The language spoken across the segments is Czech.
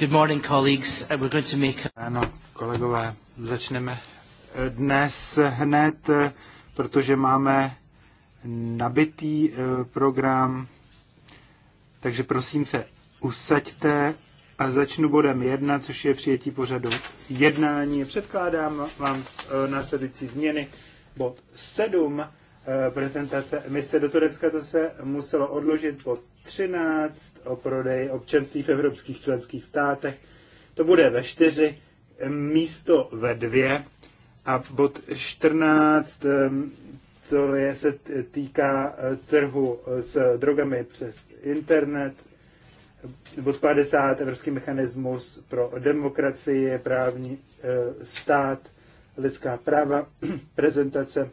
Good morning, colleagues. Uh, we're going to make... Ano, kolegové, začneme eh, dnes hned, eh, protože máme nabitý eh, program, takže prosím se, usaďte a začnu bodem 1, což je přijetí pořadu jednání. Předkládám vám následující změny. Bod 7 Eh, prezentace mise do Turecka, to se muselo odložit po 13 o prodej občanství v evropských členských státech. To bude ve 4 eh, místo ve 2 a bod 14 eh, to je, se týká trhu s drogami přes internet. Bod 50 Evropský mechanismus pro demokracii, právní stát, lidská práva, prezentace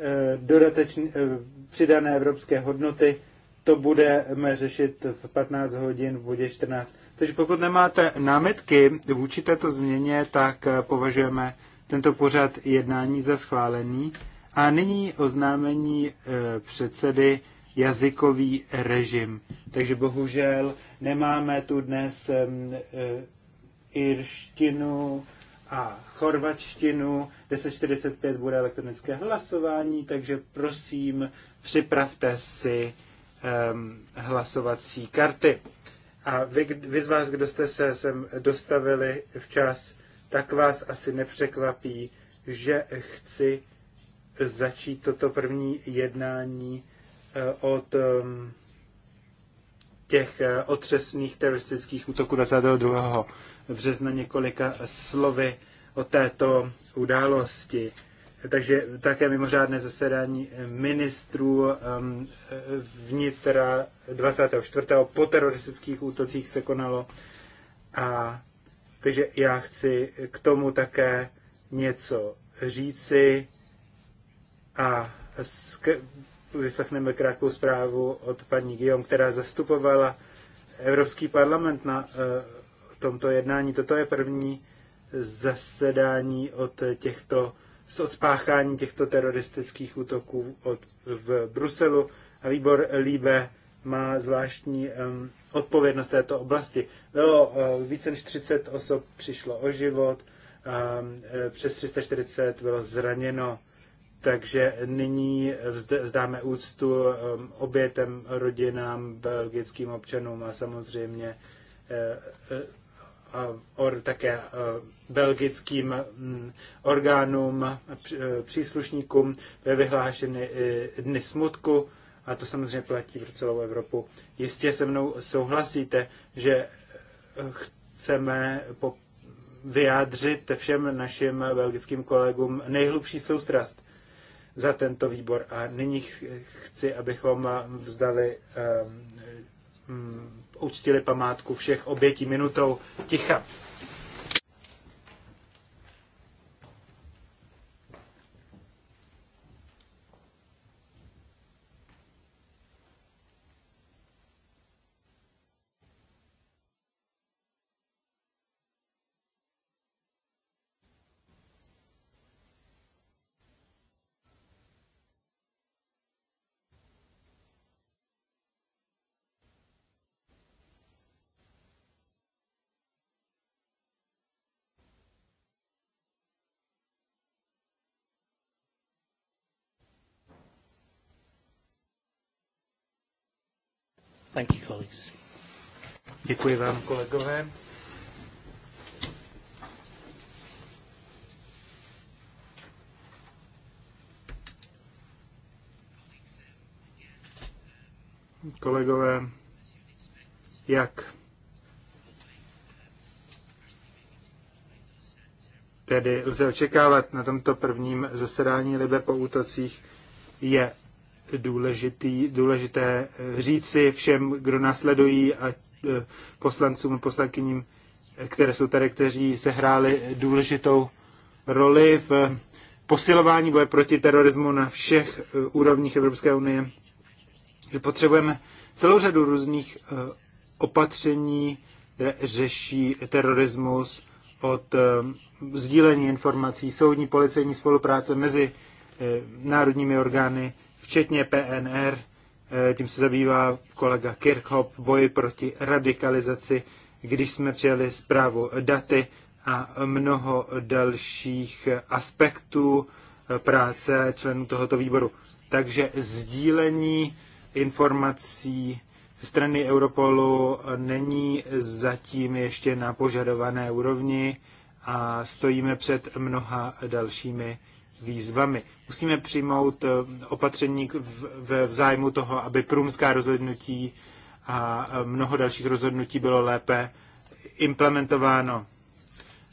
Eh, dodatečné eh, přidané evropské hodnoty. To budeme řešit v 15 hodin v bodě 14. Takže pokud nemáte námitky vůči této změně, tak eh, považujeme tento pořad jednání za schválený. A nyní oznámení předsedy jazykový režim. Takže bohužel nemáme tu dnes irštinu, a chorvačtinu. 10.45 bude elektronické hlasování, takže prosím, připravte si um, hlasovací karty. A vy, vy z vás, kdo jste se sem dostavili včas, tak vás asi nepřekvapí, že chci začít toto první jednání eh, od ehm, těch eh, otřesných teroristických útoků 22 března několika slovy o této události. Takže také mimořádné zasedání ministrů um, vnitra 24. po teroristických útocích se konalo. A takže já chci k tomu také něco říci a vyslechneme krátkou zprávu od paní Guillaume, která zastupovala Evropský parlament na eh, tomto jednání. Toto je první zasedání od těchto, od spáchání těchto teroristických útoků od, v Bruselu a výbor Líbe má zvláštní um, odpovědnost této oblasti. Bylo uh, více než 30 osob přišlo o život, um, přes 340 bylo zraněno, takže nyní vzdáme úctu um, obětem, rodinám, belgickým občanům a samozřejmě eh, Eh, or, také eh, belgickým mm, orgánům, eh, příslušníkům byly vyhlášeny dny smutku a to samozřejmě platí pro celou Evropu. Jistě se mnou souhlasíte, že chceme po vyjádřit všem našim belgickým kolegům nejhlubší soustrast za tento výbor. A nyní chci, abychom vzdali um, uctili památku všech obětí minutou ticha. colleagues. Děkuji vám, kolegové. Kolegové, jak tedy lze očekávat na tomto prvním zasedání Libe po útocích, je důležitý, důležité eh, říci všem, kdo nás sledují a eh, poslancům a poslankyním, které jsou tady, kteří se hráli důležitou roli v posilování boje proti terorismu na všech eh, úrovních Evropské unie, že potřebujeme celou řadu různých opatření, které řeší terorismus od sdílení informací, soudní policejní spolupráce mezi národními orgány, včetně PNR, eh, tím se zabývá kolega Kirchhoff, boji proti radikalizaci, když jsme přijali zprávu daty a mnoho dalších aspektů eh, práce členů tohoto výboru. Takže sdílení informací ze strany Europolu není zatím ještě na požadované úrovni a stojíme před mnoha dalšími výzvami. Musíme přijmout eh, opatření ve vzájmu toho, aby průmská rozhodnutí a eh, mnoho dalších rozhodnutí bylo lépe implementováno,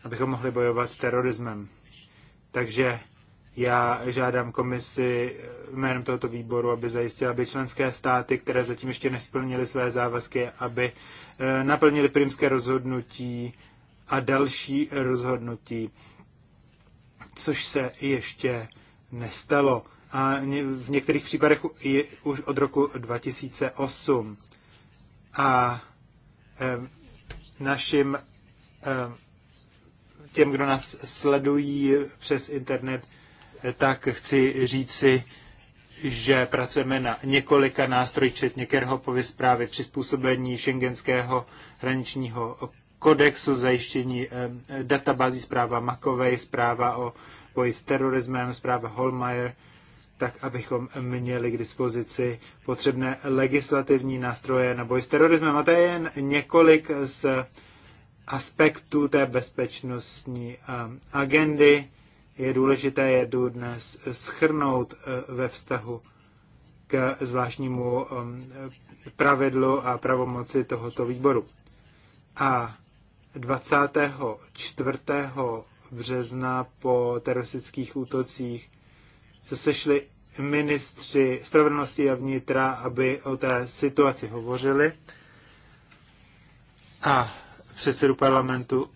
abychom mohli bojovat s terorismem. Takže já žádám komisi eh, jménem tohoto výboru, aby zajistila, aby členské státy, které zatím ještě nesplnily své závazky, aby naplnili primské rozhodnutí a další rozhodnutí což se ještě nestalo. A v některých případech je už od roku 2008. A eh, našim eh, těm, kdo nás sledují přes internet, tak chci říci, že pracujeme na několika nástrojích, včetně Kerhopovy zprávy, přizpůsobení šengenského hraničního kodexu zajištění eh, databází zpráva Makovej, zpráva o boji s terorismem, zpráva Holmeyer, tak abychom měli k dispozici potřebné legislativní nástroje na boj s terorismem. A to je jen několik z aspektů té bezpečnostní eh, agendy. Je důležité je tu dnes schrnout eh, ve vztahu k zvláštnímu pravidlu a pravomoci tohoto výboru. A 24. března po teroristických útocích se sešli ministři spravedlnosti a vnitra, aby o té situaci hovořili. A předsedu parlamentu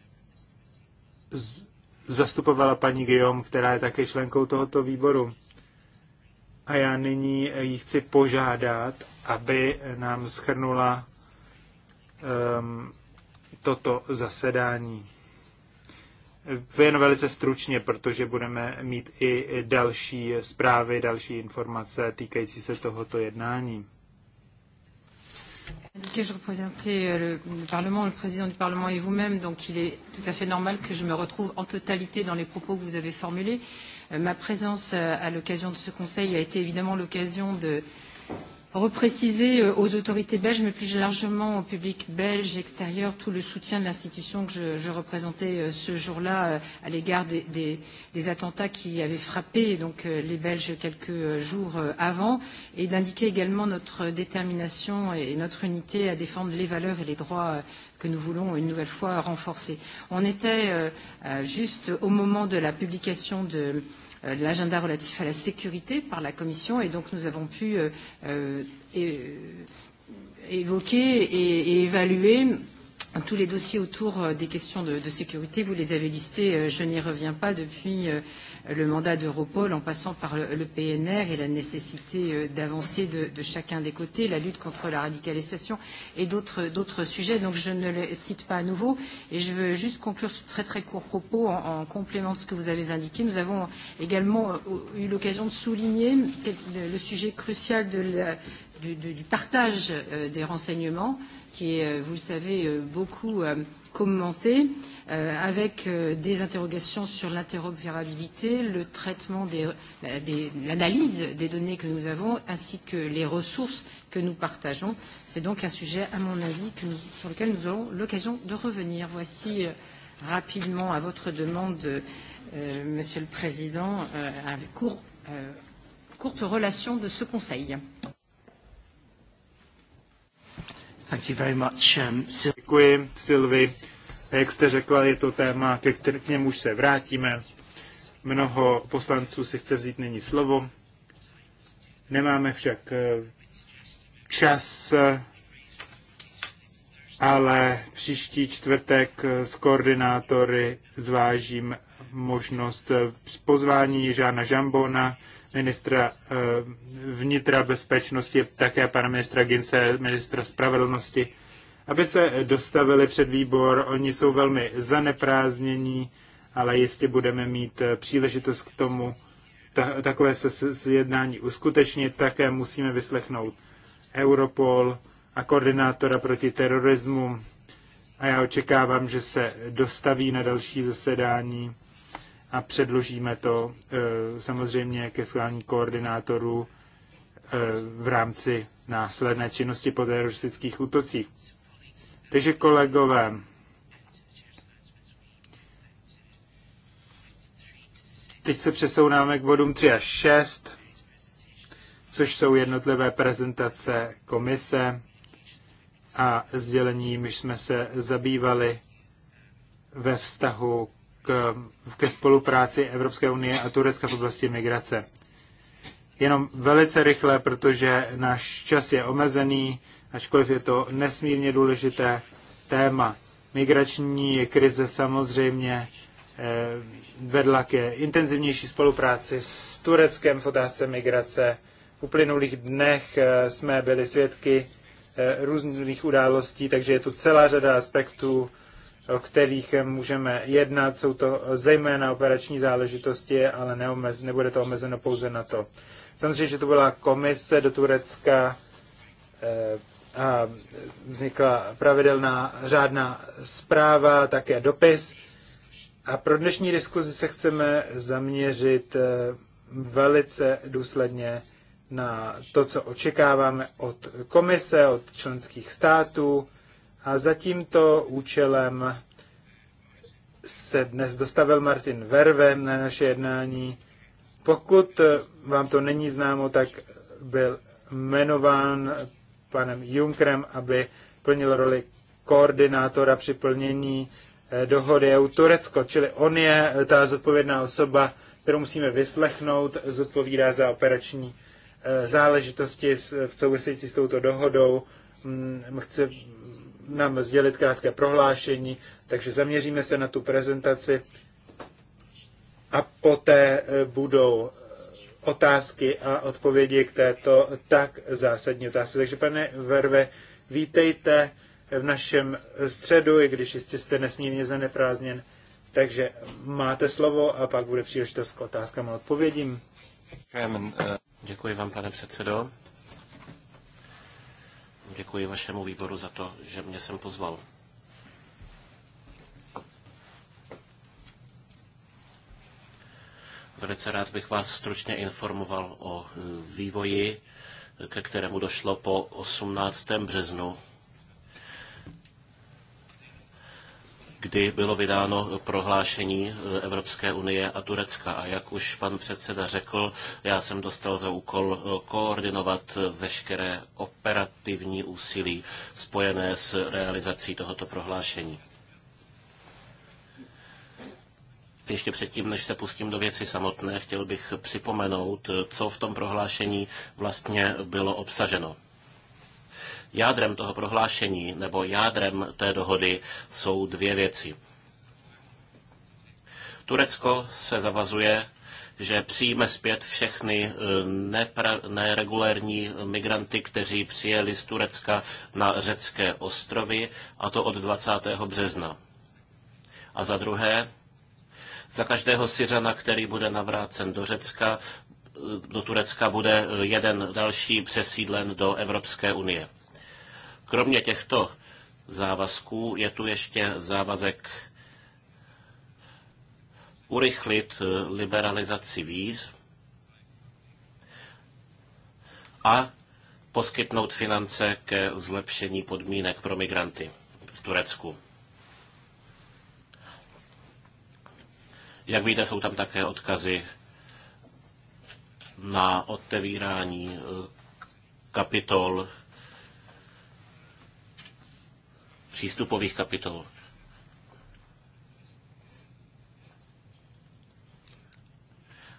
zastupovala paní Guillaume, která je také členkou tohoto výboru. A já nyní jí chci požádat, aby nám schrnula um, ehm, toto zasedání. Jen velice stručně, protože budeme mít i další zprávy, další informace týkající se tohoto jednání. indiqué, je représentais euh, le, le Parlement, le président du Parlement et vous-même, donc il est tout à fait normal que je me retrouve en totalité dans les propos que vous avez formulés. Euh, ma présence euh, à l'occasion de ce Conseil a été évidemment l'occasion de, euh, repréciser euh, aux autorités belges, mais plus largement au public belge extérieur, tout le soutien de l'institution que je, je représentais euh, ce jour-là euh, à l'égard des, des, des attentats qui avaient frappé donc, les Belges quelques jours avant, et d'indiquer également notre détermination et notre unité à défendre les valeurs et les droits que nous voulons une nouvelle fois renforcer. On était juste au moment de la publication de euh, l'agenda relatif à la sécurité par la Commission et donc nous avons pu euh, euh, évoquer et, et évaluer euh, tous les dossiers autour euh, des questions de, de sécurité, vous les avez listés, euh, je n'y reviens pas, depuis euh, le mandat d'Europol en passant par le, le PNR et la nécessité d'avancer de, de chacun des côtés, la lutte contre la radicalisation et d'autres sujets. Donc je ne les cite pas à nouveau et je veux juste conclure ce très très court propos en, en complément de ce que vous avez indiqué. Nous avons également eu l'occasion de souligner le sujet crucial de la, du, du, du partage des renseignements qui est, euh, vous le savez, euh, beaucoup euh, commenté, avec des interrogations sur l'interopérabilité, le traitement des, des l'analyse des données que nous avons, ainsi que les ressources que nous partageons. C'est donc un sujet, à mon avis, que nous, sur lequel nous aurons l'occasion de revenir. Voici rapidement, à votre demande, euh, Monsieur le Président, euh, un court, euh, courte relation de ce Conseil. Um, Děkuji, Silvi. Jak jste řekla, je to téma, ke k němu už se vrátíme. Mnoho poslanců si chce vzít nyní slovo. Nemáme však eh, čas, eh, ale příští čtvrtek eh, s koordinátory zvážím možnost pozvání Žána Žambona, ministra eh, vnitra bezpečnosti, také pana ministra Ginse, ministra spravedlnosti, aby se dostavili před výbor. Oni jsou velmi zaneprázdnění, ale jestli budeme mít eh, příležitost k tomu ta, takové se zjednání uskutečnit. Také musíme vyslechnout Europol a koordinátora proti terorismu. A já očekávám, že se dostaví na další zasedání a předložíme to eh, samozřejmě ke schválení koordinátorů eh, v rámci následné činnosti po teroristických útocích. Takže kolegové, teď se přesouváme k bodům 3 a 6, což jsou jednotlivé prezentace komise a sdělení, my jsme se zabývali ve vztahu k, ke spolupráci Evropské unie a Turecka v oblasti migrace. Jenom velice rychle, protože náš čas je omezený, ačkoliv je to nesmírně důležité téma. Migrační krize samozřejmě eh, vedla ke intenzivnější spolupráci s Tureckem v otázce migrace. V uplynulých dnech eh, jsme byli svědky eh, různých událostí, takže je tu celá řada aspektů, o kterých můžeme jednat. Jsou to zejména operační záležitosti, ale neomez, nebude to omezeno pouze na to. Samozřejmě, že to byla komise do Turecka eh, a vznikla pravidelná řádná zpráva, také dopis. A pro dnešní diskuzi se chceme zaměřit eh, velice důsledně na to, co očekáváme od komise, od členských států, a za tímto účelem se dnes dostavil Martin Vervem na naše jednání. Pokud vám to není známo, tak byl jmenován panem Junkrem, aby plnil roli koordinátora při plnění eh, dohody EU Turecko, čili on je eh, ta zodpovědná osoba, kterou musíme vyslechnout, zodpovídá za operační eh, záležitosti v související s touto dohodou. Mm, chce nám sdělit krátké prohlášení, takže zaměříme se na tu prezentaci a poté e, budou e, otázky a odpovědi k této tak zásadní otázce. Takže pane Verve, vítejte v našem středu, i když jistě jste nesmírně zaneprázdněn. Takže máte slovo a pak bude příležitost k otázkám a odpovědím. Uh, děkuji vám, pane předsedo děkuji vašemu výboru za to, že mě jsem pozval. Velice rád bych vás stručně informoval o e, vývoji, ke kterému došlo po 18. březnu kdy bylo vydáno prohlášení eh, Evropské unie a Turecka. A jak už pan předseda řekl, já jsem dostal za úkol eh, koordinovat eh, veškeré operativní úsilí spojené s realizací tohoto prohlášení. Ještě předtím, než se pustím do věci samotné, chtěl bych připomenout, co v tom prohlášení vlastně bylo obsaženo. Jádrem toho prohlášení nebo jádrem té dohody jsou dvě věci. Turecko se zavazuje že přijme zpět všechny e, nepra, neregulérní migranty, kteří přijeli z Turecka na řecké ostrovy, a to od 20. března. A za druhé, za každého Syřana, který bude navrácen do Řecka, e, do Turecka bude jeden další přesídlen do Evropské unie. Kromě těchto závazků je tu ještě závazek urychlit eh, liberalizaci víz a poskytnout finance ke zlepšení podmínek pro migranty v Turecku. Jak víte, jsou tam také odkazy na otevírání eh, kapitol přístupových kapitol.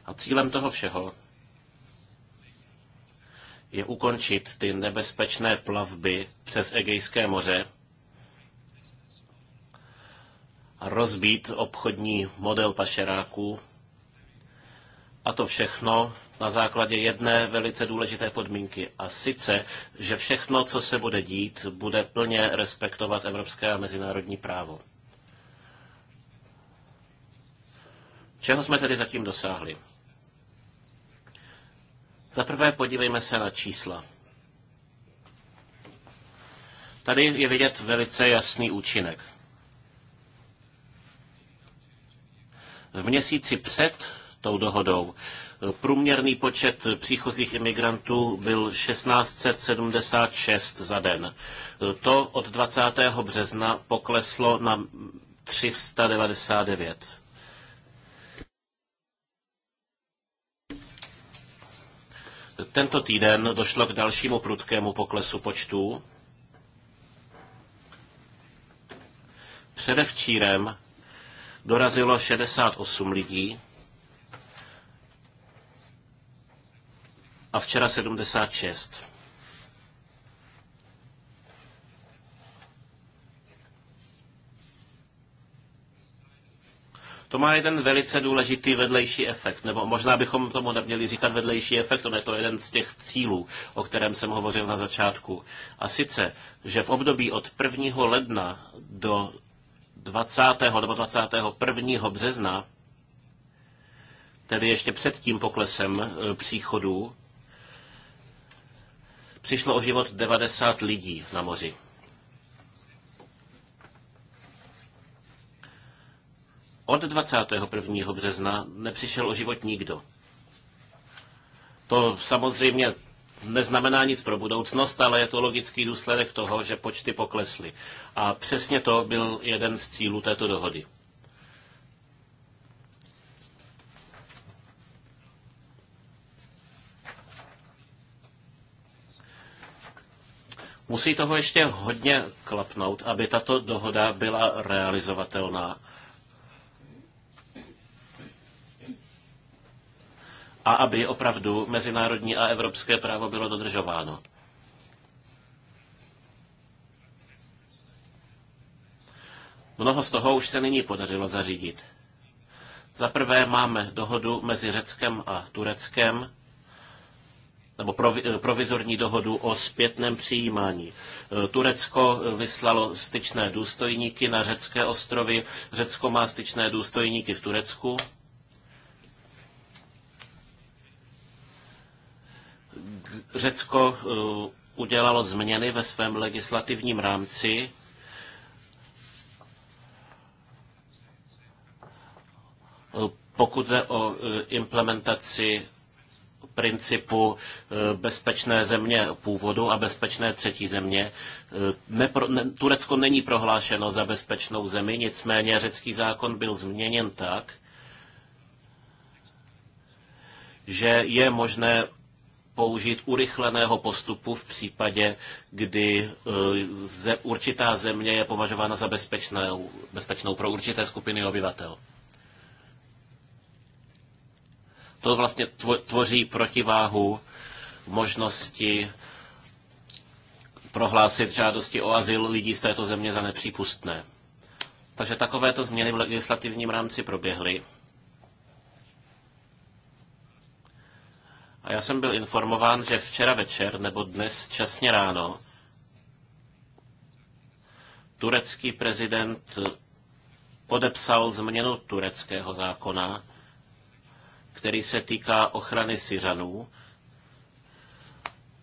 A cílem toho všeho je ukončit ty nebezpečné plavby přes Egejské moře a rozbít obchodní model pašeráků. A to všechno na základě jedné velice důležité podmínky. A sice, že všechno, co se bude dít, bude plně respektovat evropské a mezinárodní právo. Čeho jsme tedy zatím dosáhli? Za prvé podívejme se na čísla. Tady je vidět velice jasný účinek. V měsíci před tou dohodou Průměrný počet příchozích imigrantů byl 1676 za den. To od 20. března pokleslo na 399. Tento týden došlo k dalšímu prudkému poklesu počtů. Předevčírem dorazilo 68 lidí. a včera 76. To má jeden velice důležitý vedlejší efekt, nebo možná bychom tomu neměli říkat vedlejší efekt, on je to jeden z těch cílů, o kterém jsem hovořil na začátku. A sice, že v období od 1. ledna do 20. nebo 21. března, tedy ještě před tím poklesem e, příchodů, přišlo o život 90 lidí na moři. Od 21. března nepřišel o život nikdo. To samozřejmě neznamená nic pro budoucnost, ale je to logický důsledek toho, že počty poklesly. A přesně to byl jeden z cílů této dohody. Musí toho ještě hodně klapnout, aby tato dohoda byla realizovatelná. A aby opravdu mezinárodní a evropské právo bylo dodržováno. Mnoho z toho už se nyní podařilo zařídit. Za prvé máme dohodu mezi Řeckem a Tureckem, nebo eh, provizorní dohodu o zpětném přijímání. Eh, Turecko eh, vyslalo styčné důstojníky na řecké ostrovy. Řecko má styčné důstojníky v Turecku. Řecko udělalo změny ve svém legislativním rámci. Pokud jde o implementaci principu eh, bezpečné země původu a bezpečné třetí země. Eh, nepro, ne, Turecko není prohlášeno za bezpečnou zemi, nicméně řecký zákon byl změněn tak, že je možné použít urychleného postupu v případě, kdy eh, určitá země je považována za bezpečnou, bezpečnou pro určité skupiny obyvatel. To vlastně tvoří protiváhu možnosti prohlásit žádosti o azyl lidí z této země za nepřípustné. Takže takovéto změny v legislativním rámci proběhly. A já jsem byl informován, že včera večer nebo dnes časně ráno turecký prezident podepsal změnu tureckého zákona, který se týká ochrany Syřanů.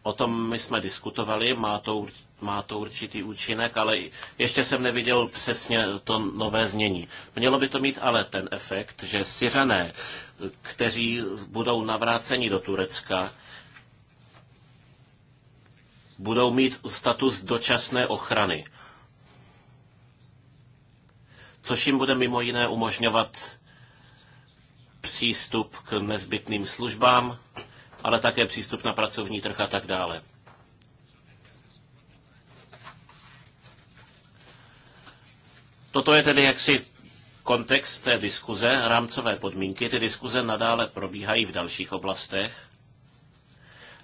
O tom my jsme diskutovali, má to, má to určitý účinek, ale ještě jsem neviděl přesně to nové znění. Mělo by to mít ale ten efekt, že Syřané, kteří budou navráceni do Turecka, budou mít status dočasné ochrany, což jim bude mimo jiné umožňovat přístup k nezbytným službám, ale také přístup na pracovní trh a tak dále. Toto je tedy jaksi kontext té diskuze, rámcové podmínky. Ty diskuze nadále probíhají v dalších oblastech,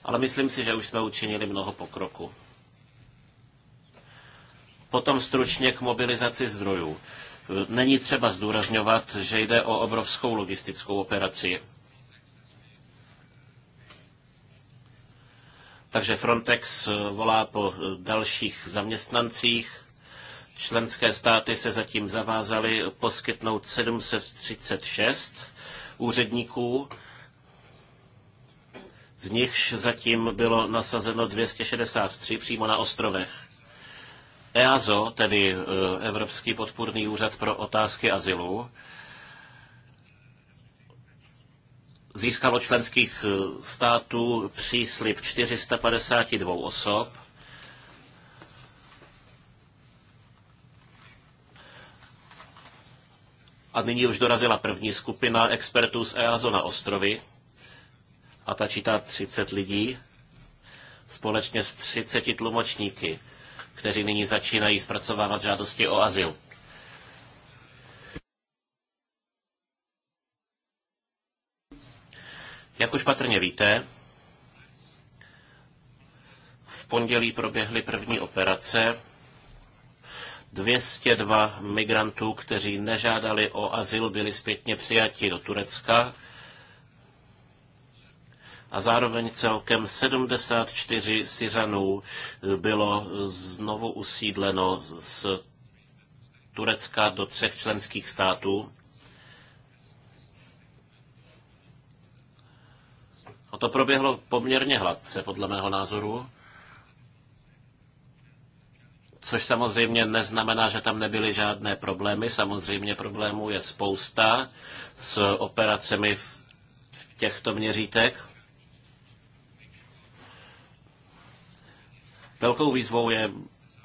ale myslím si, že už jsme učinili mnoho pokroku. Potom stručně k mobilizaci zdrojů. Není třeba zdůrazňovat, že jde o obrovskou logistickou operaci. Takže Frontex eh, volá po eh, dalších zaměstnancích. Členské státy se zatím zavázaly poskytnout 736 úředníků, z nichž zatím bylo nasazeno 263 přímo na ostrovech. EASO, tedy e, Evropský podpůrný úřad pro otázky azylu, získalo členských e, států příslip 452 osob, A nyní už dorazila první skupina expertů z EASO na ostrovy. A ta čítá 30 lidí společně s 30 tlumočníky kteří nyní začínají zpracovávat žádosti o azyl. Jak už patrně víte, v pondělí proběhly první operace 202 migrantů, kteří nežádali o azyl, byli zpětně přijati do Turecka a zároveň celkem 74 Syřanů eh, bylo znovu usídleno z Turecka do třech členských států. A to proběhlo poměrně hladce, podle mého názoru. Což samozřejmě neznamená, že tam nebyly žádné problémy. Samozřejmě problémů je spousta s operacemi v těchto měřítek. Velkou výzvou je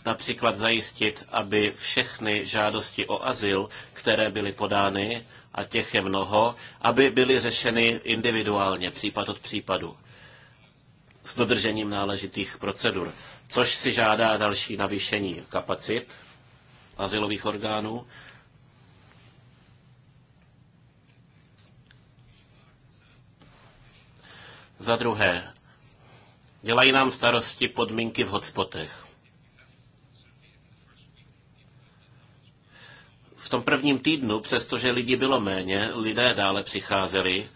například zajistit, aby všechny žádosti o azyl, které byly podány, a těch je mnoho, aby byly řešeny individuálně, případ od případu, s dodržením náležitých procedur, což si žádá další navýšení kapacit azylových orgánů. Za druhé, Dělají nám starosti podmínky v hotspotech. V tom prvním týdnu, přestože lidí bylo méně, lidé dále přicházeli.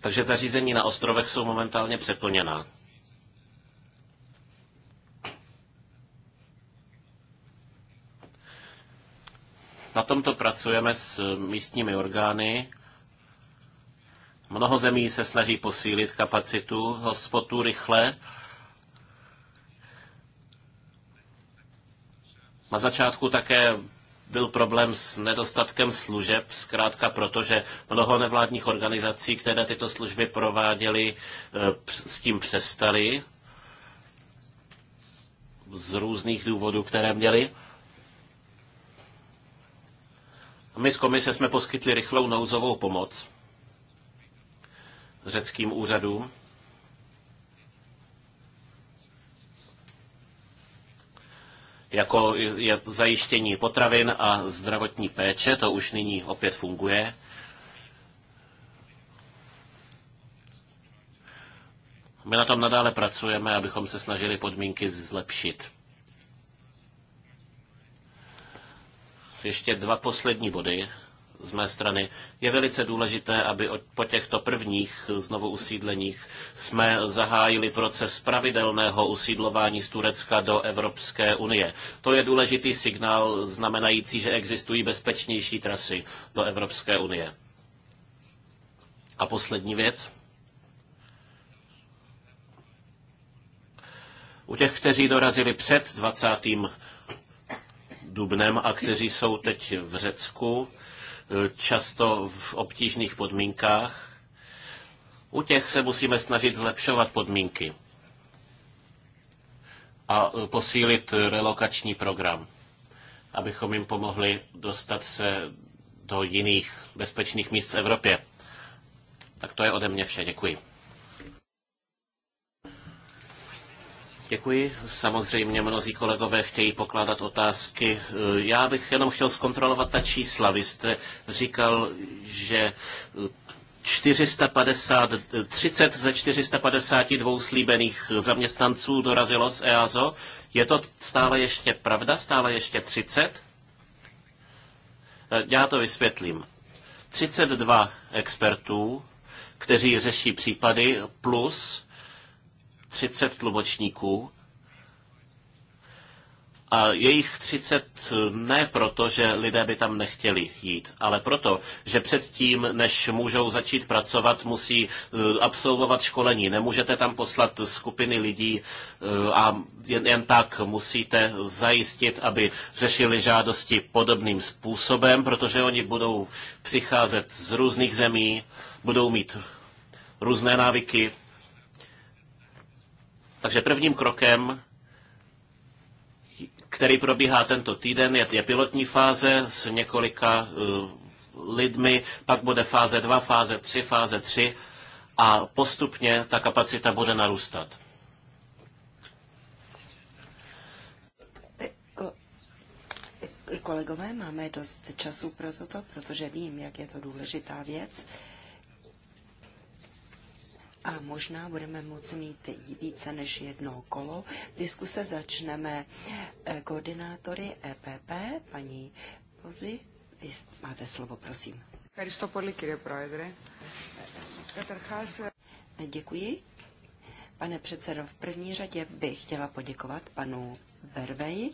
Takže zařízení na ostrovech jsou momentálně přeplněná. Na tomto pracujeme s místními orgány. Mnoho zemí se snaží posílit kapacitu hospodů rychle. Na začátku také byl problém s nedostatkem služeb, zkrátka proto, že mnoho nevládních organizací, které tyto služby prováděly, eh, s tím přestali z různých důvodů, které měli. My z komise jsme poskytli rychlou nouzovou pomoc řeckým úřadům. jako je zajištění potravin a zdravotní péče, to už nyní opět funguje. My na tom nadále pracujeme, abychom se snažili podmínky zlepšit. ještě dva poslední body z mé strany. Je velice důležité, aby po těchto prvních znovu usídleních jsme zahájili proces pravidelného usídlování z Turecka do Evropské unie. To je důležitý signál znamenající, že existují bezpečnější trasy do Evropské unie. A poslední věc. U těch, kteří dorazili před 20. Dubnem a kteří jsou teď v Řecku, eh, často v obtížných podmínkách. U těch se musíme snažit zlepšovat podmínky a eh, posílit relokační program, abychom jim pomohli dostat se do jiných bezpečných míst v Evropě. Tak to je ode mě vše. Děkuji. Děkuji. Samozřejmě mnozí kolegové chtějí pokládat otázky. Eh, já bych jenom chtěl zkontrolovat ta čísla. Vy jste říkal, že 450, eh, 30 ze 452 slíbených zaměstnanců dorazilo z EASO. Je to stále ještě pravda? Stále ještě 30? Eh, já to vysvětlím. 32 expertů, kteří řeší případy, plus 30 tlumočníků a jejich 30 ne proto, že lidé by tam nechtěli jít, ale proto, že předtím, než můžou začít pracovat, musí eh, absolvovat školení. Nemůžete tam poslat skupiny lidí eh, a jen, jen tak musíte zajistit, aby řešili žádosti podobným způsobem, protože oni budou přicházet z různých zemí, budou mít různé návyky, takže prvním krokem který probíhá tento týden, je, je pilotní fáze s několika uh, lidmi, pak bude fáze 2, fáze 3, fáze 3 a postupně ta kapacita bude narůstat. Kolegové, máme dost času pro toto, protože vím, jak je to důležitá věc. Uh, a možná budeme moci mít více než jedno kolo. Diskuse začneme eh, koordinátory EPP, paní vy máte slovo, prosím. Děkuji. Pane předsedo, v první řadě bych chtěla poděkovat panu Vervej.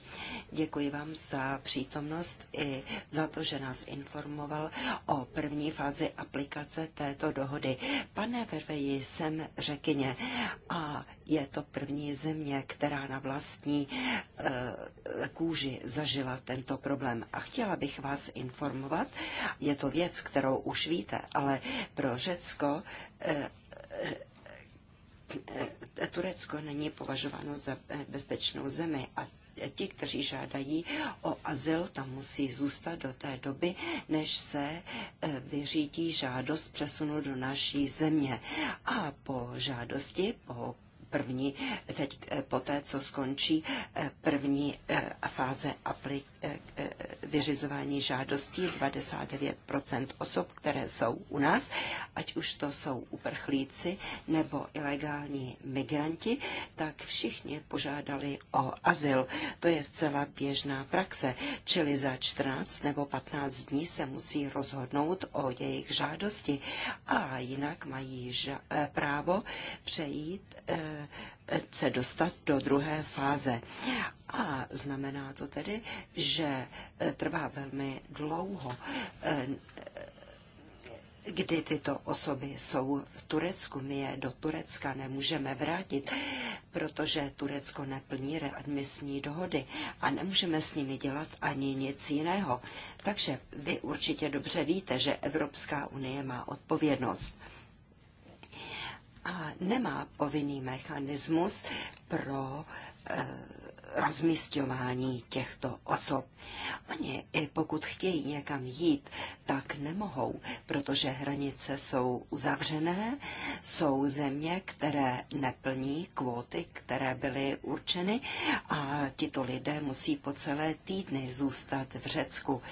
Děkuji vám za přítomnost i za to, že nás informoval o první fázi aplikace této dohody. Pane Verveji, jsem řekyně a je to první země, která na vlastní eh, kůži zažila tento problém. A chtěla bych vás informovat, je to věc, kterou už víte, ale pro Řecko eh, Eh, Turecko není považováno za eh, bezpečnou zemi a ti, kteří žádají o azyl, tam musí zůstat do té doby, než se eh, vyřídí žádost přesunu do naší země. A po žádosti, po první, teď po té, co skončí první fáze aplikace, Eh, eh, vyřizování žádostí 29 osob, které jsou u nás, ať už to jsou uprchlíci nebo ilegální migranti, tak všichni požádali o azyl. To je zcela běžná praxe, čili za 14 nebo 15 dní se musí rozhodnout o jejich žádosti a jinak mají eh, právo přejít se dostat do druhé fáze. A znamená to tedy, že eh, trvá velmi dlouho, eh, kdy tyto osoby jsou v Turecku. My je do Turecka nemůžeme vrátit, protože Turecko neplní readmisní dohody a nemůžeme s nimi dělat ani nic jiného. Takže vy určitě dobře víte, že Evropská unie má odpovědnost. A nemá povinný mechanismus pro eh, rozmístování těchto osob. Oni, pokud chtějí někam jít, tak nemohou, protože hranice jsou uzavřené, jsou země, které neplní kvóty, které byly určeny a tito lidé musí po celé týdny zůstat v Řecku.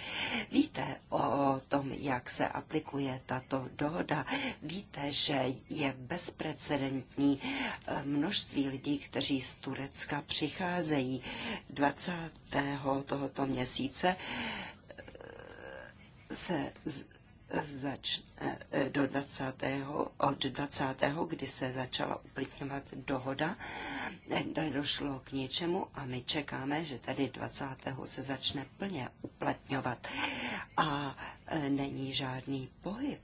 Víte o tom, jak se aplikuje tato dohoda. Víte, že je bezprecedentní množství lidí, kteří z Turecka přicházejí 20. tohoto měsíce eh, se začne eh, do 20. od 20. kdy se začala uplatňovat dohoda, eh, došlo k něčemu a my čekáme, že tady 20. se začne plně uplatňovat. A není žádný pohyb,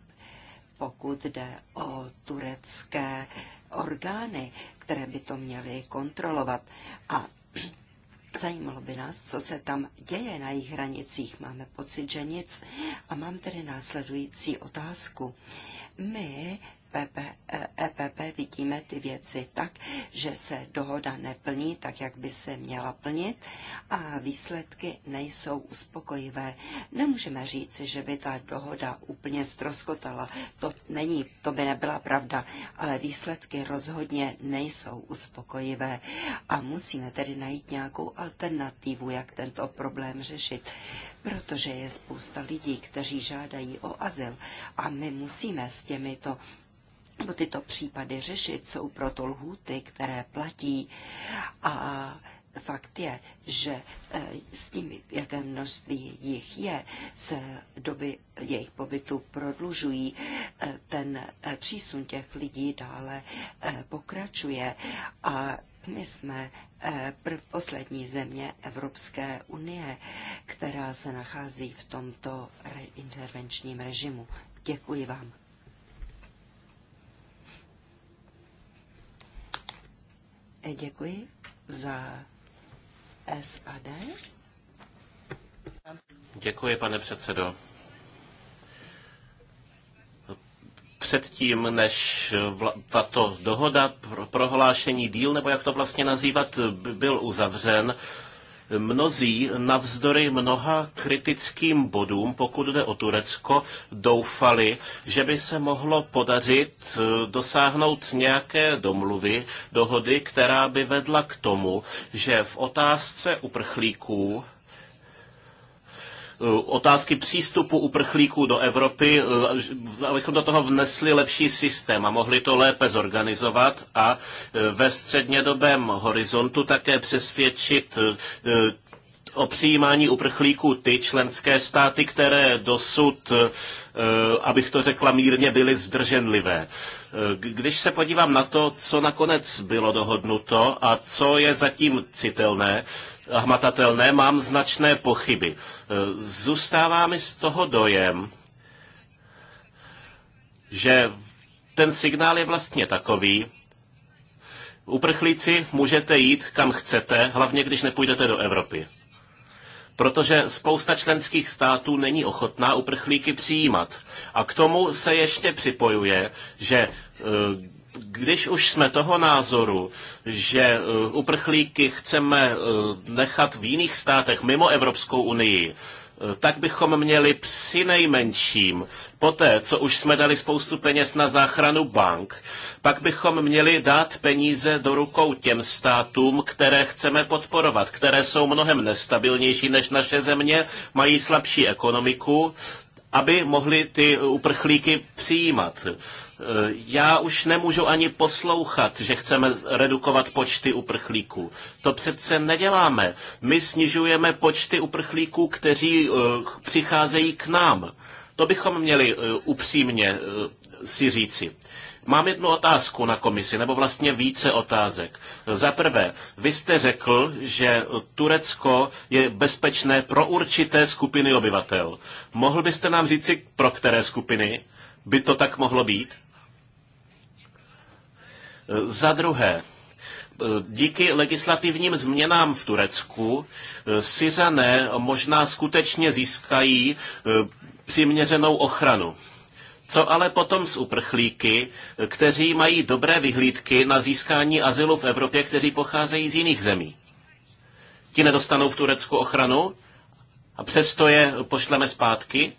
pokud jde o turecké orgány, které by to měly kontrolovat. A Zajímalo by nás, co se tam děje na jejich hranicích. Máme pocit, že nic. A mám tedy následující otázku. My EPP, EPP vidíme ty věci tak, že se dohoda neplní tak, jak by se měla plnit a výsledky nejsou uspokojivé. Nemůžeme říci, že by ta dohoda úplně stroskotala. To není, to by nebyla pravda, ale výsledky rozhodně nejsou uspokojivé a musíme tedy najít nějakou alternativu, jak tento problém řešit protože je spousta lidí, kteří žádají o azyl a my musíme s těmito tyto případy řešit. Jsou proto lhůty, které platí a Fakt je, že e, s tím, jaké množství jich je, se doby jejich pobytu prodlužují. E, ten e, přísun těch lidí dále pokračuje a my jsme poslední země Evropské unie, která se nachází v tomto intervenčním režimu. Děkuji vám. E, děkuji za SAD. Děkuji, pane předsedo. předtím, než vla, tato dohoda, pro, prohlášení, díl, nebo jak to vlastně nazývat, byl uzavřen, Mnozí navzdory mnoha kritickým bodům, pokud jde o Turecko, doufali, že by se mohlo podařit eh, dosáhnout nějaké domluvy, dohody, která by vedla k tomu, že v otázce uprchlíků Eh, otázky přístupu uprchlíků do Evropy, eh, abychom do toho vnesli lepší systém a mohli to lépe zorganizovat a eh, ve střednědobém horizontu také přesvědčit o přijímání uprchlíků ty členské státy, které dosud, abych to řekla mírně, byly zdrženlivé. Když se podívám na to, co nakonec bylo dohodnuto a co je zatím citelné, hmatatelné, mám značné pochyby. E, zůstává mi z toho dojem, že ten signál je vlastně takový, uprchlíci můžete jít kam chcete, hlavně když nepůjdete do Evropy. Protože spousta členských států není ochotná uprchlíky přijímat. A k tomu se ještě připojuje, že e, když už jsme toho názoru, že e, uprchlíky chceme e, nechat v jiných státech mimo Evropskou unii, e, tak bychom měli při nejmenším, poté co už jsme dali spoustu peněz na záchranu bank, pak bychom měli dát peníze do rukou těm státům, které chceme podporovat, které jsou mnohem nestabilnější než naše země, mají slabší ekonomiku, aby mohli ty uprchlíky přijímat. E, já už nemůžu ani poslouchat, že chceme redukovat počty uprchlíků. To přece neděláme. My snižujeme počty uprchlíků, kteří e, přicházejí k nám. To bychom měli e, upřímně si říci. Mám jednu otázku na komisi, nebo vlastně více otázek. Za prvé, vy jste řekl, že Turecko je bezpečné pro určité skupiny obyvatel. Mohl byste nám říci, pro které skupiny by to tak mohlo být? Za druhé, díky legislativním změnám v Turecku Syřané možná skutečně získají eh, přiměřenou ochranu. Co ale potom s uprchlíky, kteří mají dobré vyhlídky na získání azylu v Evropě, kteří pocházejí z jiných zemí? Ti nedostanou v Turecku ochranu a přesto je pošleme zpátky?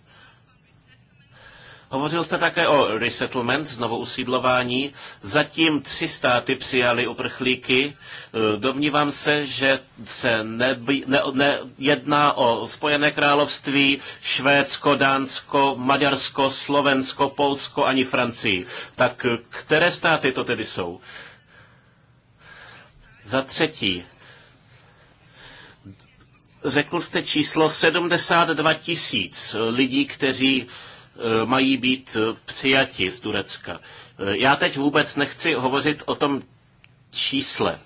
Hovořil jste také o resettlement, znovu usídlování. Zatím tři státy přijali uprchlíky. E, domnívám se, že se nejedná ne, ne, jedná o Spojené království, Švédsko, Dánsko, Maďarsko, Slovensko, Polsko ani Francii. Tak které státy to tedy jsou? Za třetí, řekl jste číslo 72 tisíc lidí, kteří Eh, mají být eh, přijati z Turecka. Eh, já teď vůbec nechci hovořit o tom čísle,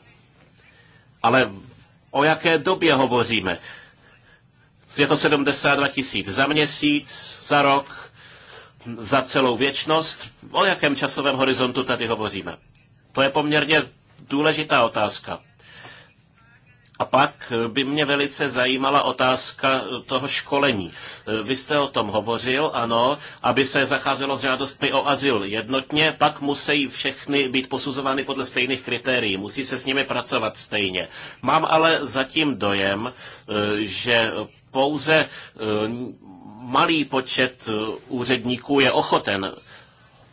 ale o jaké době hovoříme. Je to 72 tisíc za měsíc, za rok, za celou věčnost. O jakém časovém horizontu tady hovoříme? To je poměrně důležitá otázka. A pak by mě velice zajímala otázka toho školení. Vy jste o tom hovořil, ano, aby se zacházelo s žádostmi o azyl jednotně, pak musí všechny být posuzovány podle stejných kritérií, musí se s nimi pracovat stejně. Mám ale zatím dojem, e, že pouze e, malý počet e, úředníků je ochoten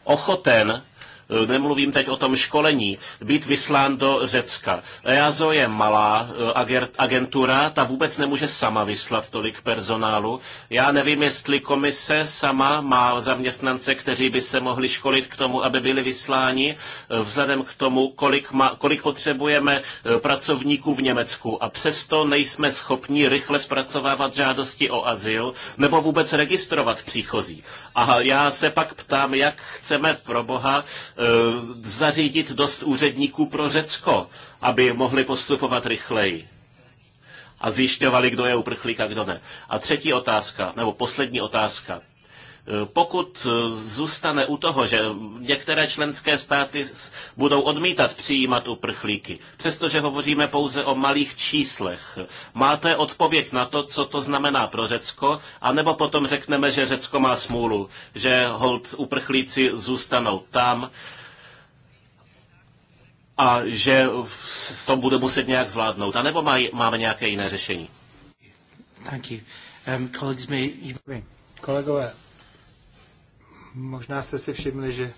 ochoten Eh, nemluvím teď o tom školení. Být vyslán do Řecka. EASO je malá eh, agentura, ta vůbec nemůže sama vyslat tolik personálu. Já nevím, jestli komise sama má zaměstnance, kteří by se mohli školit k tomu, aby byli vysláni, eh, vzhledem k tomu, kolik, ma, kolik potřebujeme pracovníků v Německu. A přesto nejsme schopni rychle zpracovávat žádosti o azyl nebo vůbec registrovat příchozí. A já se pak ptám, jak chceme pro Boha Eh, zařídit dost úředníků pro Řecko, aby mohli postupovat rychleji a zjišťovali, kdo je uprchlík a kdo ne. A třetí otázka, nebo poslední otázka. Pokud eh, zůstane u toho, že některé členské státy budou odmítat přijímat uprchlíky, přestože hovoříme pouze o malých číslech, máte odpověď na to, co to znamená pro Řecko, anebo potom řekneme, že Řecko má smůlu, že hold uprchlíci zůstanou tam, a že to bude muset nějak zvládnout, anebo mají, máme nějaké jiné řešení? Thank you. Um, colleagues may... Kolegové, Možná jste si všimli, že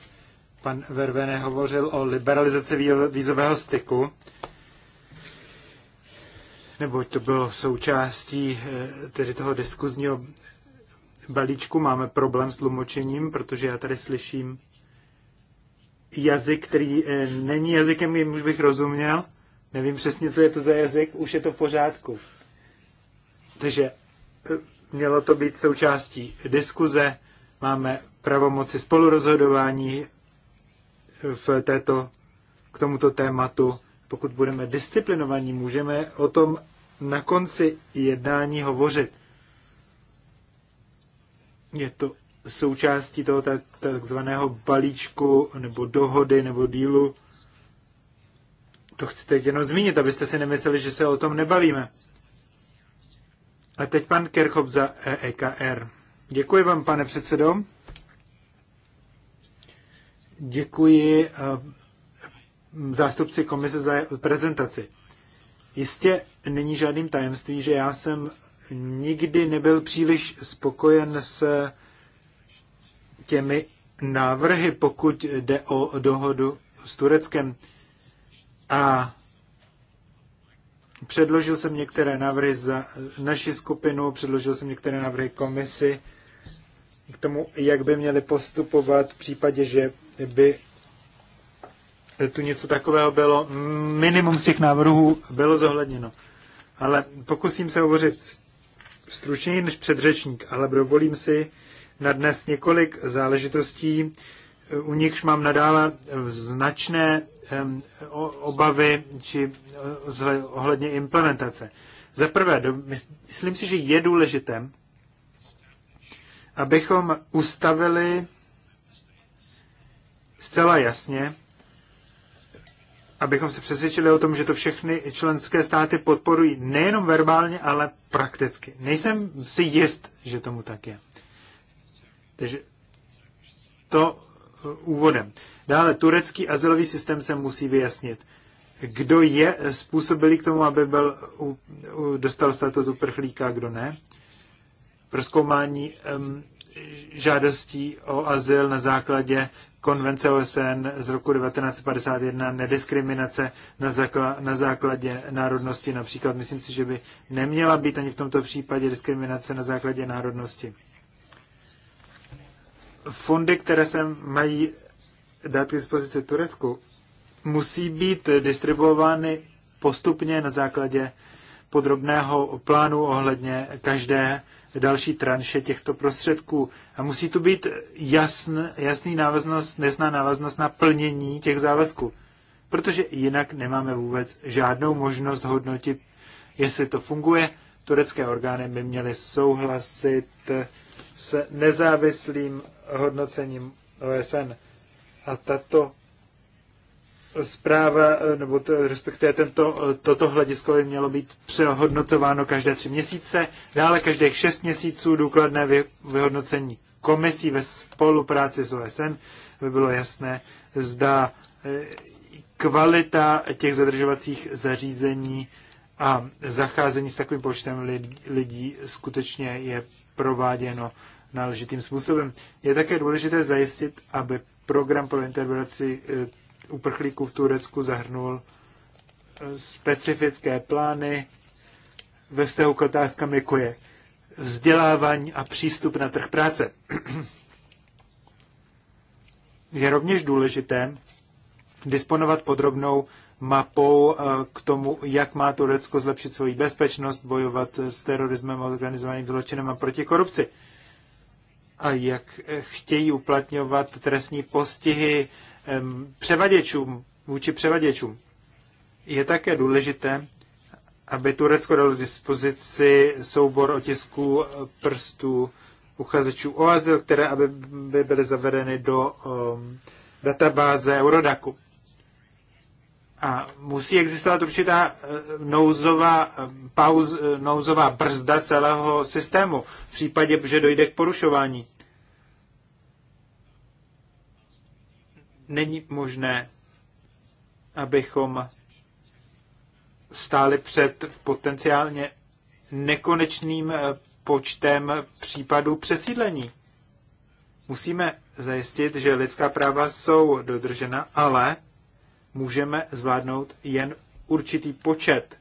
pan Vervene hovořil o liberalizaci vízového styku, nebo to bylo součástí eh, tedy toho diskuzního balíčku. Máme problém s tlumočením, protože já tady slyším jazyk, který eh, není jazykem, jimž bych rozuměl. Nevím přesně, co je to za jazyk, už je to v pořádku. Takže eh, mělo to být součástí diskuze Máme pravomoci spolurozhodování v této, k tomuto tématu. Pokud budeme disciplinovaní, můžeme o tom na konci jednání hovořit. Je to součástí toho takzvaného balíčku nebo dohody nebo dílu. To chci teď jenom zmínit, abyste si nemysleli, že se o tom nebavíme. A teď pan Kerchop za EKR. E Děkuji vám, pane předsedo. Děkuji eh, zástupci komise za prezentaci. Jistě není žádným tajemství, že já jsem nikdy nebyl příliš spokojen s těmi návrhy, pokud jde o dohodu s Tureckem. A předložil jsem některé návrhy za naši skupinu, předložil jsem některé návrhy komisi k tomu, jak by měli postupovat v případě, že by tu něco takového bylo, minimum z těch návrhů bylo zohledněno. Ale pokusím se hovořit stručněji než předřečník, ale dovolím si na dnes několik záležitostí, u nichž mám nadále značné obavy či e, ohledně implementace. Za prvé, myslím si, že je důležité, abychom ustavili zcela jasně, abychom se přesvědčili o tom, že to všechny členské státy podporují nejenom verbálně, ale prakticky. Nejsem si jist, že tomu tak je. Takže to eh, úvodem. Dále turecký azylový systém se musí vyjasnit. Kdo je způsobilý k tomu, aby byl, dostal statut uprchlíka, kdo ne proskoumání žádostí o azyl na základě konvence OSN z roku 1951 nediskriminace na, zákla, na základě národnosti. Například myslím si, že by neměla být ani v tomto případě diskriminace na základě národnosti. Fondy, které se mají dát k dispozici Turecku, musí být distribuovány postupně na základě podrobného plánu ohledně každé další tranše těchto prostředků. A musí tu být jasn, jasný návaznost, nesná návaznost na plnění těch závazků. Protože jinak nemáme vůbec žádnou možnost hodnotit, jestli to funguje. Turecké orgány by měly souhlasit s nezávislým hodnocením OSN. A tato zpráva, eh, nebo to, respektive tento, eh, toto hledisko by mělo být přehodnocováno každé tři měsíce, dále každých šest měsíců důkladné vy, vyhodnocení komisí ve spolupráci s OSN, aby bylo jasné, zda eh, kvalita těch zadržovacích zařízení a zacházení s takovým počtem lidí skutečně je prováděno náležitým způsobem. Je také důležité zajistit, aby program pro integraci uprchlíků v Turecku zahrnul eh, specifické plány ve vztahu k otázkám, jako je vzdělávání a přístup na trh práce. Je rovněž důležité disponovat podrobnou mapou eh, k tomu, jak má Turecko zlepšit svoji bezpečnost, bojovat s terorismem, organizovaným zločinem a proti korupci. A jak eh, chtějí uplatňovat trestní postihy převaděčům, vůči převaděčům. Je také důležité, aby Turecko dalo dispozici soubor otisků eh, prstů uchazečů o azyl, které aby by byly zavedeny do um, databáze Eurodaku. A musí existovat určitá eh, nouzová, pauz, eh, nouzová brzda celého systému v případě, že dojde k porušování. není možné, abychom stáli před potenciálně nekonečným eh, počtem případů přesídlení. Musíme zajistit, že lidská práva jsou dodržena, ale můžeme zvládnout jen určitý počet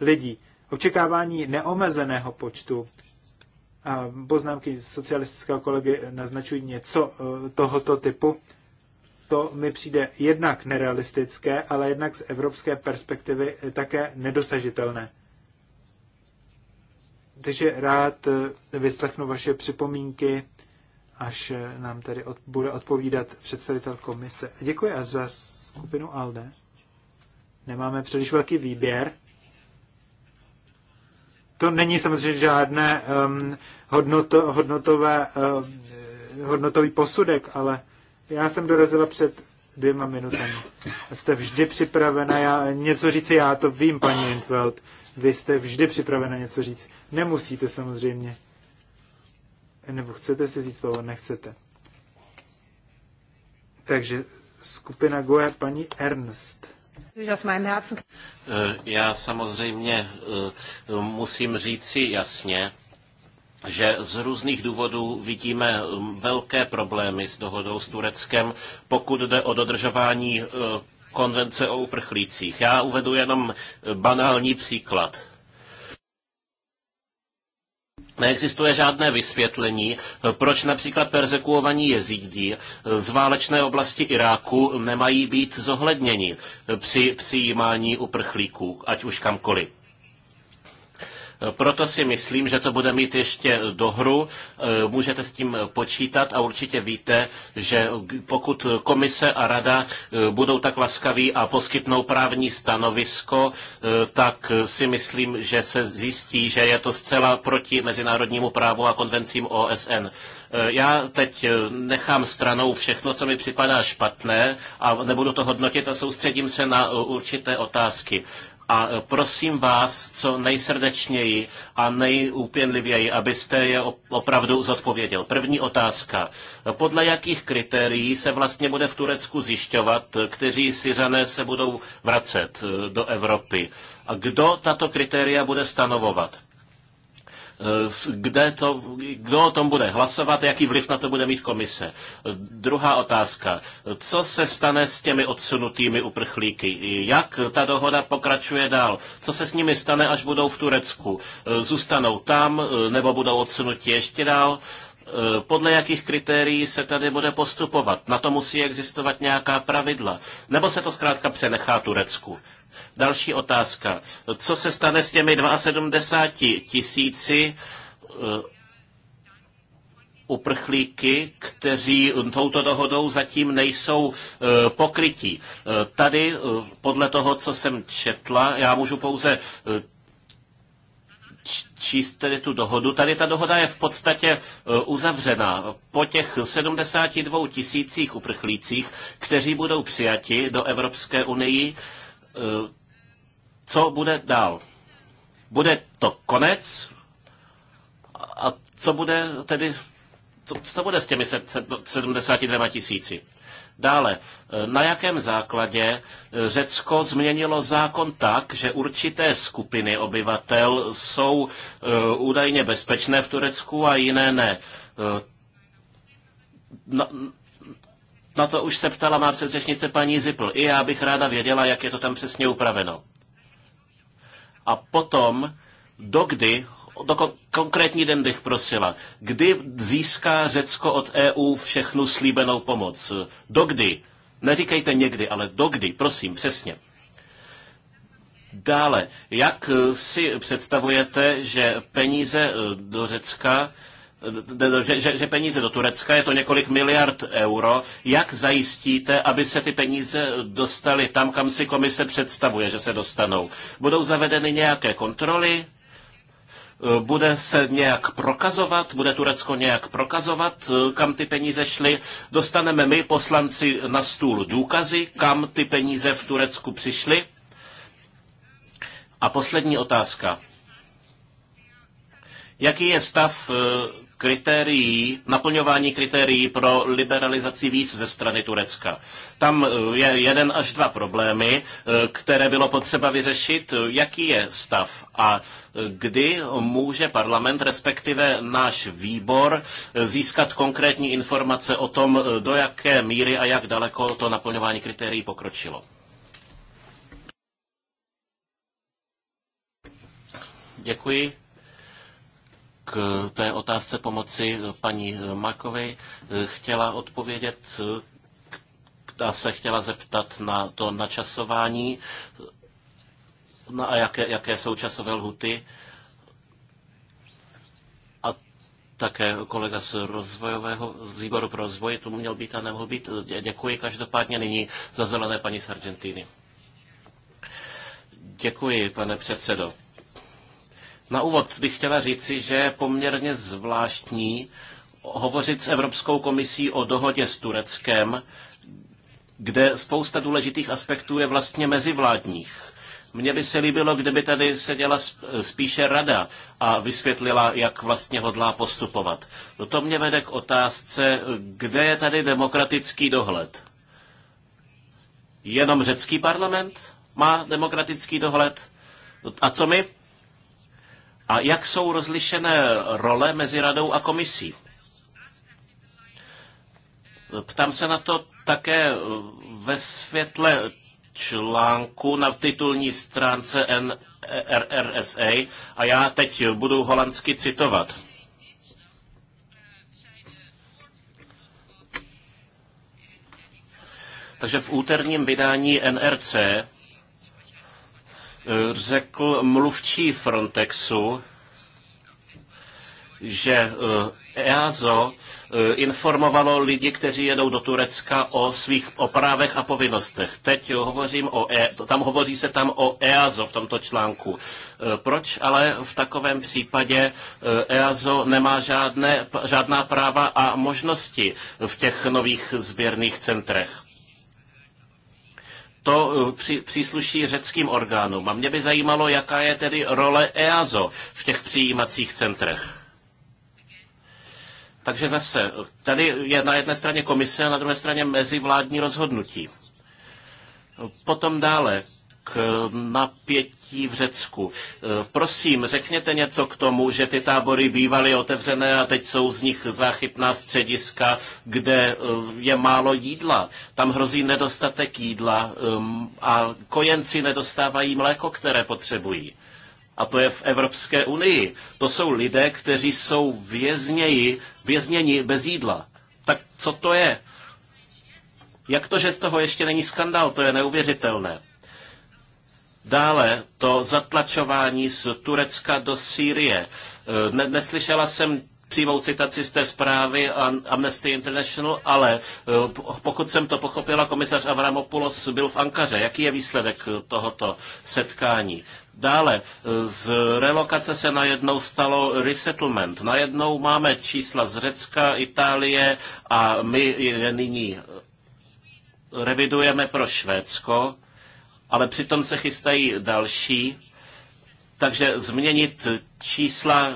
lidí. Očekávání neomezeného počtu a poznámky socialistického kolegy naznačují něco eh, tohoto typu, to mi přijde jednak nerealistické, ale jednak z evropské perspektivy také nedosažitelné. Takže rád eh, vyslechnu vaše připomínky, až eh, nám tady od, bude odpovídat představitel komise. Děkuji a za skupinu ALDE. Nemáme příliš velký výběr. To není samozřejmě žádné um, hodnoto, hodnotové, um, hodnotový posudek, ale já jsem dorazila před dvěma minutami. Jste vždy připravena já, něco říct, já to vím, paní Infeld. Vy jste vždy připravena něco říct. Nemusíte samozřejmě. Nebo chcete si říct slovo, nechcete. Takže skupina Goer, paní Ernst. Eh, já samozřejmě eh, musím říci jasně, že z různých důvodů vidíme um, velké problémy s dohodou s Tureckem, pokud jde o dodržování uh, konvence o uprchlících. Já uvedu jenom uh, banální příklad. Neexistuje žádné vysvětlení, uh, proč například persekuovaní jezídí z válečné oblasti Iráku nemají být zohledněni při přijímání uprchlíků, ať už kamkoliv. Proto si myslím, že to bude mít ještě do hru. Eh, můžete s tím počítat a určitě víte, že pokud komise a rada eh, budou tak laskaví a poskytnou právní stanovisko, eh, tak si myslím, že se zjistí, že je to zcela proti mezinárodnímu právu a konvencím OSN. Já teď nechám stranou všechno, co mi připadá špatné a nebudu to hodnotit a soustředím se na určité otázky. A e, prosím vás co nejsrdečněji a nejúpěnlivěji, abyste je opravdu zodpověděl. První otázka. Podle jakých kritérií se vlastně bude v Turecku zjišťovat, kteří Syřané se budou vracet e, do Evropy? A kdo tato kritéria bude stanovovat? Eh, kde to, kdo o tom bude hlasovat, jaký vliv na to bude mít komise. Druhá otázka. Co se stane s těmi odsunutými uprchlíky? Jak ta dohoda pokračuje dál? Co se s nimi stane, až budou v Turecku? Eh, zůstanou tam eh, nebo budou odsunuti ještě dál? Eh, podle jakých kritérií se tady bude postupovat. Na to musí existovat nějaká pravidla. Nebo se to zkrátka přenechá Turecku. Další otázka. Co se stane s těmi 72 tisíci eh, uprchlíky, kteří touto dohodou zatím nejsou eh, pokrytí. Tady podle toho, co jsem četla, já můžu pouze číst tedy tu dohodu. Tady ta dohoda je v podstatě e, uzavřena. Po těch 72 tisících uprchlících, kteří budou přijati do Evropské unii, e, co bude dál? Bude to konec? A co bude tedy, co, co bude s těmi 72 tisíci? Dále, eh, na jakém základě eh, Řecko změnilo zákon tak, že určité skupiny obyvatel jsou eh, údajně bezpečné v Turecku a jiné ne? Na, na to už se ptala má předřečnice paní Zipl. I já bych ráda věděla, jak je to tam přesně upraveno. A potom, dokdy do konkrétní den bych prosila. Kdy získá Řecko od EU všechnu slíbenou pomoc? Dokdy? Neříkejte někdy, ale dokdy, prosím, přesně. Dále, jak eh, si představujete, že peníze eh, do Řecka eh, že, že, že peníze do Turecka, je to několik miliard euro. Jak zajistíte, aby se ty peníze dostaly tam, kam si komise představuje, že se dostanou? Budou zavedeny nějaké kontroly? Eh, bude se nějak prokazovat, bude Turecko nějak prokazovat, eh, kam ty peníze šly? Dostaneme my, poslanci, na stůl důkazy, kam ty peníze v Turecku přišly? A poslední otázka. Jaký je stav eh, kritérií, naplňování kritérií pro liberalizaci víc ze strany Turecka. Tam eh, je jeden až dva problémy, eh, které bylo potřeba vyřešit. Jaký je stav a eh, kdy může parlament, respektive náš výbor, získat konkrétní informace o tom, do jaké míry a jak daleko to naplňování kritérií pokročilo? Děkuji k té otázce pomoci paní Makovi eh, chtěla odpovědět, eh, ta se chtěla zeptat na to načasování eh, na a jaké, jaké jsou časové lhuty. A také kolega z rozvojového z výboru pro rozvoj tu měl být a nemohl být. Děkuji každopádně nyní za zelené paní z Argentíny. Děkuji, pane předsedo. Na úvod bych chtěla říci, že je poměrně zvláštní hovořit s Evropskou komisí o dohodě s Tureckem, kde spousta důležitých aspektů je vlastně mezivládních. Mně by se líbilo, kdyby tady seděla spíše rada a vysvětlila, jak vlastně hodlá postupovat. No to mě vede k otázce, kde je tady demokratický dohled? Jenom řecký parlament má demokratický dohled? A co my? A jak jsou rozlišené role mezi radou a komisí? Ptám se na to také ve světle článku na titulní stránce NRSA a já teď budu holandsky citovat. Takže v úterním vydání NRC řekl mluvčí Frontexu, že eh, EASO eh, informovalo lidi, kteří jedou do Turecka o svých oprávech a povinnostech. Teď hovořím o e, tam hovoří se tam o EASO v tomto článku. Eh, proč ale v takovém případě EASO nemá žádné, žádná práva a možnosti v těch nových sběrných centrech? to eh, přísluší řeckým orgánům. A mě by zajímalo, jaká je tedy role EASO v těch přijímacích centrech. Takže zase, tady je na jedné straně komise a na druhé straně mezivládní rozhodnutí. Potom dále, k eh, napětí v Řecku. Eh, prosím, řekněte něco k tomu, že ty tábory bývaly otevřené a teď jsou z nich záchytná střediska, kde eh, je málo jídla. Tam hrozí nedostatek jídla a kojenci nedostávají mléko, které potřebují. A to je v Evropské unii. To jsou lidé, kteří jsou vězněji, vězněni bez jídla. Tak co to je? Jak to, že z toho ještě není skandál? To je neuvěřitelné. Dále to zatlačování z Turecka do Sýrie. E, neslyšela jsem přímou citaci z té zprávy Amnesty International, ale e, pokud jsem to pochopila, komisař Avramopoulos byl v Ankaře. Jaký je výsledek e, tohoto setkání? Dále, z relokace se najednou stalo resettlement. Najednou máme čísla z Řecka, Itálie a my je nyní revidujeme pro Švédsko ale přitom se chystají další. Takže změnit čísla eh,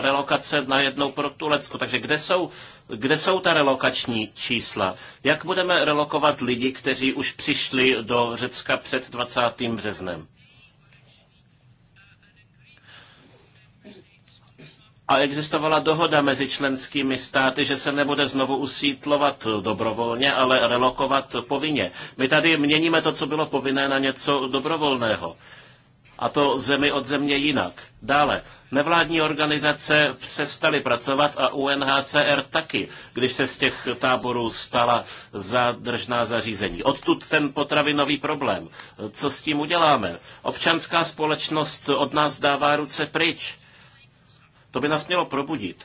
relokace na jednou pro Tulecko. Takže kde jsou, kde jsou ta relokační čísla? Jak budeme relokovat lidi, kteří už přišli do Řecka před 20. březnem? a existovala dohoda mezi členskými státy, že se nebude znovu usítlovat dobrovolně, ale relokovat povinně. My tady měníme to, co bylo povinné, na něco dobrovolného. A to zemi od země jinak. Dále, nevládní organizace přestaly pracovat a UNHCR taky, když se z těch táborů stala zadržná zařízení. Odtud ten potravinový problém. Co s tím uděláme? Občanská společnost od nás dává ruce pryč to by nás mělo probudit.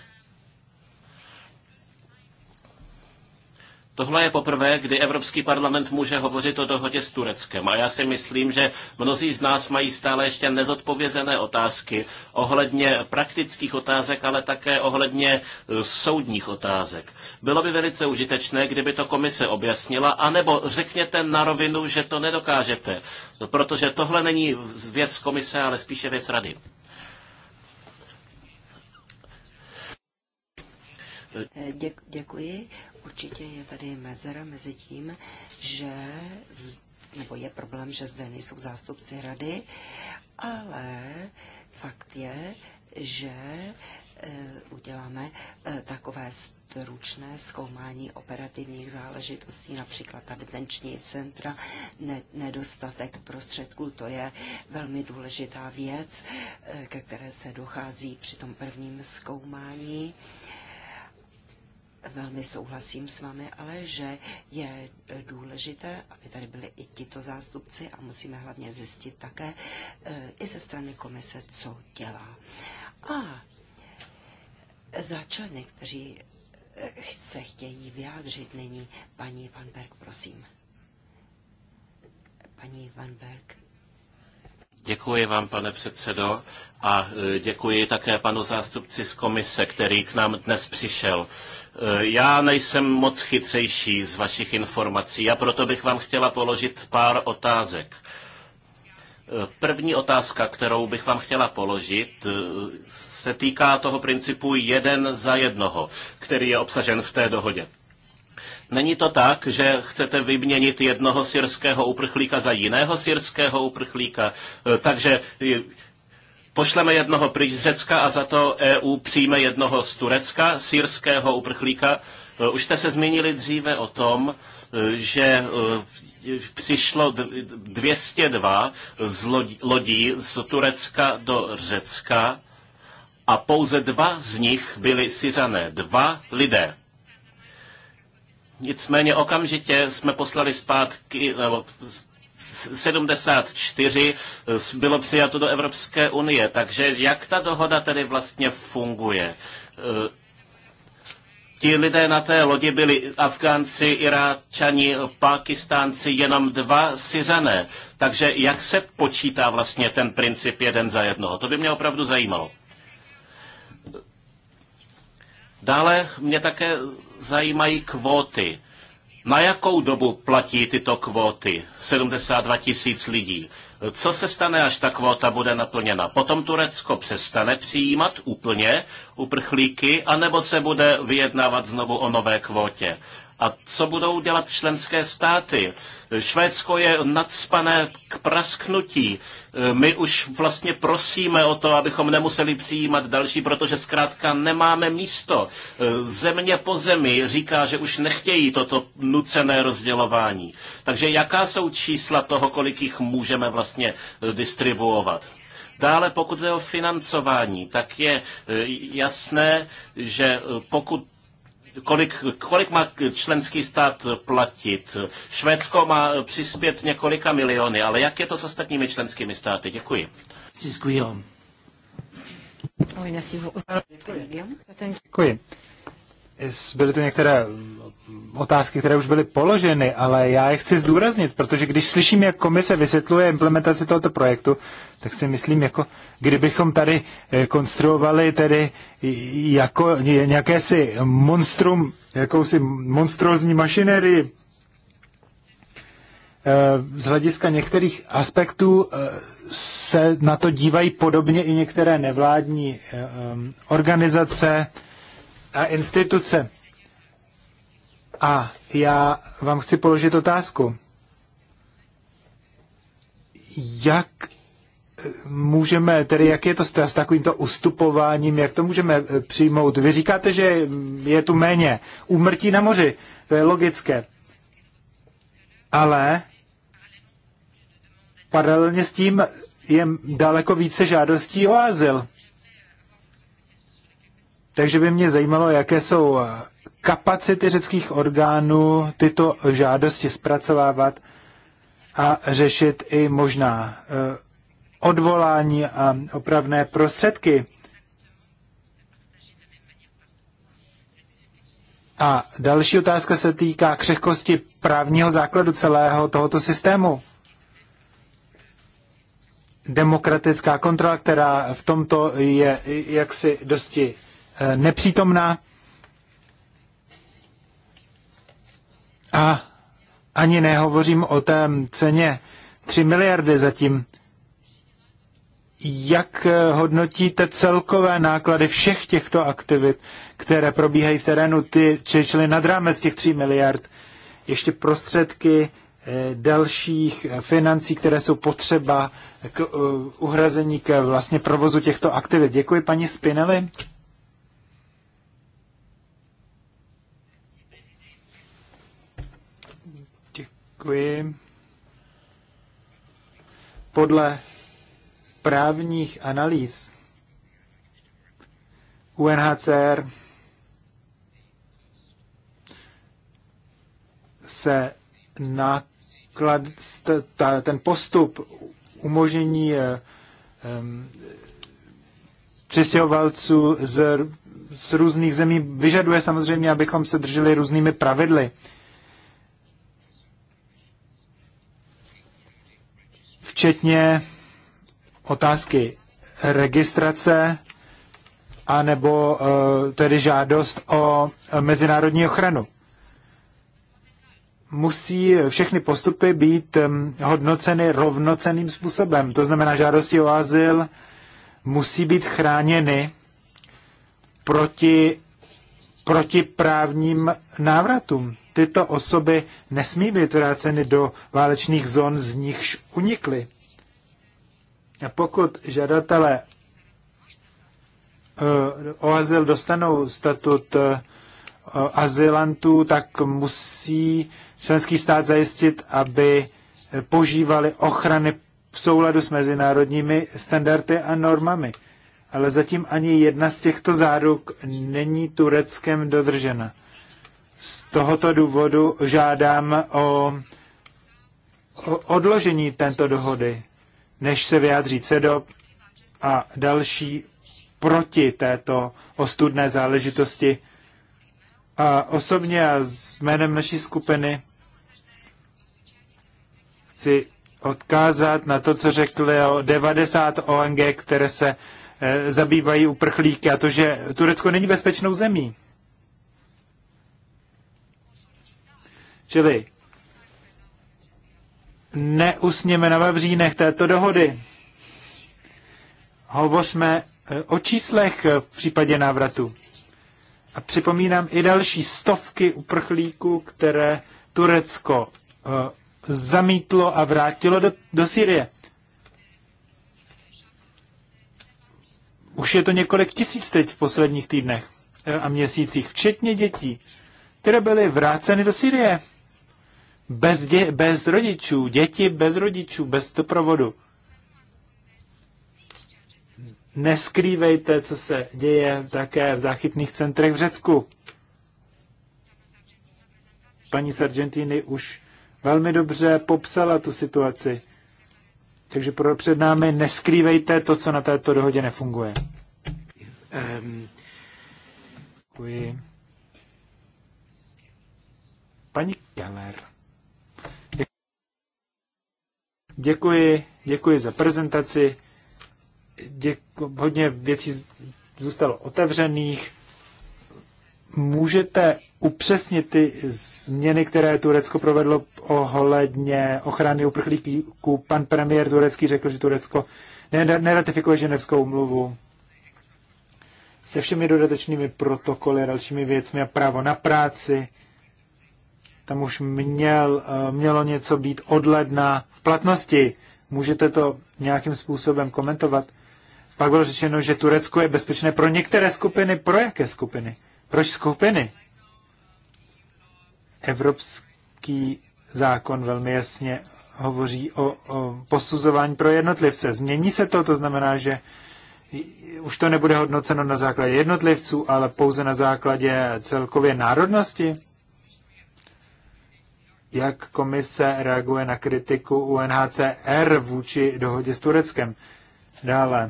Tohle je poprvé, kdy Evropský parlament může hovořit o dohodě s Tureckem. A já si myslím, že mnozí z nás mají stále ještě nezodpovězené otázky ohledně praktických otázek, ale také ohledně e, soudních otázek. Bylo by velice užitečné, kdyby to komise objasnila, anebo řekněte na rovinu, že to nedokážete, protože tohle není věc komise, ale spíše věc rady. Děkuji. Určitě je tady mezera mezi tím, že z, nebo je problém, že zde nejsou zástupci rady, ale fakt je, že e, uděláme e, takové stručné zkoumání operativních záležitostí, například ta detenční centra, nedostatek prostředků, to je velmi důležitá věc, e, ke které se dochází při tom prvním zkoumání velmi souhlasím s vámi, ale že je e, důležité, aby tady byli i tito zástupci a musíme hlavně zjistit také e, i ze strany komise, co dělá. A za členy, kteří e, se chtějí vyjádřit nyní, paní Van Berg, prosím. Paní Van Berg. Děkuji vám, pane předsedo, a e, děkuji také panu zástupci z komise, který k nám dnes přišel. E, já nejsem moc chytřejší z vašich informací a proto bych vám chtěla položit pár otázek. E, první otázka, kterou bych vám chtěla položit, se týká toho principu jeden za jednoho, který je obsažen v té dohodě. Není to tak, že chcete vyměnit jednoho syrského uprchlíka za jiného syrského uprchlíka, e, takže e, pošleme jednoho pryč z Řecka a za to EU přijme jednoho z Turecka, syrského uprchlíka. E, už jste se zmínili dříve o tom, že přišlo 202 z lodí z Turecka do Řecka a pouze dva z nich byli Syřané, dva lidé. Nicméně okamžitě jsme poslali zpátky, nebo 74 bylo přijato do Evropské unie. Takže jak ta dohoda tedy vlastně funguje? E, ti lidé na té lodi byli Afgánci, Iráčani, Pakistánci, jenom dva Syřané. Takže jak se počítá vlastně ten princip jeden za jednoho? To by mě opravdu zajímalo. Dále mě také zajímají kvóty. Na jakou dobu platí tyto kvóty? 72 tisíc lidí. Co se stane, až ta kvóta bude naplněna? Potom Turecko přestane přijímat úplně uprchlíky, anebo se bude vyjednávat znovu o nové kvótě? A co budou dělat členské státy? Švédsko je nadspané k prasknutí. My už vlastně prosíme o to, abychom nemuseli přijímat další, protože zkrátka nemáme místo. Země po zemi říká, že už nechtějí toto nucené rozdělování. Takže jaká jsou čísla toho, kolik jich můžeme vlastně distribuovat? Dále, pokud jde o financování, tak je eh, jasné, že eh, pokud kolik, kolik má členský stát platit. Švédsko má přispět několika miliony, ale jak je to s ostatními členskými státy? Děkuji. Děkuji. Děkuji. Byly tu některé otázky, které už byly položeny, ale já je chci zdůraznit, protože když slyším, jak komise vysvětluje implementaci tohoto projektu, tak si myslím, jako kdybychom tady eh, konstruovali tedy jako nějaké si monstrum, jakousi monstrózní mašinerii, eh, z hlediska některých aspektů eh, se na to dívají podobně i některé nevládní organizace a instituce. A já vám chci položit otázku. Jak eh, můžeme, tedy jak je to s takovýmto ustupováním, jak to můžeme eh, přijmout? Vy říkáte, že je tu méně úmrtí na moři, to je logické. Ale paralelně s tím je daleko více žádostí o azyl. Takže by mě zajímalo, jaké jsou eh, kapacity řeckých orgánů tyto žádosti zpracovávat a řešit i možná eh, odvolání a opravné prostředky. A další otázka se týká křehkosti právního základu celého tohoto systému. Demokratická kontrola, která v tomto je jaksi dosti eh, nepřítomná, A ani nehovořím o té ceně 3 miliardy zatím. Jak hodnotíte celkové náklady všech těchto aktivit, které probíhají v terénu, ty, čili nad rámec těch 3 miliard, ještě prostředky eh, dalších eh, financí, které jsou potřeba k eh, uhrazení k vlastně provozu těchto aktivit. Děkuji paní Spinelli. Děkuji. Podle právních analýz UNHCR se náklad, ta, ten postup umožnění um, přistěhovalců z, z různých zemí vyžaduje samozřejmě, abychom se drželi různými pravidly. včetně otázky registrace a nebo eh, tedy žádost o eh, mezinárodní ochranu. Musí všechny postupy být eh, hodnoceny rovnoceným způsobem. To znamená, žádosti o azyl musí být chráněny proti protiprávním návratům tyto osoby nesmí být vráceny do válečných zón, z nichž unikly. A pokud žadatelé eh, o azyl dostanou statut eh, azylantů, tak musí členský stát zajistit, aby požívali ochrany v souladu s mezinárodními standardy a normami. Ale zatím ani jedna z těchto záruk není Tureckem dodržena tohoto důvodu žádám o, o odložení této dohody, než se vyjádří CEDOP a další proti této ostudné záležitosti. A osobně a s jménem naší skupiny chci odkázat na to, co řekli o 90 ONG, které se e, zabývají uprchlíky a to, že Turecko není bezpečnou zemí. Čili neusněme na vavřínech této dohody. Hovořme eh, o číslech eh, v případě návratu. A připomínám i další stovky uprchlíků, které Turecko eh, zamítlo a vrátilo do, do Syrie. Už je to několik tisíc teď v posledních týdnech a měsících, včetně dětí, které byly vráceny do Syrie bez, dě, bez rodičů, děti bez rodičů, bez doprovodu. Neskrývejte, co se děje také v záchytných centrech v Řecku. Paní z Argentiny už velmi dobře popsala tu situaci. Takže pro, před námi neskrývejte to, co na této dohodě nefunguje. Um, děkuji. Paní Keller. Děkuji, děkuji za prezentaci. Děku, hodně věcí zůstalo otevřených. Můžete upřesnit ty změny, které Turecko provedlo ohledně ochrany uprchlíků? Pan premiér turecký řekl, že Turecko neratifikuje ženevskou umluvu se všemi dodatečnými protokoly, dalšími věcmi a právo na práci, tam už měl, eh, mělo něco být od ledna v platnosti. Můžete to nějakým způsobem komentovat? Pak bylo řečeno, že Turecko je bezpečné pro některé skupiny. Pro jaké skupiny? Proč skupiny? Evropský zákon velmi jasně hovoří o, o posuzování pro jednotlivce. Změní se to, to znamená, že už to nebude hodnoceno na základě jednotlivců, ale pouze na základě celkově národnosti? jak komise reaguje na kritiku UNHCR vůči dohodě s Tureckem. Dále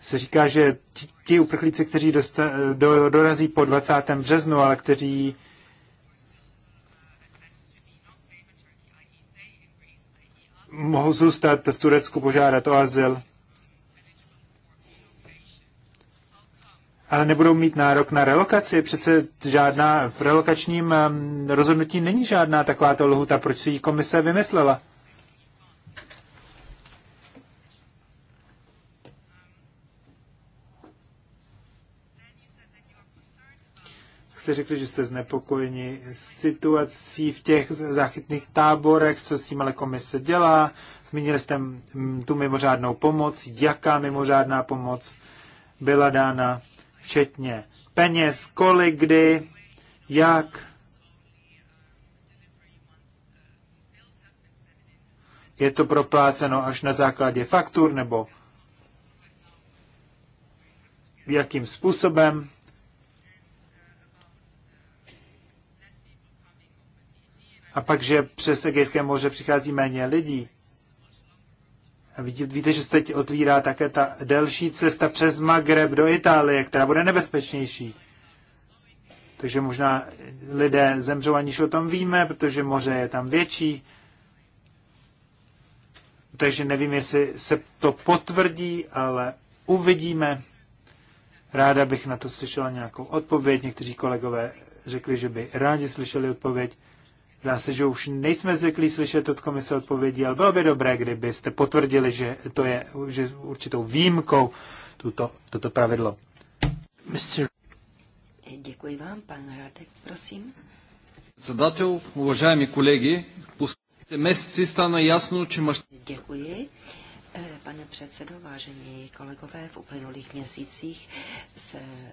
se říká, že ti, ti uprchlíci, kteří dosta, do, dorazí po 20. březnu, ale kteří mohou zůstat v Turecku, požádat o azyl, ale nebudou mít nárok na relokaci. Přece žádná v relokačním rozhodnutí není žádná takováto lhuta. Proč si ji komise vymyslela? jste řekli, že jste znepokojeni situací v těch záchytných táborech, co s tím ale komise dělá. Zmínili jste mm, tu mimořádnou pomoc. Jaká mimořádná pomoc byla dána? včetně peněz, kolik, kdy, jak. Je to propláceno až na základě faktur nebo jakým způsobem. A pak, že přes Egejské moře přichází méně lidí. A vidí, víte, že se teď otvírá také ta delší cesta přes Magreb do Itálie, která bude nebezpečnější. Takže možná lidé zemřou, aniž o tom víme, protože moře je tam větší. Takže nevím, jestli se to potvrdí, ale uvidíme. Ráda bych na to slyšela nějakou odpověď. Někteří kolegové řekli, že by rádi slyšeli odpověď. Zdá se, že už nejsme zvyklí slyšet od komise odpovědi, ale bylo by dobré, kdybyste potvrdili, že to je že určitou výjimkou tuto, toto pravidlo. Mr. Eh, děkuji vám, pan Radek, prosím. Zadatel, уважаеми kolegy, pustíte месеци stane jasno, či máš... Děkuji pane předsedo, vážení kolegové, v uplynulých měsících se e,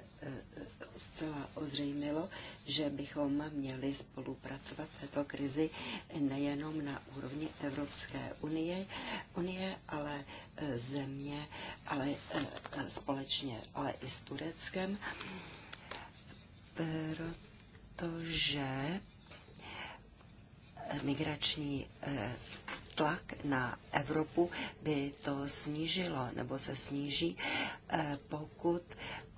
zcela odřejmilo, že bychom měli spolupracovat v této krizi nejenom na úrovni Evropské unie, unie ale e, země, ale e, společně, ale i s Tureckem, protože migrační eh, tlak na Evropu by to snížilo nebo se sníží, eh, pokud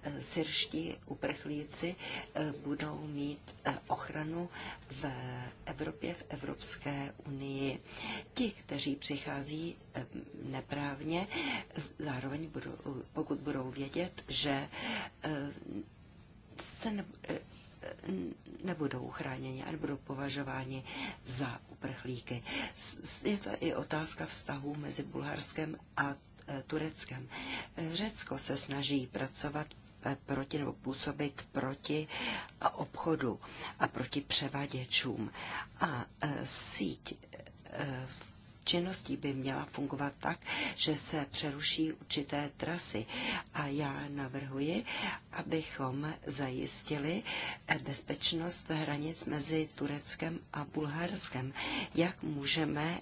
eh, syrští uprchlíci budou mít ochranu v Evropě, v Evropské unii. Ti, kteří přichází neprávně, zároveň budou, pokud budou vědět, že se ne, nebudou chráněni a nebudou považováni za uprchlíky. Je to i otázka vztahu mezi Bulharskem a e, Tureckem. Řecko se snaží pracovat e, proti nebo působit proti e, obchodu a proti převaděčům. A síť v činností by měla fungovat tak, že se přeruší určité trasy. A já navrhuji, abychom zajistili eh, bezpečnost hranic mezi Tureckem a Bulharskem. Jak můžeme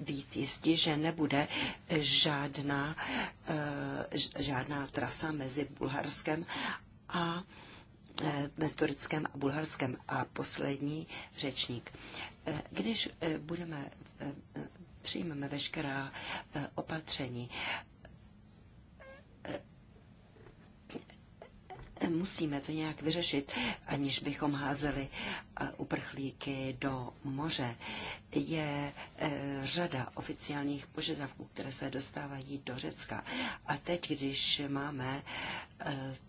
být jistí, že nebude eh, žádná, eh, žádná trasa mezi Bulharskem a mezi Tureckem a Bulharskem. A poslední řečník. Když budeme přijmeme veškerá eh, opatření, eh, musíme to nějak vyřešit, aniž bychom házeli eh, uprchlíky do moře. Je řada oficiálních požadavků, které se dostávají do Řecka. A teď, když máme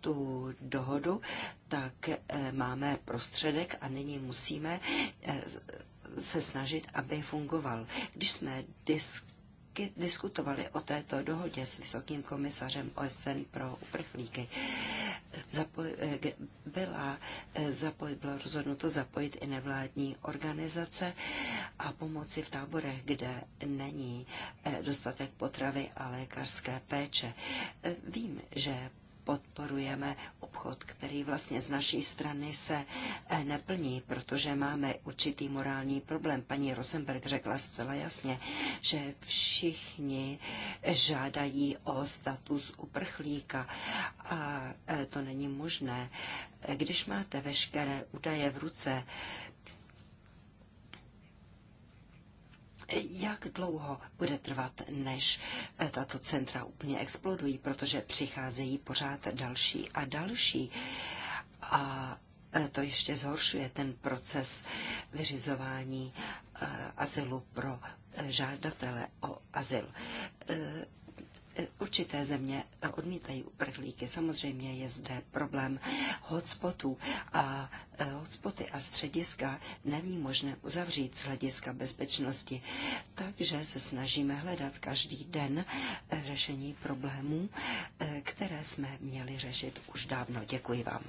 tu dohodu, tak máme prostředek a nyní musíme se snažit, aby fungoval. Když jsme disky, diskutovali o této dohodě s vysokým komisařem OSN pro uprchlíky, zapoj, eh, byla, eh, zapoj, bylo rozhodnuto zapojit i nevládní organizace a pomoci v táborech, kde není eh, dostatek potravy a lékařské péče. Vím, že podporujeme obchod, který vlastně z naší strany se eh, neplní, protože máme určitý morální problém. Paní Rosenberg řekla zcela jasně, že všichni žádají o status uprchlíka a eh, to není možné. Když máte veškeré údaje v ruce, jak dlouho bude trvat, než eh, tato centra úplně explodují, protože přicházejí pořád další a další. A eh, to ještě zhoršuje ten proces vyřizování eh, azylu pro žádatele o azyl určité země odmítají uprchlíky. Samozřejmě je zde problém hotspotů a e, hotspoty a střediska není možné uzavřít z hlediska bezpečnosti. Takže se snažíme hledat každý den e, řešení problémů, e, které jsme měli řešit už dávno. Děkuji vám.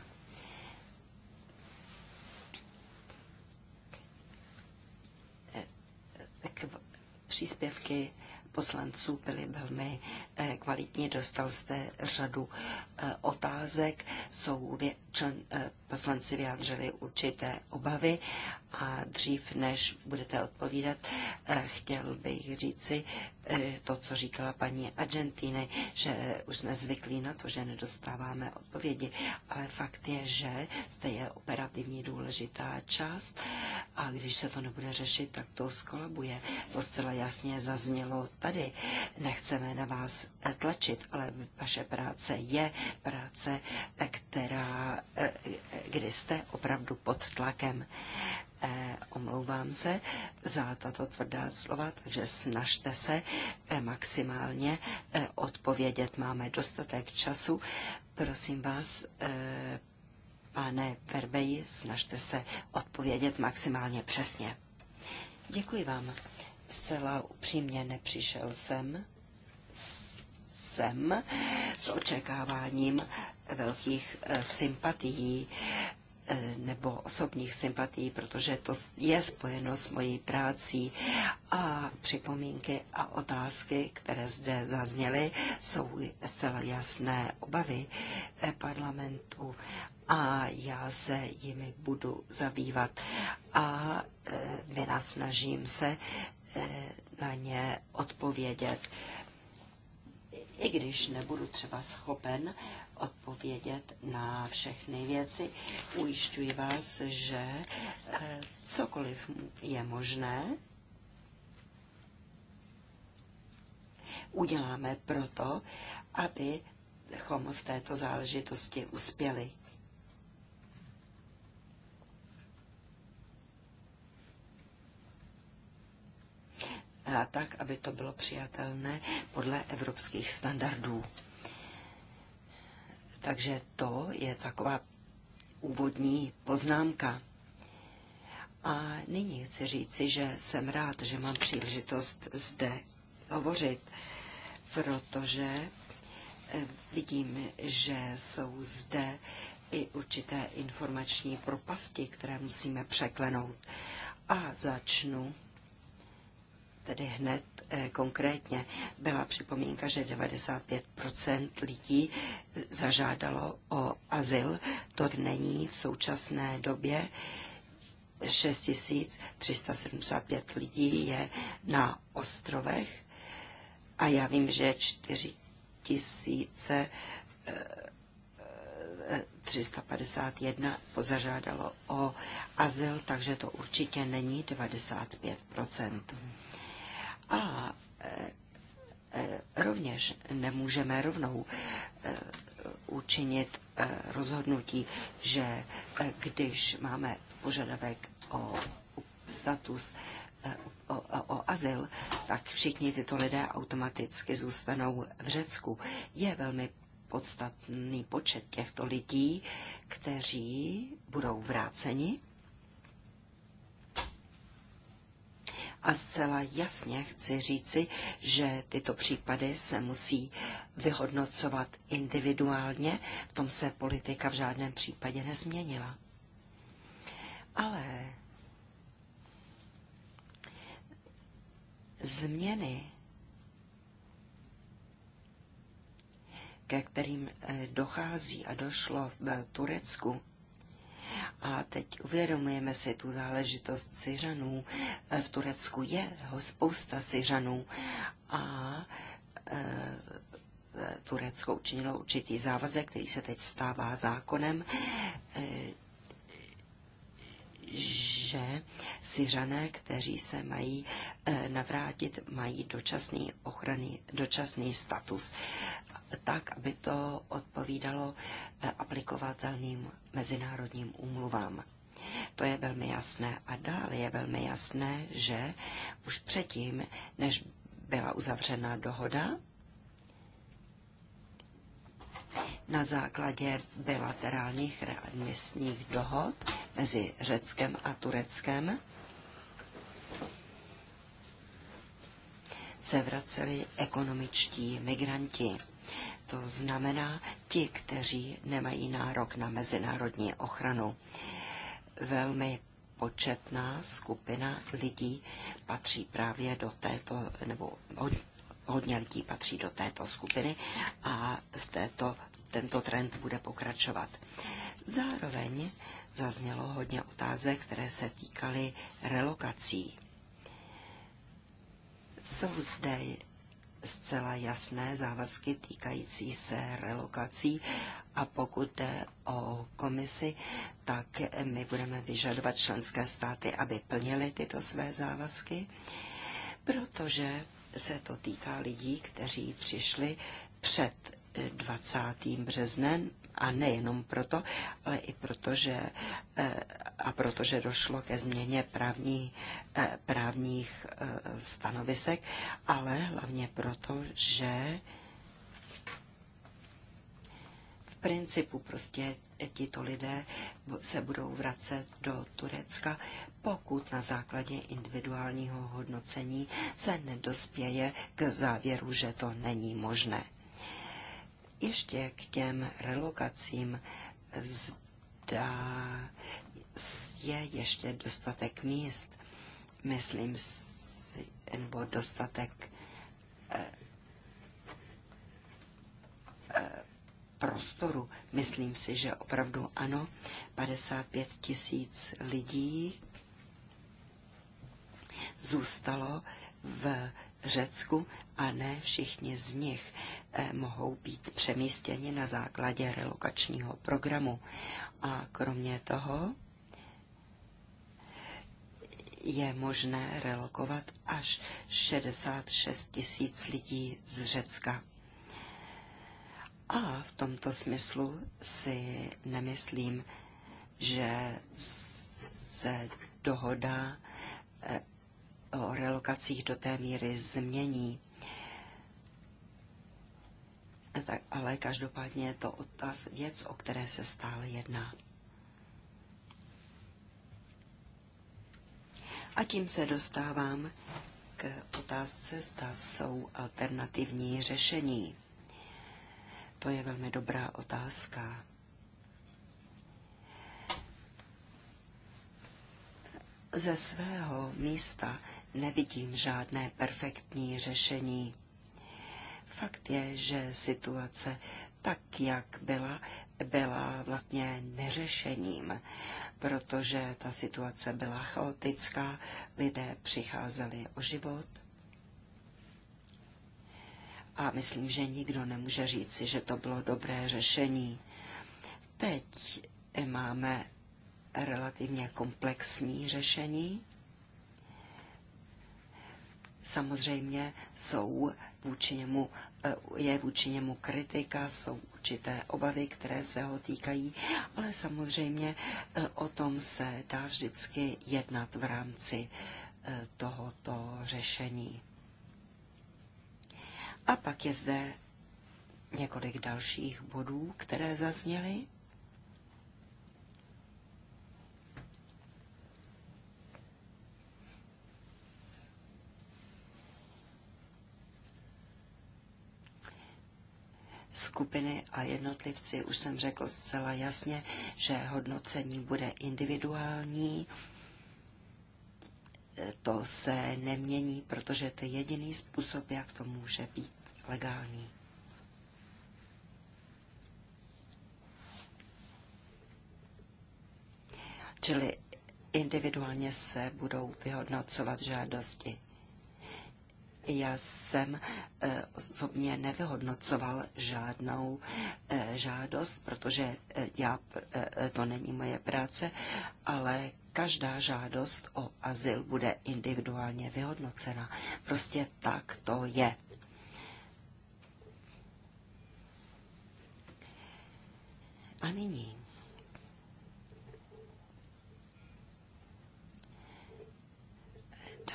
příspěvky poslanců byli velmi eh, kvalitní. Dostal jste řadu Eh, otázek jsou člen, eh, poslanci vyjádřili určité obavy a dřív, než budete odpovídat, eh, chtěl bych říci to, co říkala paní Argentiny, že už jsme zvyklí na to, že nedostáváme odpovědi, ale fakt je, že zde je operativní důležitá část a když se to nebude řešit, tak to skolabuje. To zcela jasně zaznělo tady. Nechceme na vás tlačit, ale vaše práce je práce, která, eh, kdy jste opravdu pod tlakem. Eh, omlouvám se za tato tvrdá slova, takže snažte se eh, maximálně odpovědět. Máme dostatek času. Prosím vás, pane Verbeji, snažte se odpovědět maximálně přesně. Děkuji vám. Zcela upřímně nepřišel jsem s sem s očekáváním velkých eh, sympatií eh, nebo osobních sympatií, protože to je spojeno s mojí prací a připomínky a otázky, které zde zazněly, jsou zcela jasné obavy eh, parlamentu a já se jimi budu zabývat a vynasnažím se na ně odpovědět i když nebudu třeba schopen odpovědět na všechny věci, ujišťuji vás, že eh, cokoliv je možné, uděláme proto, abychom v této záležitosti uspěli. tak, aby to bylo přijatelné podle evropských standardů. Takže to je taková úvodní poznámka. A nyní chci říci, že jsem rád, že mám příležitost zde hovořit, protože eh, vidím, že jsou zde i určité informační propasti, které musíme překlenout. A začnu tedy hned eh, konkrétně byla připomínka, že 95 lidí zažádalo o azyl. To není v současné době. 6375 lidí je na ostrovech a já vím, že 4351 eh, eh, pozažádalo o azyl, takže to určitě není 95 a e, e, rovněž nemůžeme rovnou e, učinit rozhodnutí, že když máme požadavek o status o, o, o azyl, tak všichni tyto lidé automaticky zůstanou v Řecku. Je velmi podstatný počet těchto lidí, kteří budou vráceni a zcela jasně chci říci, že tyto případy se musí vyhodnocovat individuálně, v tom se politika v žádném případě nezměnila. Ale změny, ke kterým eh, dochází a došlo v Turecku, a teď uvědomujeme si tu záležitost Syřanů. E, v Turecku je spousta Syřanů a e, e, Turecko učinilo určitý závazek, který se teď stává zákonem, že Syřané, kteří se mají navrátit, mají dočasný ochrany, dočasný status tak, aby to odpovídalo eh, aplikovatelným mezinárodním úmluvám. To je velmi jasné. A dále je velmi jasné, že už předtím, než byla uzavřena dohoda, na základě bilaterálních readmisních dohod mezi Řeckem a Tureckem se vraceli ekonomičtí migranti. To znamená ti, kteří nemají nárok na mezinárodní ochranu. Velmi početná skupina lidí patří právě do této, nebo hodně lidí patří do této skupiny a v této, tento trend bude pokračovat. Zároveň zaznělo hodně otázek, které se týkaly relokací. Jsou zde zcela jasné závazky týkající se relokací a pokud jde o komisi, tak my budeme vyžadovat členské státy, aby plnili tyto své závazky, protože se to týká lidí, kteří přišli před 20. březnem, a nejenom proto, ale i proto, že, eh, a protože došlo ke změně právní, eh, právních eh, stanovisek, ale hlavně proto, že v principu prostě tito lidé se budou vracet do Turecka, pokud na základě individuálního hodnocení se nedospěje k závěru, že to není možné. Ještě k těm relokacím zda je ještě dostatek míst, myslím si, nebo dostatek eh, eh, prostoru. Myslím si, že opravdu ano, 55 tisíc lidí zůstalo v Řecku a ne všichni z nich Eh, mohou být přemístěni na základě relokačního programu. A kromě toho je možné relokovat až 66 tisíc lidí z Řecka. A v tomto smyslu si nemyslím, že se dohoda eh, o relokacích do té míry změní tak, ale každopádně je to otáz, věc, o které se stále jedná. A tím se dostávám k otázce, zda jsou alternativní řešení. To je velmi dobrá otázka. Ze svého místa nevidím žádné perfektní řešení. Fakt je, že situace tak, jak byla, byla vlastně neřešením, protože ta situace byla chaotická, lidé přicházeli o život. A myslím, že nikdo nemůže říci, že to bylo dobré řešení. Teď máme relativně komplexní řešení. Samozřejmě jsou vůči němu, eh, je vůči němu kritika, jsou určité obavy, které se ho týkají, ale samozřejmě eh, o tom se dá vždycky jednat v rámci eh, tohoto řešení. A pak je zde několik dalších bodů, které zazněly. skupiny a jednotlivci. Už jsem řekl zcela jasně, že hodnocení bude individuální. To se nemění, protože to je jediný způsob, jak to může být legální. Čili individuálně se budou vyhodnocovat žádosti. Já jsem eh, osobně nevyhodnocoval žádnou eh, žádost, protože eh, já, to není moje práce, ale každá žádost o azyl bude individuálně vyhodnocena. Prostě tak to je. A nyní.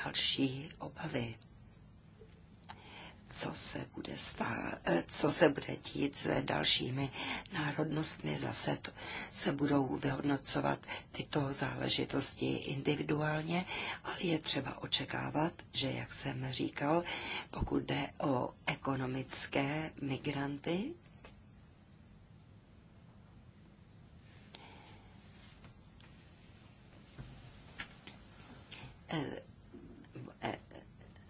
Další obavy co se bude, stá, eh, co se bude dít s dalšími národnostmi. Zase to, se budou vyhodnocovat tyto záležitosti individuálně, ale je třeba očekávat, že, jak jsem říkal, pokud jde o ekonomické migranty, eh,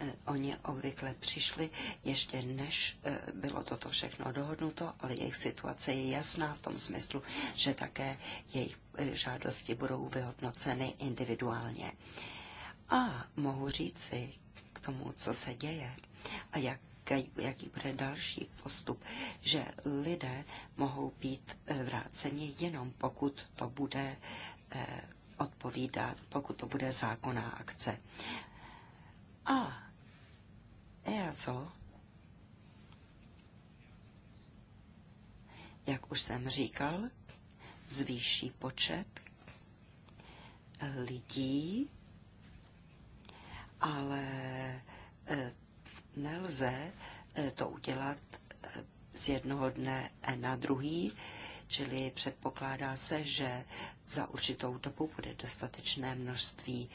Eh, oni obvykle přišli, ještě než eh, bylo toto všechno dohodnuto, ale jejich situace je jasná v tom smyslu, že také jejich eh, žádosti budou vyhodnoceny individuálně. A mohu říci k tomu, co se děje a jak jaký bude další postup, že lidé mohou být vráceni jenom pokud to bude odpovídat, pokud to bude zákonná akce. A co? jak už jsem říkal, zvýší počet lidí, ale e, nelze e, to udělat e, z jednoho dne na druhý, čili předpokládá se, že za určitou dobu bude dostatečné množství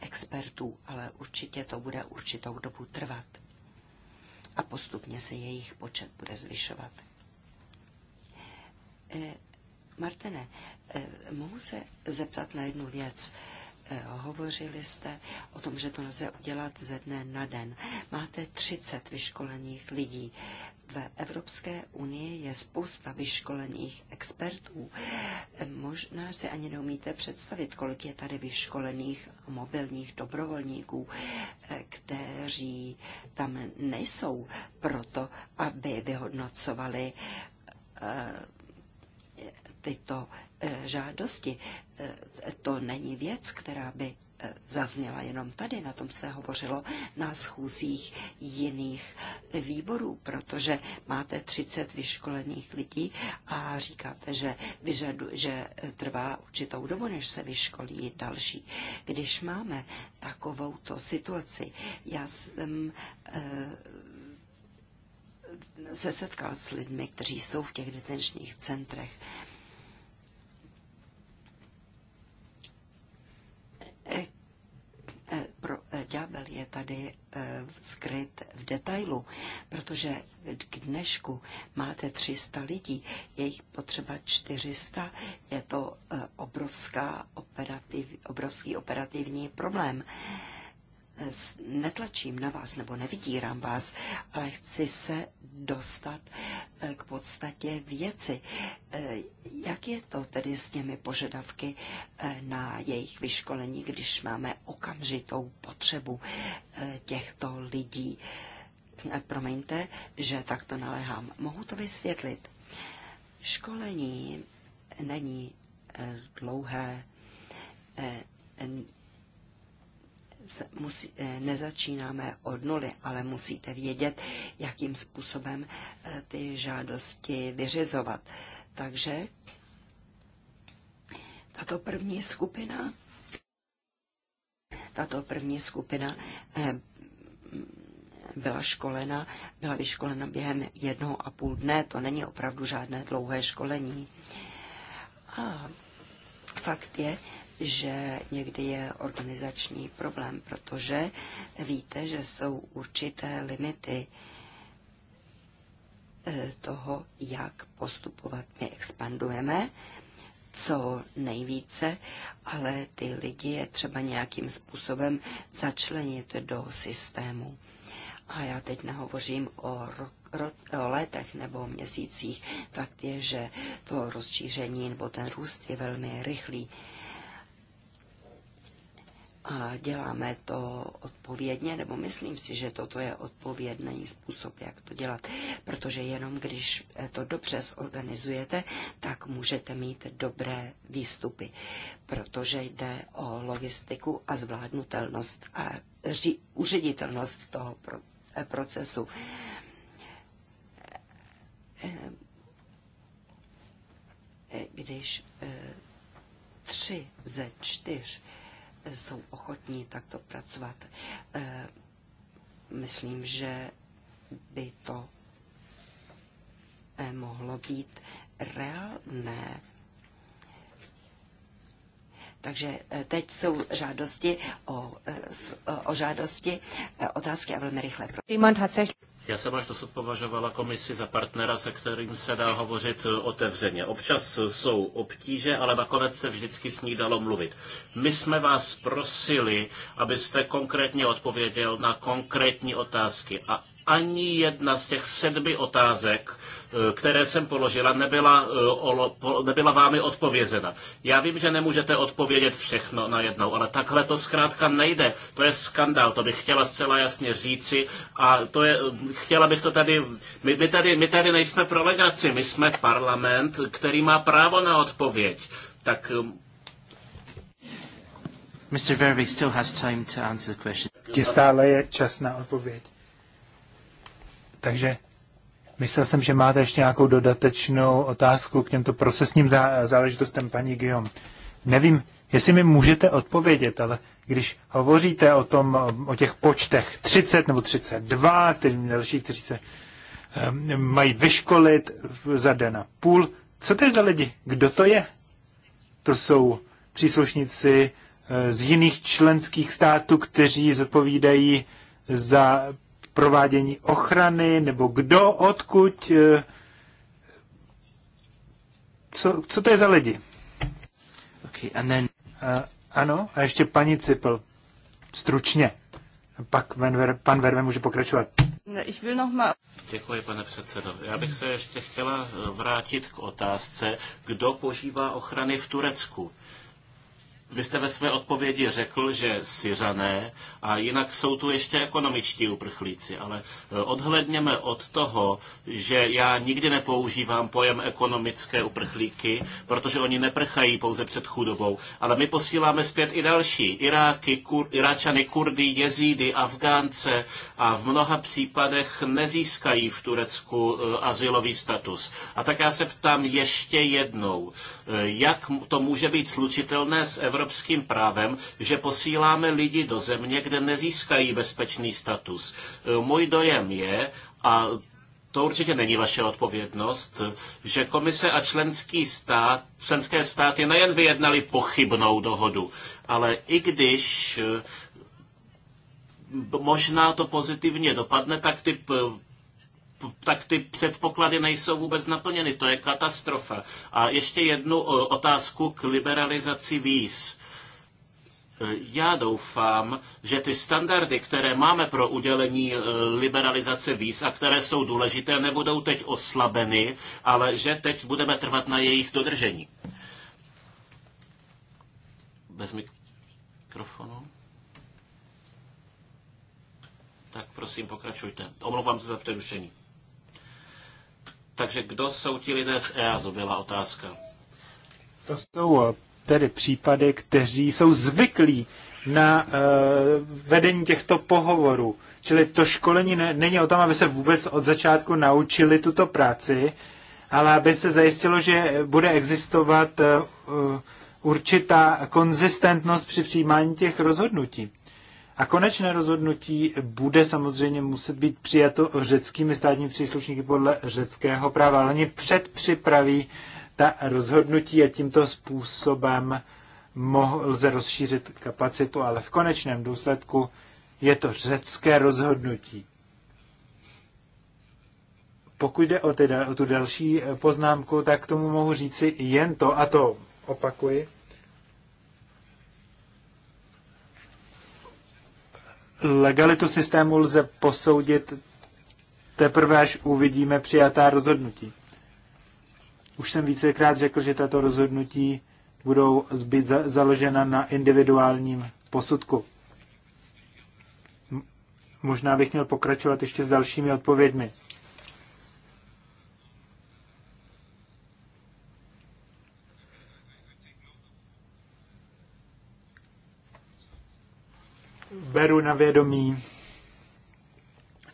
expertů, ale určitě to bude určitou dobu trvat a postupně se jejich počet bude zvyšovat. Eh, Martene, eh, mohu se zeptat na jednu věc. Eh, hovořili jste o tom, že to lze udělat ze dne na den. Máte 30 vyškolených lidí v Evropské unii je spousta vyškolených expertů. Možná si ani neumíte představit, kolik je tady vyškolených mobilních dobrovolníků, kteří tam nejsou proto, aby vyhodnocovali eh, tyto eh, žádosti. Eh, to není věc, která by zazněla jenom tady, na tom se hovořilo na schůzích jiných výborů, protože máte 30 vyškolených lidí a říkáte, že, vyžadu, že trvá určitou dobu, než se vyškolí další. Když máme takovouto situaci, já jsem eh, se setkal s lidmi, kteří jsou v těch detenčních centrech pro, eh, ďábel je tady e, skryt v detailu, protože k dnešku máte 300 lidí, je jich potřeba 400, je to e, obrovská operativ, obrovský operativní problém. E, netlačím na vás nebo nevydírám vás, ale chci se dostat e, k podstatě věci. E, jak je to tedy s těmi požadavky e, na jejich vyškolení, když máme okamžitou potřebu těchto lidí? Promiňte, že takto naléhám. Mohu to vysvětlit. Školení není dlouhé, musí, eh, nezačínáme od nuly, ale musíte vědět, jakým způsobem eh, ty žádosti vyřizovat. Takže tato první skupina, tato první skupina eh, byla školena, byla vyškolena během jednoho a půl dne, to není opravdu žádné dlouhé školení. A fakt je, že někdy je organizační problém, protože víte, že jsou určité limity eh, toho, jak postupovat. My expandujeme co nejvíce, ale ty lidi je třeba nějakým způsobem začlenit do systému. A já teď nehovořím o, rok, o letech nebo měsících. Fakt je, že to rozšíření nebo ten růst je velmi rychlý a děláme to odpovědně, nebo myslím si, že toto je odpovědný způsob, jak to dělat, protože jenom když to dobře zorganizujete, tak můžete mít dobré výstupy, protože jde o logistiku a zvládnutelnost a ři- uředitelnost toho pro- eh, procesu. Eh, eh, když tři ze čtyř jsou ochotní takto pracovat. Eh, myslím, že by to eh, mohlo být reálné. Takže eh, teď jsou žádosti o, o žádosti, otázky a velmi rychle. Já jsem až dosud považovala komisi za partnera, se kterým se dá hovořit otevřeně. Občas jsou obtíže, ale nakonec se vždycky s ní dalo mluvit. My jsme vás prosili, abyste konkrétně odpověděl na konkrétní otázky a ani jedna z těch sedmi otázek, eh, které jsem položila, nebyla, eh, nebyla vámi odpovězena. Já vím, že nemůžete odpovědět všechno najednou, ale takhle to zkrátka nejde. To je skandál, to bych chtěla zcela jasně říci a to je, eh, chtěla bych to tady, my, my tady, my tady nejsme pro legaci, my jsme parlament, který má právo na odpověď. Tak Mr. Verby still has time to answer the question. Stále je čas na odpověď. Takže myslel jsem, že máte ještě nějakou dodatečnou otázku k těmto procesním zá, záležitostem, paní Guillaume. Nevím, jestli mi můžete odpovědět, ale když hovoříte o tom, o těch počtech 30 nebo 32, který další 30 ehm, mají vyškolit za den a půl, co to je za lidi? Kdo to je? To jsou příslušníci e, z jiných členských států, kteří zodpovídají za provádění ochrany, nebo kdo, odkud, eh, co, co to je za lidi? Okay, and then... a, ano, a ještě paní Cipl, stručně. Pak Venver, pan Verve může pokračovat. Ich will noch mal... Děkuji, pane předsedo. Já bych se ještě chtěla eh, vrátit k otázce, kdo požívá ochrany v Turecku vy jste ve své odpovědi řekl, že Syřané a jinak jsou tu ještě ekonomičtí uprchlíci, ale e, odhledněme od toho, že já nikdy nepoužívám pojem ekonomické uprchlíky, protože oni neprchají pouze před chudobou, ale my posíláme zpět i další. Iráky, kur, Iráčany, Kurdy, Jezídy, Afgánce a v mnoha případech nezískají v Turecku e, asilový status. A tak já se ptám ještě jednou, e, jak to může být slučitelné s Evropou evropským právem, že posíláme lidi do země, kde nezískají bezpečný status. E, můj dojem je, a to určitě není vaše odpovědnost, že komise a členský stát, členské státy nejen vyjednali pochybnou dohodu, ale i když e, možná to pozitivně dopadne, tak ty e, tak ty předpoklady nejsou vůbec naplněny. To je katastrofa. A ještě jednu otázku k liberalizaci víz. Já doufám, že ty standardy, které máme pro udělení e, liberalizace víz a které jsou důležité, nebudou teď oslabeny, ale že teď budeme trvat na jejich dodržení. Bez mikrofonu. Tak prosím, pokračujte. Omlouvám se za přerušení. Takže kdo jsou ti lidé z EASO, byla otázka. To jsou eh, tedy případy, kteří jsou zvyklí na uh, vedení těchto pohovorů. Čili to školení ne, není o tom, aby se vůbec od začátku naučili tuto práci, ale aby se zajistilo, že bude existovat uh, určitá konzistentnost při přijímání těch rozhodnutí. A konečné rozhodnutí bude samozřejmě muset být přijato řeckými státními příslušníky podle řeckého práva, ale oni předpřipraví ta rozhodnutí a tímto způsobem mohl, lze rozšířit kapacitu, ale v konečném důsledku je to řecké rozhodnutí. Pokud jde o, ty, o tu další poznámku, tak k tomu mohu říci jen to, a to opakuji, Legalitu systému lze posoudit teprve, až uvidíme přijatá rozhodnutí. Už jsem vícekrát řekl, že tato rozhodnutí budou zbyt založena na individuálním posudku. Možná bych měl pokračovat ještě s dalšími odpověďmi. beru na vědomí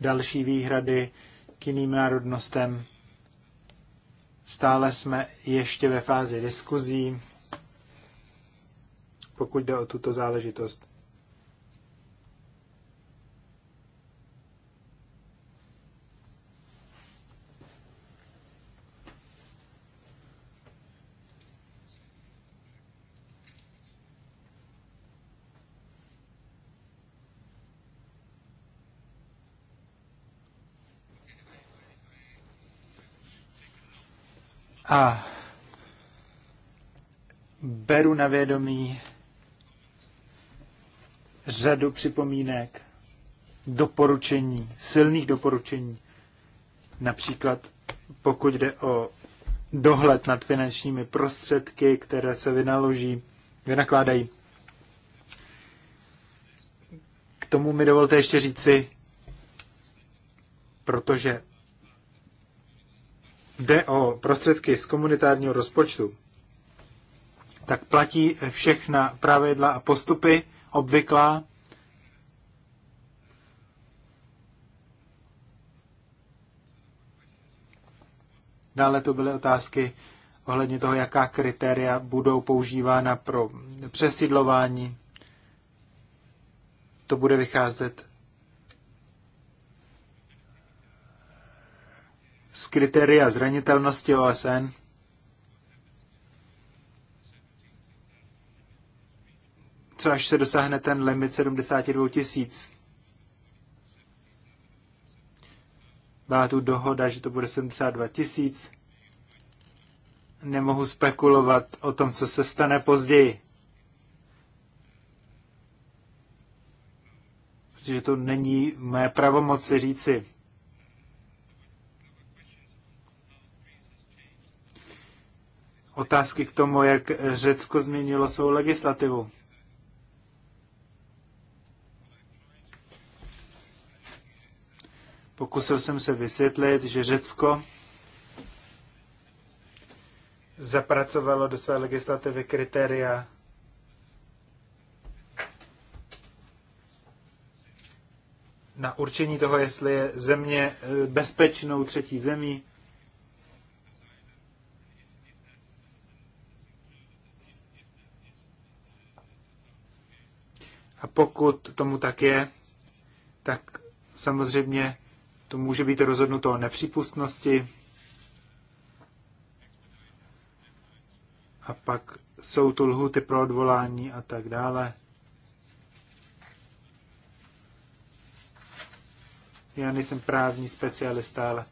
další výhrady k jiným národnostem. Stále jsme ještě ve fázi diskuzí, pokud jde o tuto záležitost. A beru na vědomí řadu připomínek, doporučení, silných doporučení, například pokud jde o dohled nad finančními prostředky, které se vynaloží, vynakládají. K tomu mi dovolte ještě říci, protože jde o prostředky z komunitárního rozpočtu, tak platí všechna pravidla a postupy obvyklá. Dále to byly otázky ohledně toho, jaká kritéria budou používána pro přesidlování. To bude vycházet z kritéria zranitelnosti OSN. Co až se dosáhne ten limit 72 tisíc. Byla tu dohoda, že to bude 72 tisíc. Nemohu spekulovat o tom, co se stane později. Protože to není mé pravomoci říci. otázky k tomu, jak Řecko změnilo svou legislativu. Pokusil jsem se vysvětlit, že Řecko zapracovalo do své legislativy kritéria na určení toho, jestli je země eh, bezpečnou třetí zemí. A pokud tomu tak je, tak samozřejmě to může být rozhodnuto o nepřípustnosti. A pak jsou tu lhuty pro odvolání a tak dále. Já nejsem právní specialista, ale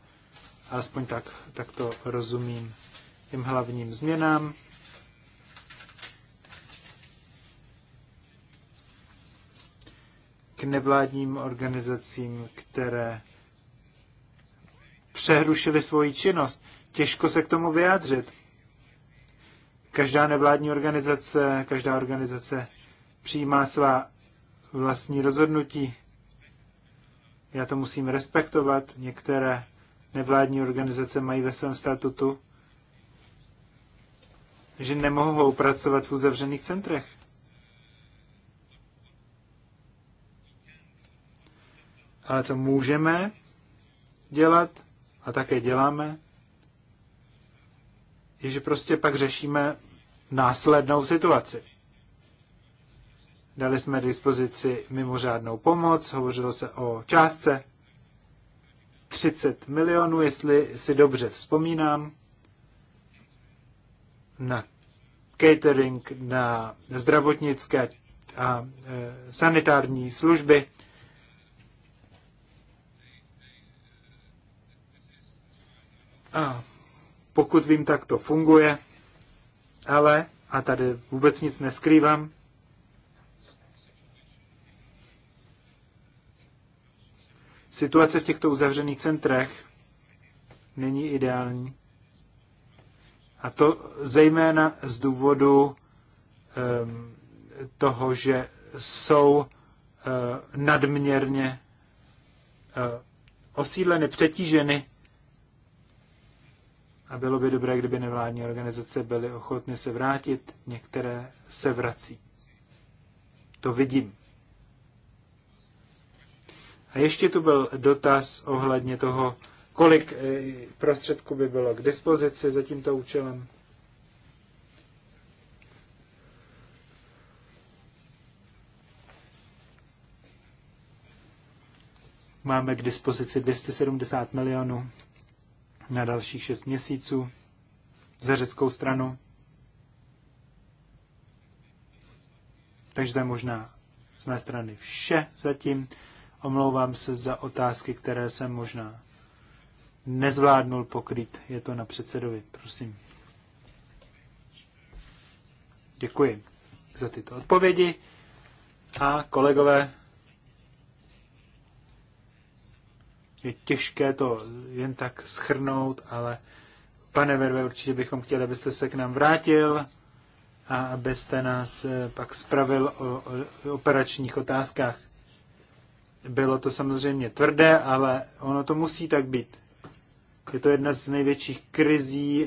aspoň tak, tak to rozumím těm hlavním změnám. k nevládním organizacím, které přehrušily svoji činnost. Těžko se k tomu vyjádřit. Každá nevládní organizace, každá organizace přijímá svá vlastní rozhodnutí. Já to musím respektovat. Některé nevládní organizace mají ve svém statutu, že nemohou pracovat v uzavřených centrech. ale co můžeme dělat a také děláme, je, že prostě pak řešíme následnou situaci. Dali jsme k dispozici mimořádnou pomoc, hovořilo se o částce 30 milionů, jestli si dobře vzpomínám, na catering, na zdravotnické a e, sanitární služby A pokud vím, tak to funguje, ale, a tady vůbec nic neskrývám, Situace v těchto uzavřených centrech není ideální. A to zejména z důvodu um, toho, že jsou uh, nadměrně uh, osídleny, přetíženy a bylo by dobré, kdyby nevládní organizace byly ochotny se vrátit, některé se vrací. To vidím. A ještě tu byl dotaz ohledně toho, kolik eh, prostředků by bylo k dispozici za tímto účelem. Máme k dispozici 270 milionů na dalších šest měsíců za řeckou stranu. Takže to je možná z mé strany vše zatím. Omlouvám se za otázky, které jsem možná nezvládnul pokryt. Je to na předsedovi, prosím. Děkuji za tyto odpovědi. A kolegové, je těžké to jen tak schrnout, ale pane Verve, určitě bychom chtěli, abyste se k nám vrátil a abyste nás eh, pak spravil o, o operačních otázkách. Bylo to samozřejmě tvrdé, ale ono to musí tak být. Je to jedna z největších krizí,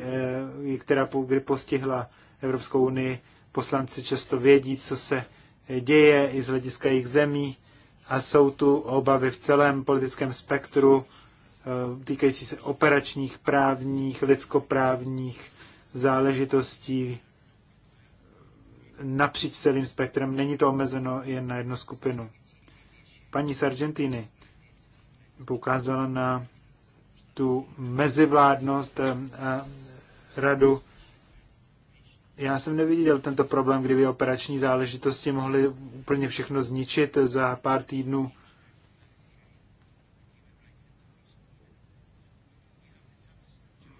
eh, která kdy postihla Evropskou unii. Poslanci často vědí, co se eh, děje i z hlediska jejich zemí a jsou tu obavy v celém politickém spektru eh, týkající se operačních, právních, lidskoprávních záležitostí napříč celým spektrem. Není to omezeno jen na jednu skupinu. Paní z Argentiny poukázala na tu mezivládnost eh, a radu já jsem neviděl tento problém, kdyby operační záležitosti mohly úplně všechno zničit za pár týdnů.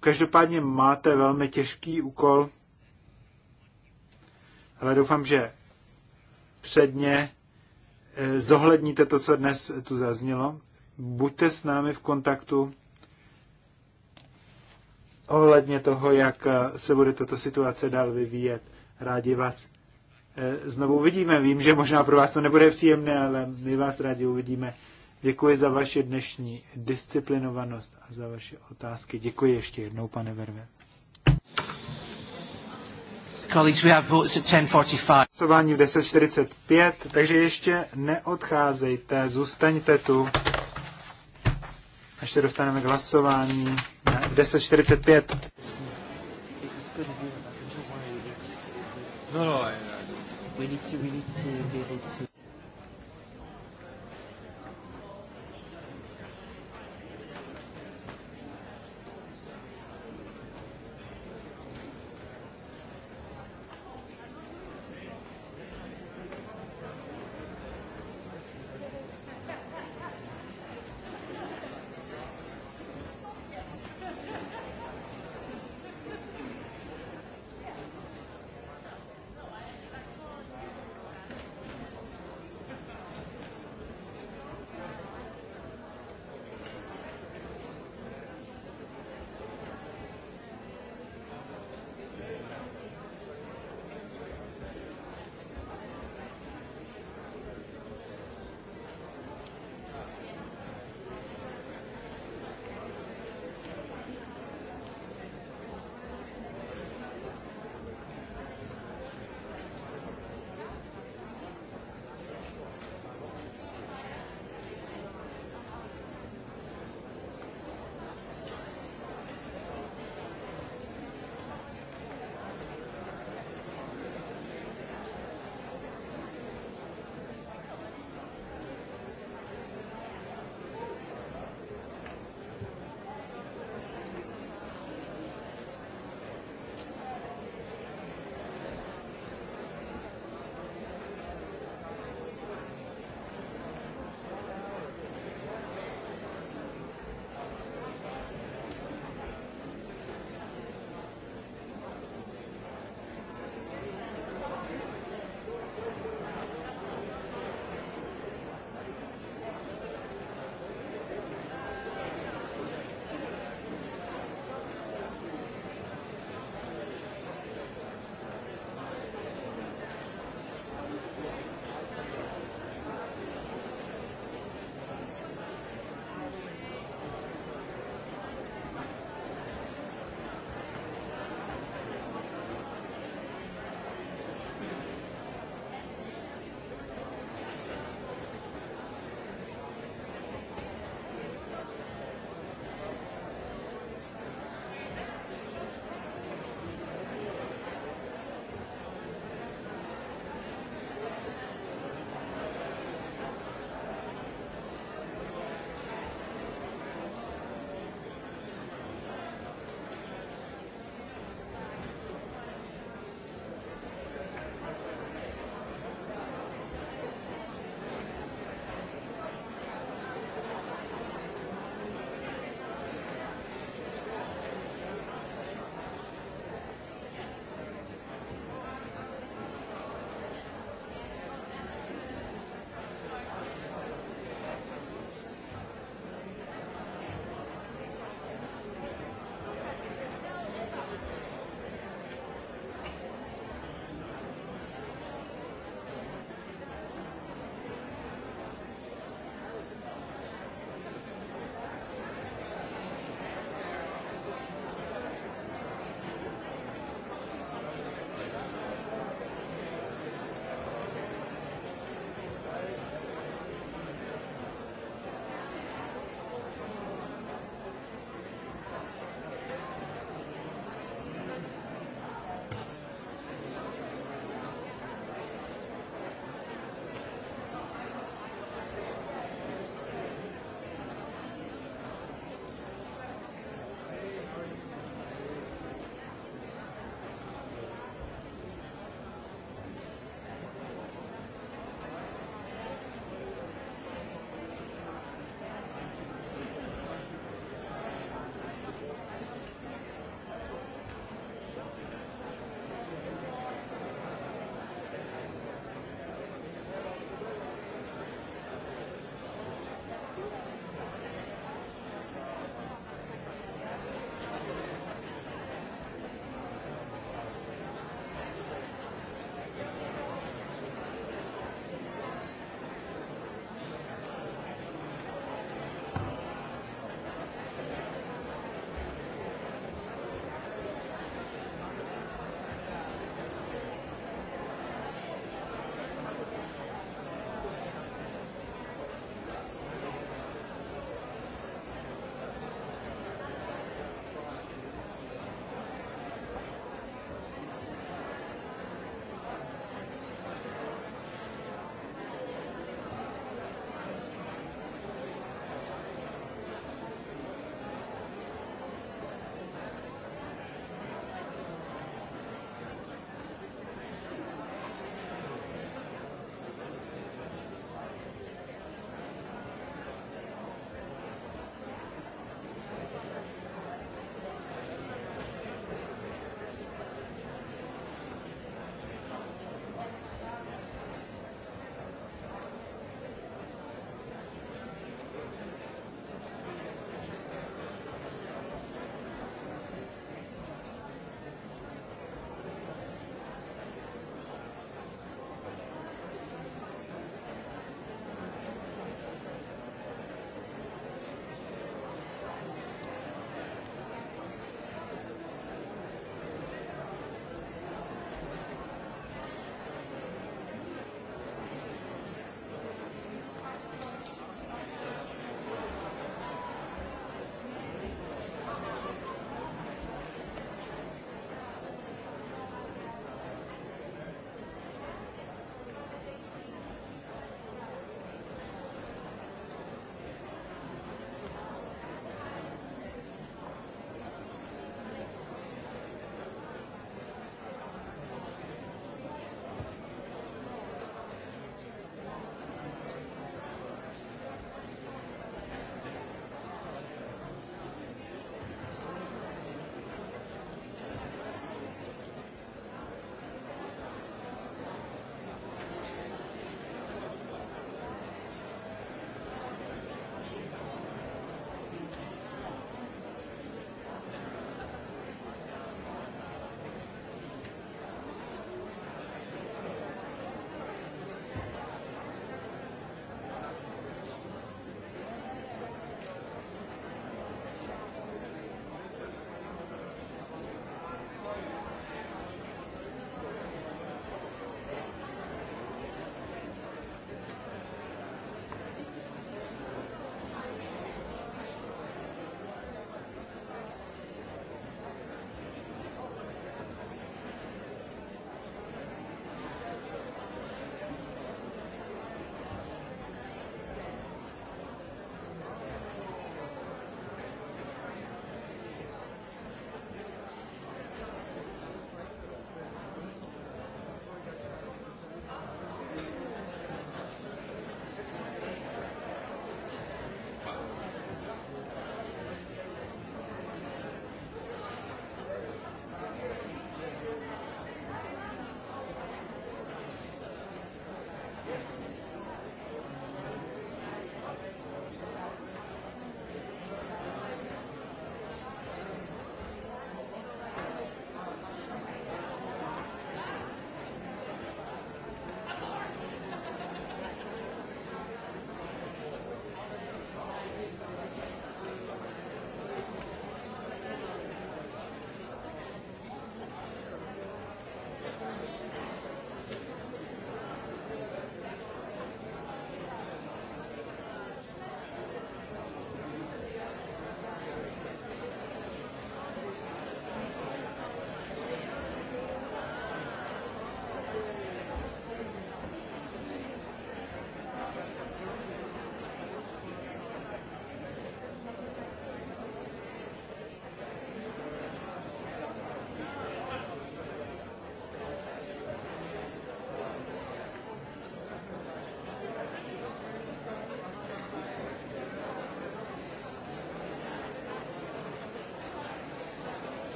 Každopádně máte velmi těžký úkol, ale doufám, že předně eh, zohledníte to, co dnes tu zaznělo. Buďte s námi v kontaktu ohledně toho, jak eh, se bude tato situace dál vyvíjet. Rádi vás eh, znovu uvidíme. Vím, že možná pro vás to nebude příjemné, ale my vás rádi uvidíme. Děkuji za vaši dnešní disciplinovanost a za vaše otázky. Děkuji ještě jednou, pane Verve. Colleagues, we have votes at 10.45. Hlasování v 10.45, takže ještě neodcházejte, zůstaňte tu, až se dostaneme k hlasování. 10.45. No, no, I, I don't. We need to, we need to be able to.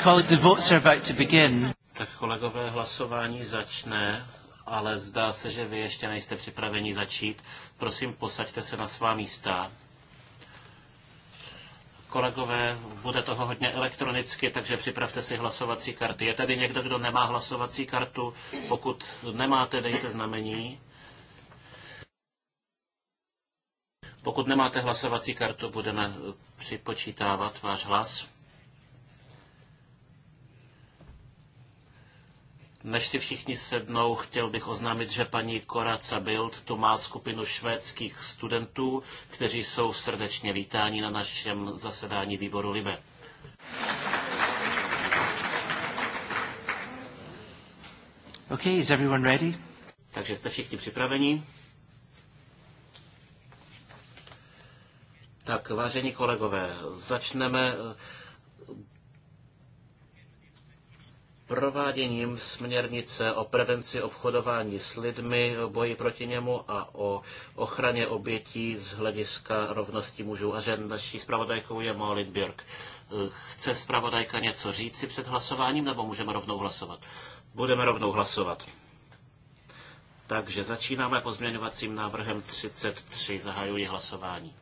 because the votes are about to begin. Tak kolegové, hlasování začne, ale zdá se, že vy ještě nejste připraveni začít. Prosím, posaďte se na svá místa. Kolegové, bude toho hodně elektronicky, takže připravte si hlasovací karty. Je tady někdo, kdo nemá hlasovací kartu? Pokud nemáte, dejte znamení. Pokud nemáte hlasovací kartu, budeme připočítávat váš hlas. Než si všichni sednou, chtěl bych oznámit, že paní Koraca Bild tu má skupinu švédských studentů, kteří jsou srdečně vítáni na našem zasedání výboru Libe. Okay, is everyone ready? Takže jste všichni připraveni? Tak, vážení kolegové, začneme prováděním směrnice o prevenci obchodování s lidmi, boji proti němu a o ochraně obětí z hlediska rovnosti mužů a žen. Naší zpravodajkou je Molly Björk. Chce zpravodajka něco říci před hlasováním, nebo můžeme rovnou hlasovat? Budeme rovnou hlasovat. Takže začínáme pozměňovacím návrhem 33. Zahajuji hlasování.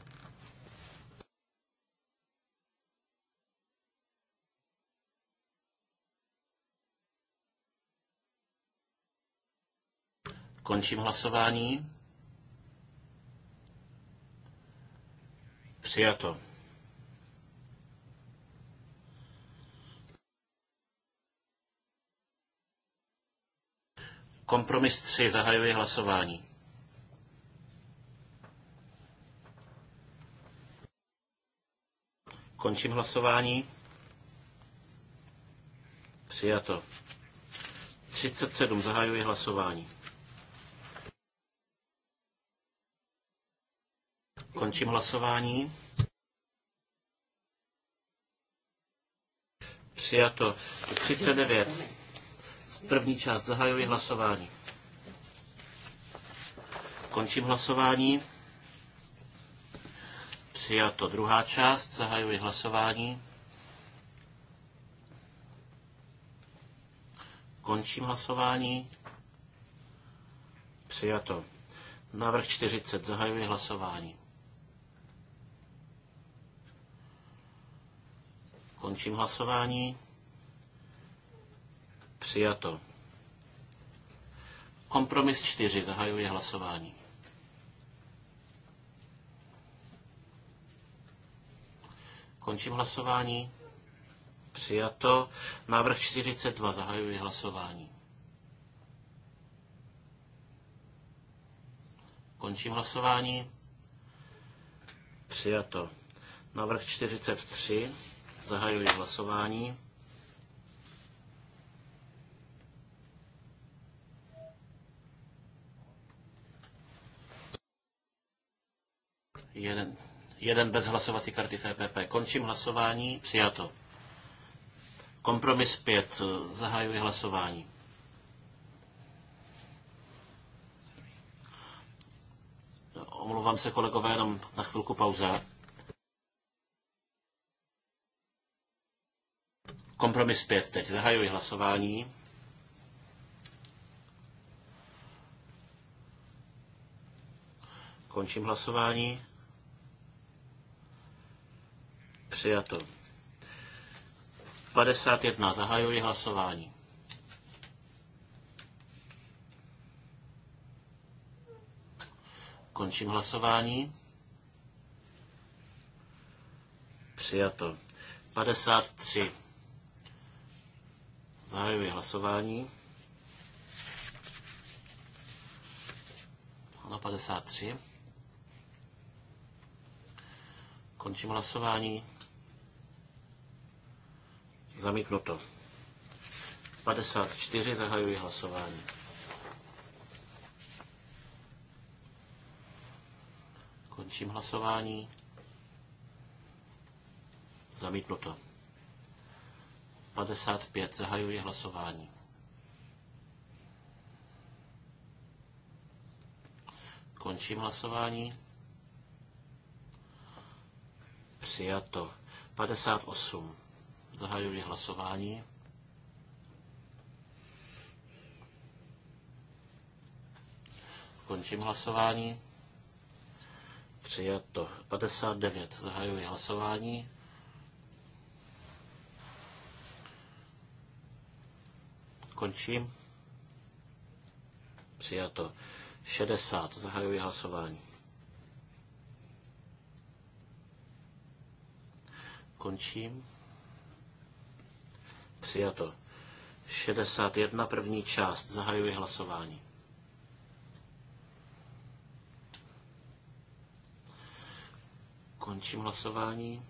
Končím hlasování. Přijato. Kompromis 3. zahajuje hlasování. Končím hlasování. Přijato. 37. zahajuje hlasování. Končím hlasování. Přijato 39. První část zahajuji hlasování. Končím hlasování. Přijato druhá část. Zahajuji hlasování. Končím hlasování. Přijato. Návrh 40. Zahajuji hlasování. Končím hlasování. Přijato. Kompromis 4. Zahajuji hlasování. Končím hlasování. Přijato. Návrh 42. Zahajuji hlasování. Končím hlasování. Přijato. Návrh 43. Zahajuji hlasování. Jeden, jeden bez hlasovací karty FPP. E Končím hlasování. Přijato. Kompromis 5. Zahajuji hlasování. Omlouvám se, kolegové, jenom na chvilku pauza. Kompromis 5 teď. Zahajuji hlasování. Končím hlasování. Přijato. 51. Zahajuji hlasování. Končím hlasování. Přijato. 53. Zahajuji hlasování. Ano, 53. Končím hlasování. Zamítnuto. 54. Zahajuji hlasování. Končím hlasování. Zamítnuto. 55. Zahajuji hlasování. Končím hlasování. Přijato. 58. Zahajuji hlasování. Končím hlasování. Přijato. 59. Zahajuji hlasování. Končím. Přijato. 60. Zahajuji hlasování. Končím. Přijato. 61. První část. Zahajuji hlasování. Končím hlasování.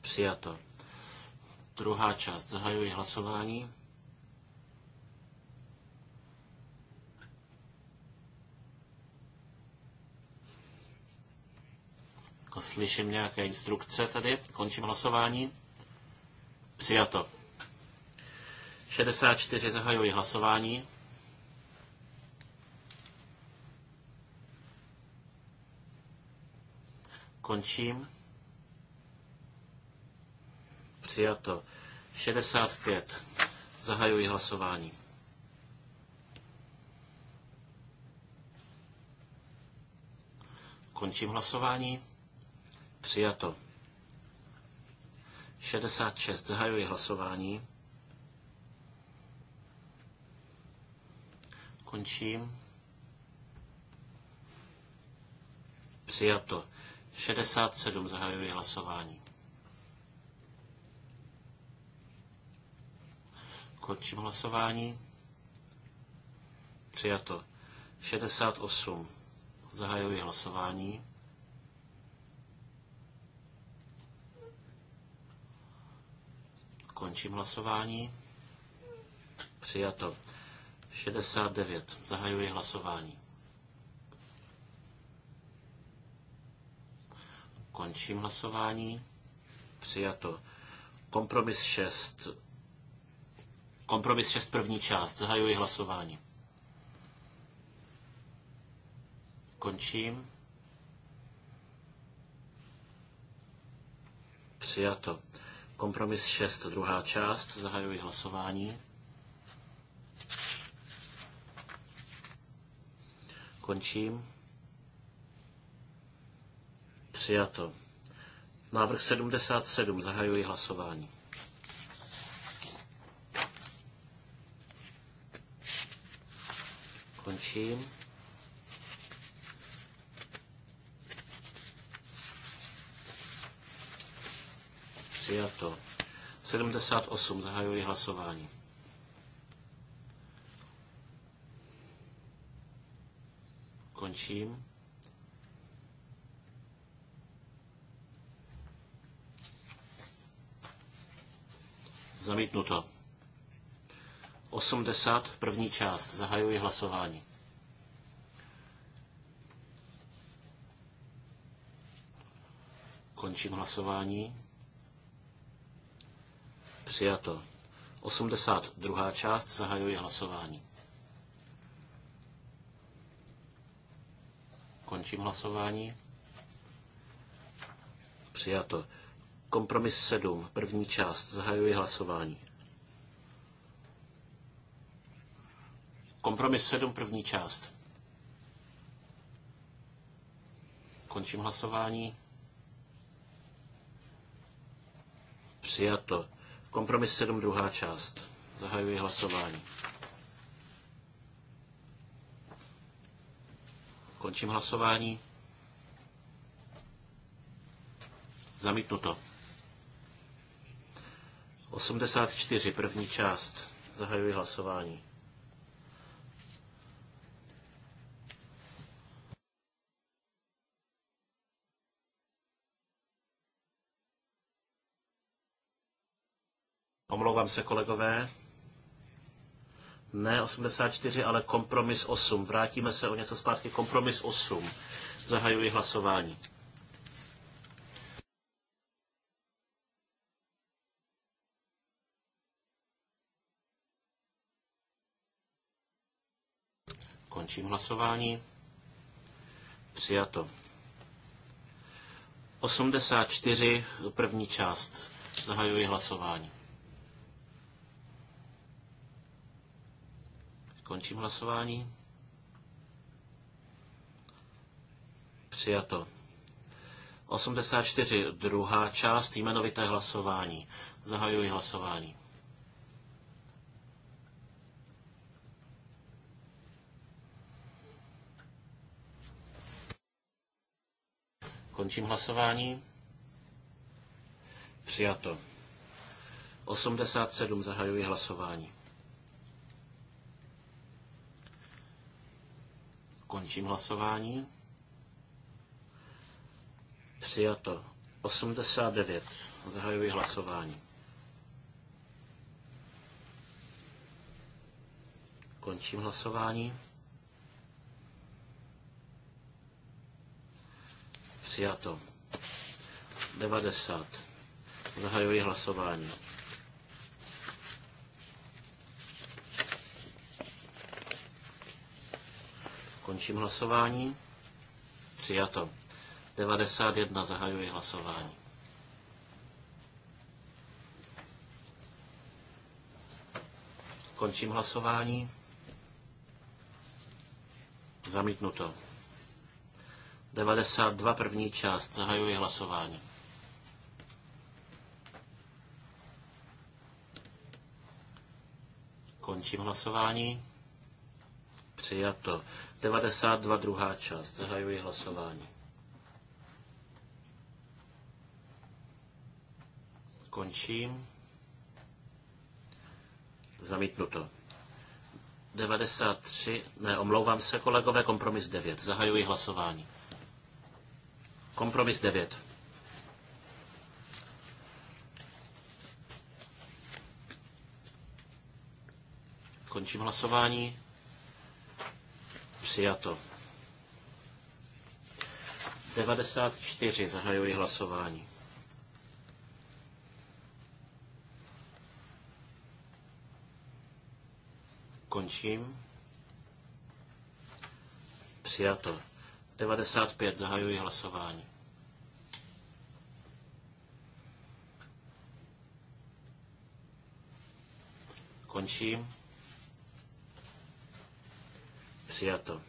Přijato. Druhá část. Zahajuji hlasování. Slyším nějaké instrukce tady. Končím hlasování. Přijato. 64 zahajuji hlasování. Končím. Přijato. 65. Zahajuji hlasování. Končím hlasování. Přijato. 66. Zahajuji hlasování. Končím. Přijato. 67. Zahajuji hlasování. Končím hlasování. Přijato. 68. Zahajuji hlasování. Končím hlasování. Přijato. 69. Zahajuji hlasování. Končím hlasování. Přijato. Kompromis 6. Kompromis 6 první část. Zahajuji hlasování. Končím. Přijato. Kompromis 6 druhá část. Zahajuji hlasování. Končím. Přijato. Návrh 77. Zahajuji hlasování. končím. Přijato. 78. Zahajuji hlasování. Končím. Zamítnuto. 80, první část. Zahajuji hlasování. Končím hlasování. Přijato. 82. část. Zahajuji hlasování. Končím hlasování. Přijato. Kompromis 7. První část. Zahajuji hlasování. Kompromis 7, první část. Končím hlasování. Přijato. Kompromis 7, druhá část. Zahajuji hlasování. Končím hlasování. Zamítnuto. 84, první část. Zahajuji hlasování. Omlouvám se, kolegové. Ne 84, ale kompromis 8. Vrátíme se o něco zpátky. Kompromis 8. Zahajuji hlasování. Končím hlasování. Přijato. 84, první část. Zahajuji hlasování. Končím hlasování. Přijato. 84. Druhá část jmenovité hlasování. Zahajuji hlasování. Končím hlasování. Přijato. 87. Zahajuji hlasování. Končím hlasování. Přijato. 89. Zahajuji hlasování. Končím hlasování. Přijato. 90. Zahajuji hlasování. Končím hlasování. Přijato. 91. Zahajuji hlasování. Končím hlasování. Zamítnuto. 92. První část. Zahajuji hlasování. Končím hlasování. Přijato. 92 druhá část. Zahajuji hlasování. Končím. Zamítnuto. 93, ne, omlouvám se, kolegové, kompromis 9. Zahajuji hlasování. Kompromis 9. Končím hlasování. Přijato. 94. Zahajuji hlasování. Končím. Přijato. 95. Zahajuji hlasování. Končím. Přijato.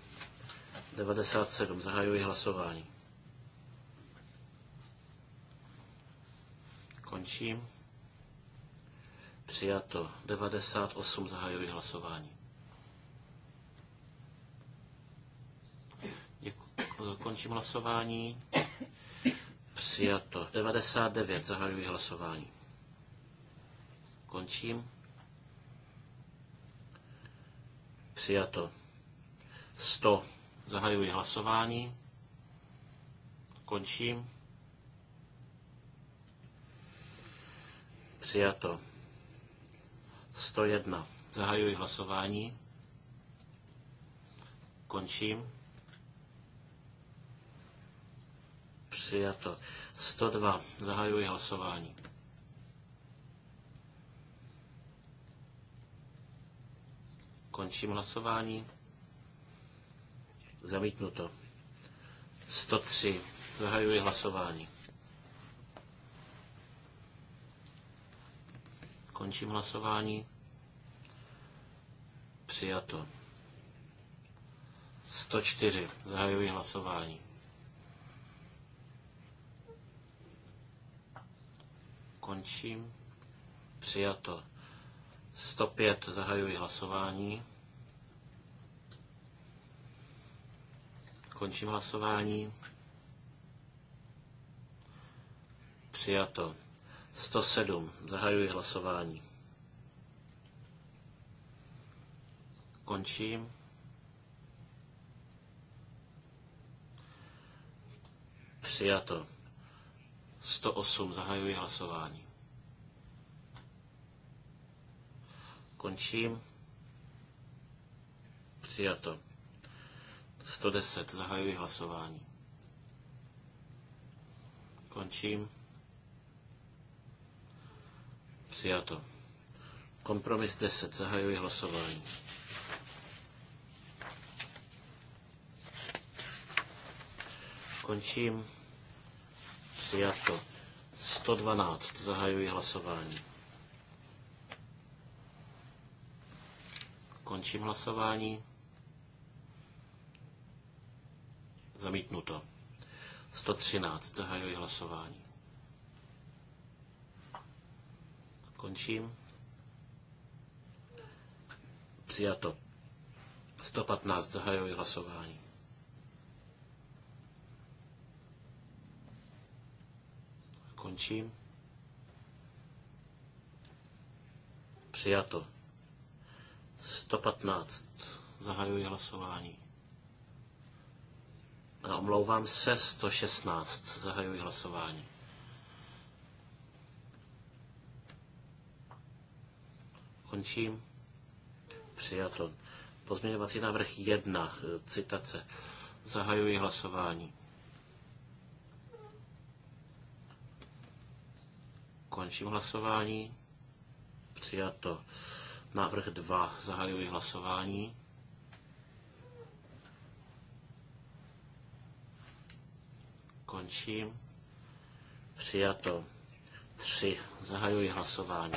97. Zahajuji hlasování. Končím. Přijato. 98. Zahajuji hlasování. Děkuji. Končím hlasování. Přijato. 99. Zahajuji hlasování. Končím. Přijato. 100. Zahajuji hlasování. Končím. Přijato. 101. Zahajuji hlasování. Končím. Přijato. 102. Zahajuji hlasování. Končím hlasování. Zamítnuto. 103. Zahajuji hlasování. Končím hlasování. Přijato. 104. Zahajuji hlasování. Končím. Přijato. 105. Zahajuji hlasování. Končím hlasování. Přijato. 107. Zahajuji hlasování. Končím. Přijato. 108. Zahajuji hlasování. Končím. Přijato. 110. Zahajuji hlasování. Končím. Přijato. Kompromis 10. Zahajuji hlasování. Končím. Přijato. 112. Zahajuji hlasování. Končím hlasování. Zamítnuto. 113. Zahajuji hlasování. Končím. Přijato. 115. Zahajuji hlasování. Končím. Přijato. 115. Zahajuji hlasování. Omlouvám se, 116. Zahajuji hlasování. Končím. Přijato. Pozměňovací návrh 1. Citace. Zahajuji hlasování. Končím hlasování. Přijato. Návrh 2. Zahajuji hlasování. Končím. Přijato. Tři. Zahajuji hlasování.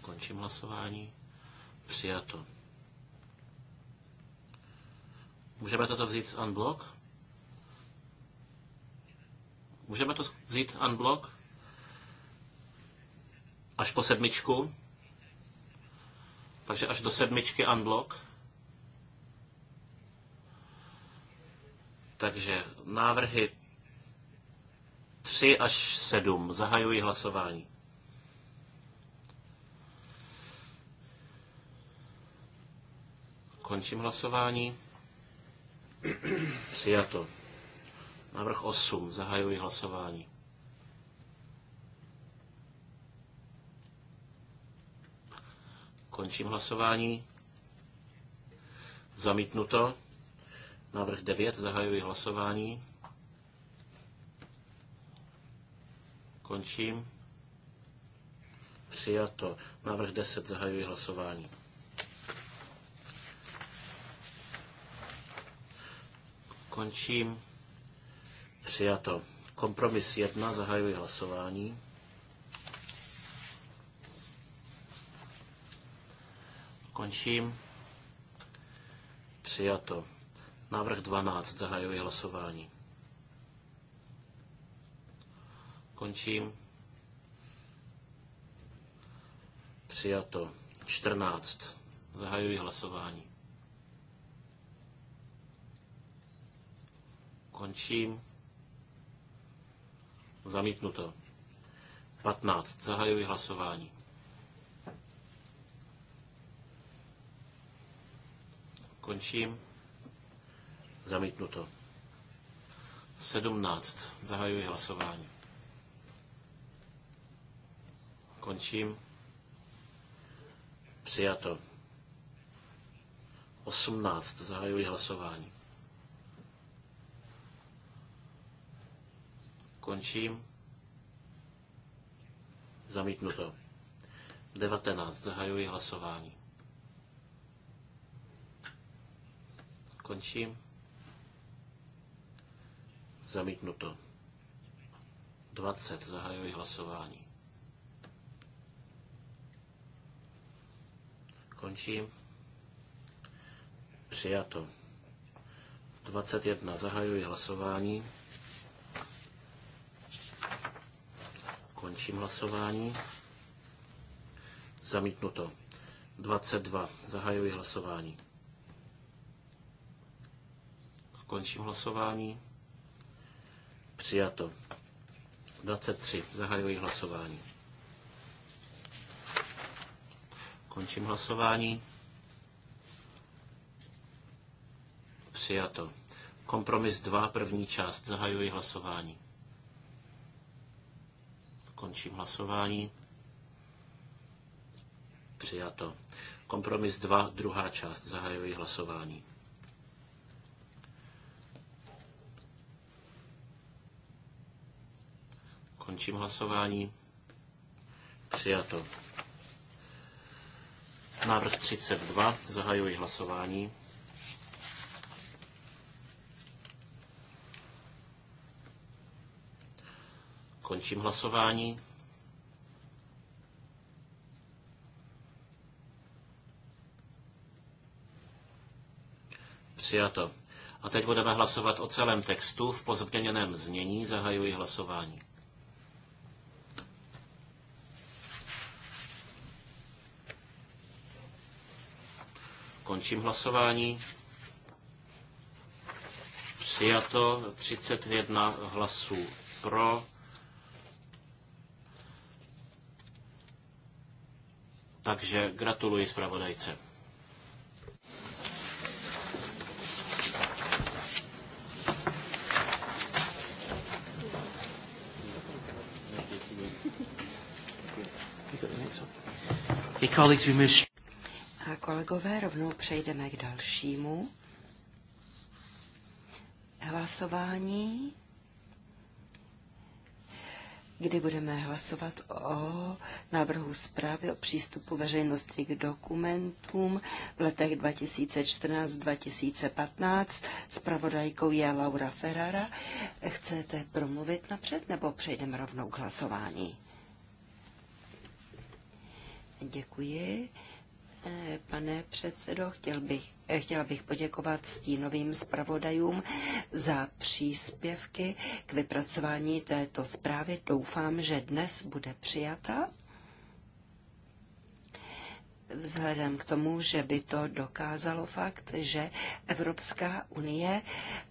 Končím hlasování. Přijato. Můžeme toto vzít unblock? Můžeme to vzít unblock? Až po sedmičku? Takže až do sedmičky unblock? Takže návrhy 3 až 7. Zahajuji hlasování. Končím hlasování. Přijato. Návrh 8. Zahajuji hlasování. Končím hlasování. Zamítnuto. Návrh 9, zahajuji hlasování. Končím. Přijato. Návrh 10, zahajuji hlasování. Končím. Přijato. Kompromis 1, zahajuji hlasování. Končím. Přijato. Návrh 12. Zahajuji hlasování. Končím. Přijato. 14. Zahajuji hlasování. Končím. Zamítnuto. 15. Zahajuji hlasování. Končím. Zamítnuto. 17. Zahajuji hlasování. Končím. Přijato. 18. Zahajuji hlasování. Končím. Zamítnuto. 19. Zahajuji hlasování. Končím. Zamítnuto. 20. Zahajuji hlasování. Končím. Přijato. 21. Zahajuji hlasování. Končím hlasování. Zamítnuto. 22. Zahajuji hlasování. Končím hlasování. Přijato. 23. Zahajuji hlasování. Končím hlasování. Přijato. Kompromis 2, první část. Zahajuji hlasování. Končím hlasování. Přijato. Kompromis 2, druhá část. Zahajuji hlasování. Končím hlasování. Přijato. Návrh 32. Zahajuji hlasování. Končím hlasování. Přijato. A teď budeme hlasovat o celém textu v pozměněném znění. Zahajuji hlasování. Končím hlasování. Přijato 31 hlasů pro. Takže gratuluji zpravodajce. colleagues, we move Kolegové, rovnou přejdeme k dalšímu hlasování, kdy budeme hlasovat o návrhu zprávy o přístupu veřejnosti k dokumentům v letech 2014-2015. Spravodajkou je Laura Ferrara. Chcete promluvit napřed nebo přejdeme rovnou k hlasování? Děkuji. Pane předsedo, chtěl bych, chtěla bych poděkovat stínovým zpravodajům za příspěvky k vypracování této zprávy. Doufám, že dnes bude přijata vzhledem k tomu, že by to dokázalo fakt, že Evropská unie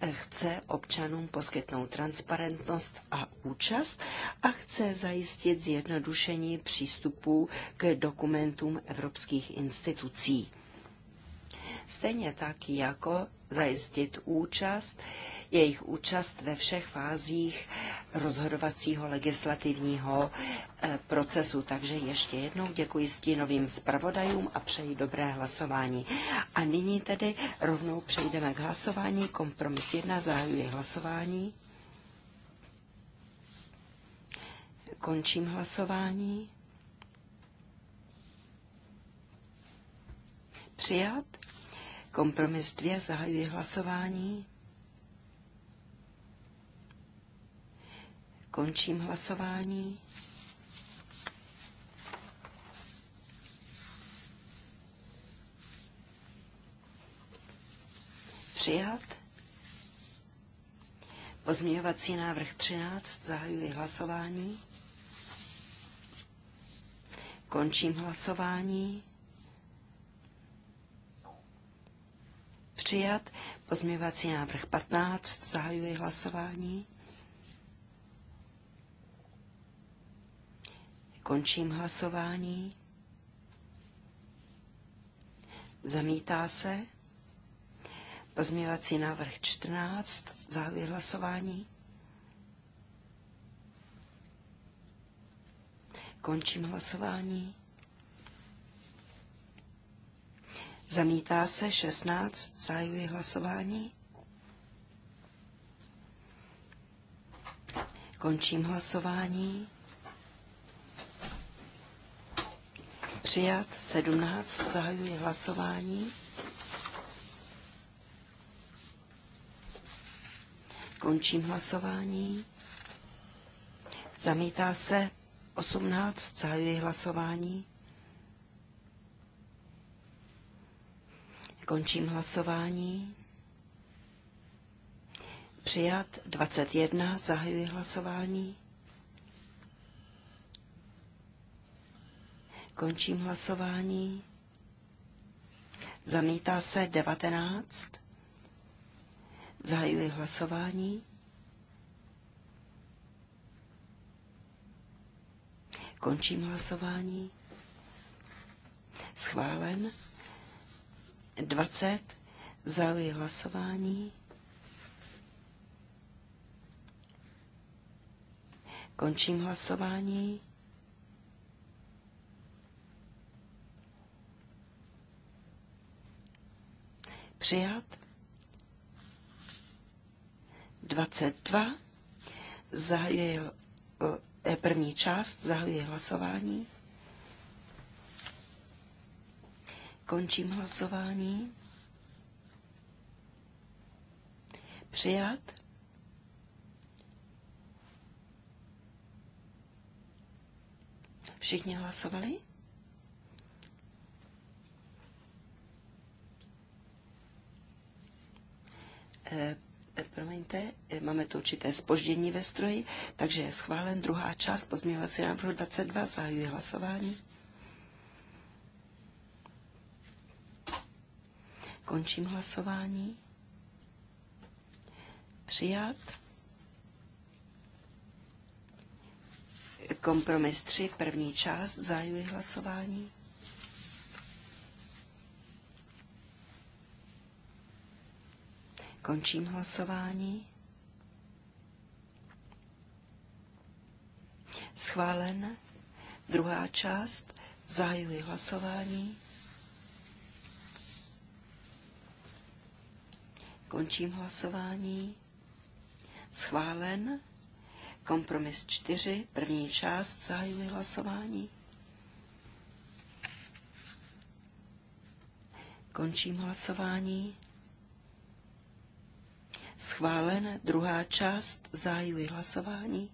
eh, chce občanům poskytnout transparentnost a účast a chce zajistit zjednodušení přístupů k dokumentům evropských institucí stejně tak jako zajistit účast, jejich účast ve všech fázích rozhodovacího legislativního eh, procesu. Takže ještě jednou děkuji stínovým zpravodajům a přeji dobré hlasování. A nyní tedy rovnou přejdeme k hlasování. Kompromis 1 zahajuje hlasování. Končím hlasování. Přijat. Kompromis dvě Zahajuji hlasování. Končím hlasování. Přijat. Pozměňovací návrh 13. Zahajuji hlasování. Končím hlasování. Přijat. Pozměvací návrh 15. Zahajuji hlasování. Končím hlasování. Zamítá se. Pozměvací návrh 14. Zahajuji hlasování. Končím hlasování. Zamítá se 16, zahajuji hlasování. Končím hlasování. Přijat 17, zahajuji hlasování. Končím hlasování. Zamítá se 18, zahajuji hlasování. Končím hlasování. Přijat 21. Zahajuji hlasování. Končím hlasování. Zamítá se 19. Zahajuji hlasování. Končím hlasování. Schválen. 20. Zahajuji hlasování. Končím hlasování. Přijat. 22. Zahajuji eh, první část, zahajuji hlasování. Končím hlasování. Přijat. Všichni hlasovali? E, promiňte, eh, máme tu určité spoždění ve stroji, takže je schválen druhá část pozměňovacího návrhu 22, zahajuji hlasování. Končím hlasování. Přijat. Kompromis 3, první část, zahajuji hlasování. Končím hlasování. Schválen. Druhá část. Zahajuji hlasování. Končím hlasování. Schválen. Kompromis 4, první část, zahajuji hlasování. Končím hlasování. Schválen druhá část, zahajuji hlasování.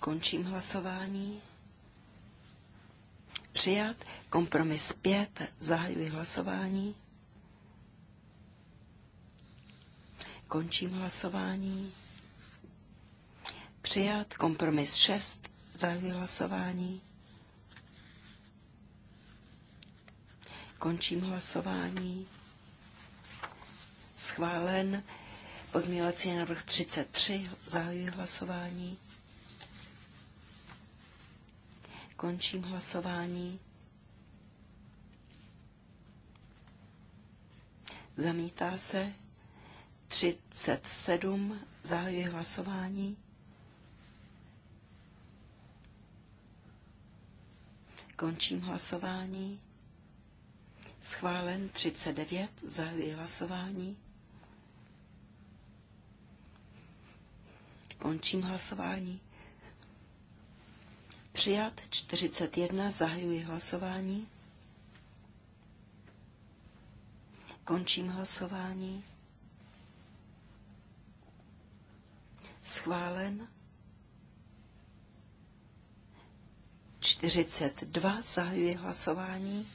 Končím hlasování. Přijat Kompromis 5. Zahajuji hlasování. Končím hlasování. Přijat. Kompromis 6. Zahajuji hlasování. Končím hlasování. Schválen. Pozměňovací návrh 33. Zahajuji hlasování. Končím hlasování. zamítá se, 37, zahajuji hlasování, končím hlasování, schválen 39, zahajuji hlasování, končím hlasování, Přijat 41, zahajuji hlasování. Končím hlasování. Schválen. 42. Zahajuji hlasování.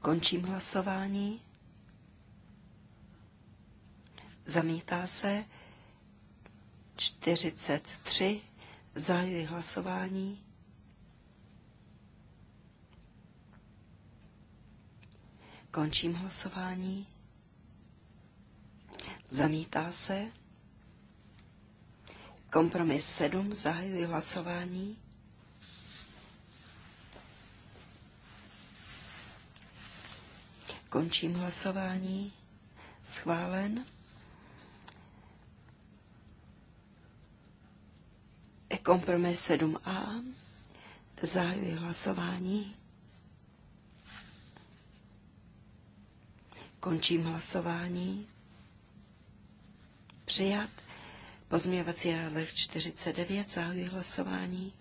Končím hlasování. Zamítá se 43. Zahajuji hlasování. Končím hlasování. Zamítá se. Kompromis 7. Zahajuji hlasování. Končím hlasování. Schválen. Kompromis 7a. Zahajuji hlasování. Končím hlasování. Přijat. Pozměňovací návrh 49. Zahajuji hlasování.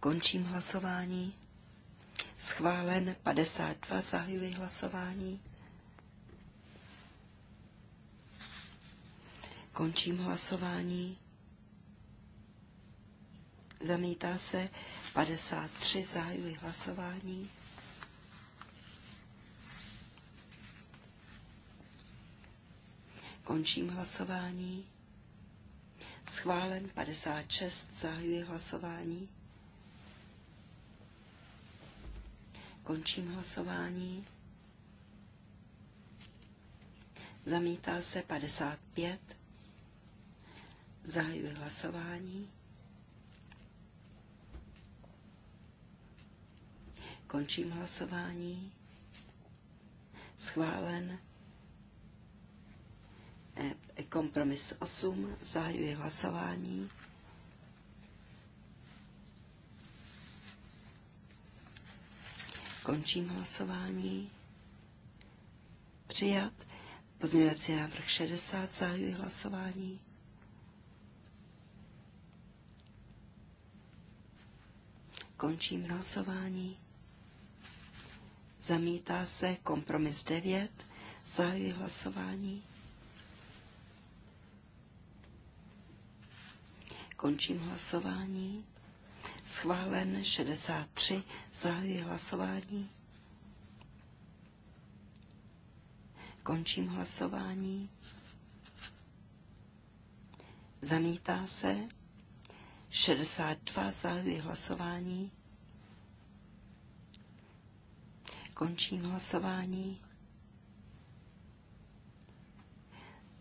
Končím hlasování. Schválen 52. Zahajuji hlasování. Končím hlasování. Zamítá se 53 zahajuji hlasování. Končím hlasování. Schválen 56 zahajuji hlasování. Končím hlasování. Zamítá se 55. Zahajuji hlasování. Končím hlasování. Schválen. E, kompromis 8. Zahajuji hlasování. Končím hlasování. Přijat. Pozměňovací návrh 60. Zahajuji hlasování. Končím hlasování zamítá se kompromis 9, zahajuji hlasování. Končím hlasování. Schválen 63, zahajuji hlasování. Končím hlasování. Zamítá se 62, zahajuji hlasování. Končím hlasování.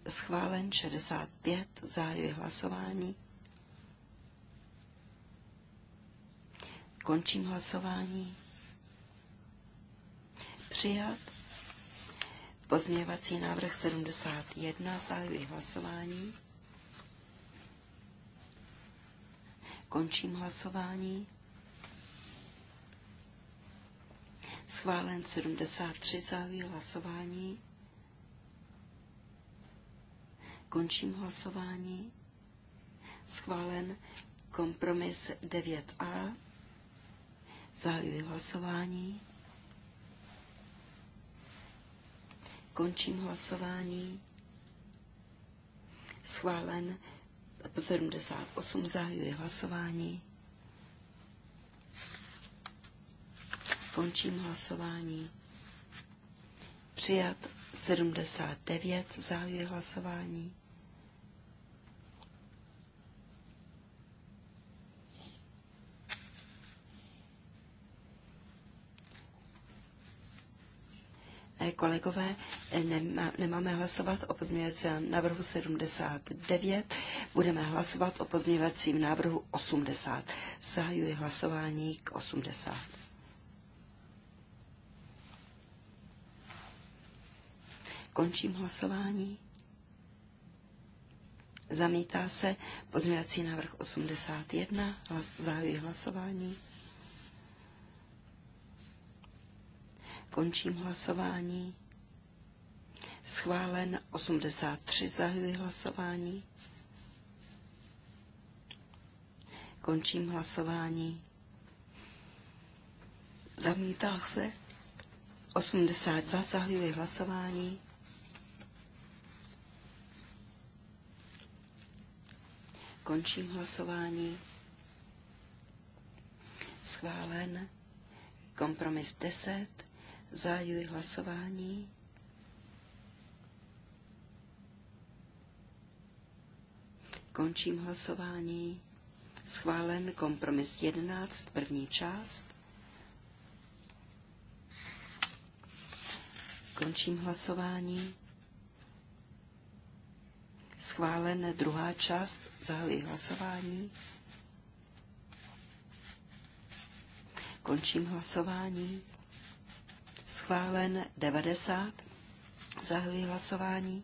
Schválen 65, zahajuji hlasování. Končím hlasování. Přijat. Pozměňovací návrh 71, zahajuji hlasování. Končím hlasování. schválen 73 závěr hlasování. Končím hlasování. Schválen kompromis 9a. Zahajuji hlasování. Končím hlasování. Schválen 78. Zahajuji hlasování. Končím hlasování. Přijat 79. Zahajuji hlasování. Eh, kolegové, eh, nemá, nemáme hlasovat o pozměňovacím návrhu 79, budeme hlasovat o pozměňovacím návrhu 80. Zahajuji hlasování k 80. Končím hlasování. Zamítá se pozměňovací návrh 81. Hlas, zahajuji hlasování. Končím hlasování. Schválen 83. Zahajuji hlasování. Končím hlasování. Zamítá se 82. Zahajuji hlasování. Končím hlasování. Schválen. Kompromis 10. Zájuji hlasování. Končím hlasování. Schválen kompromis 11, první část. Končím hlasování. Schválen druhá část Zahajuji hlasování. Končím hlasování. Schválen 90. Zahajuji hlasování.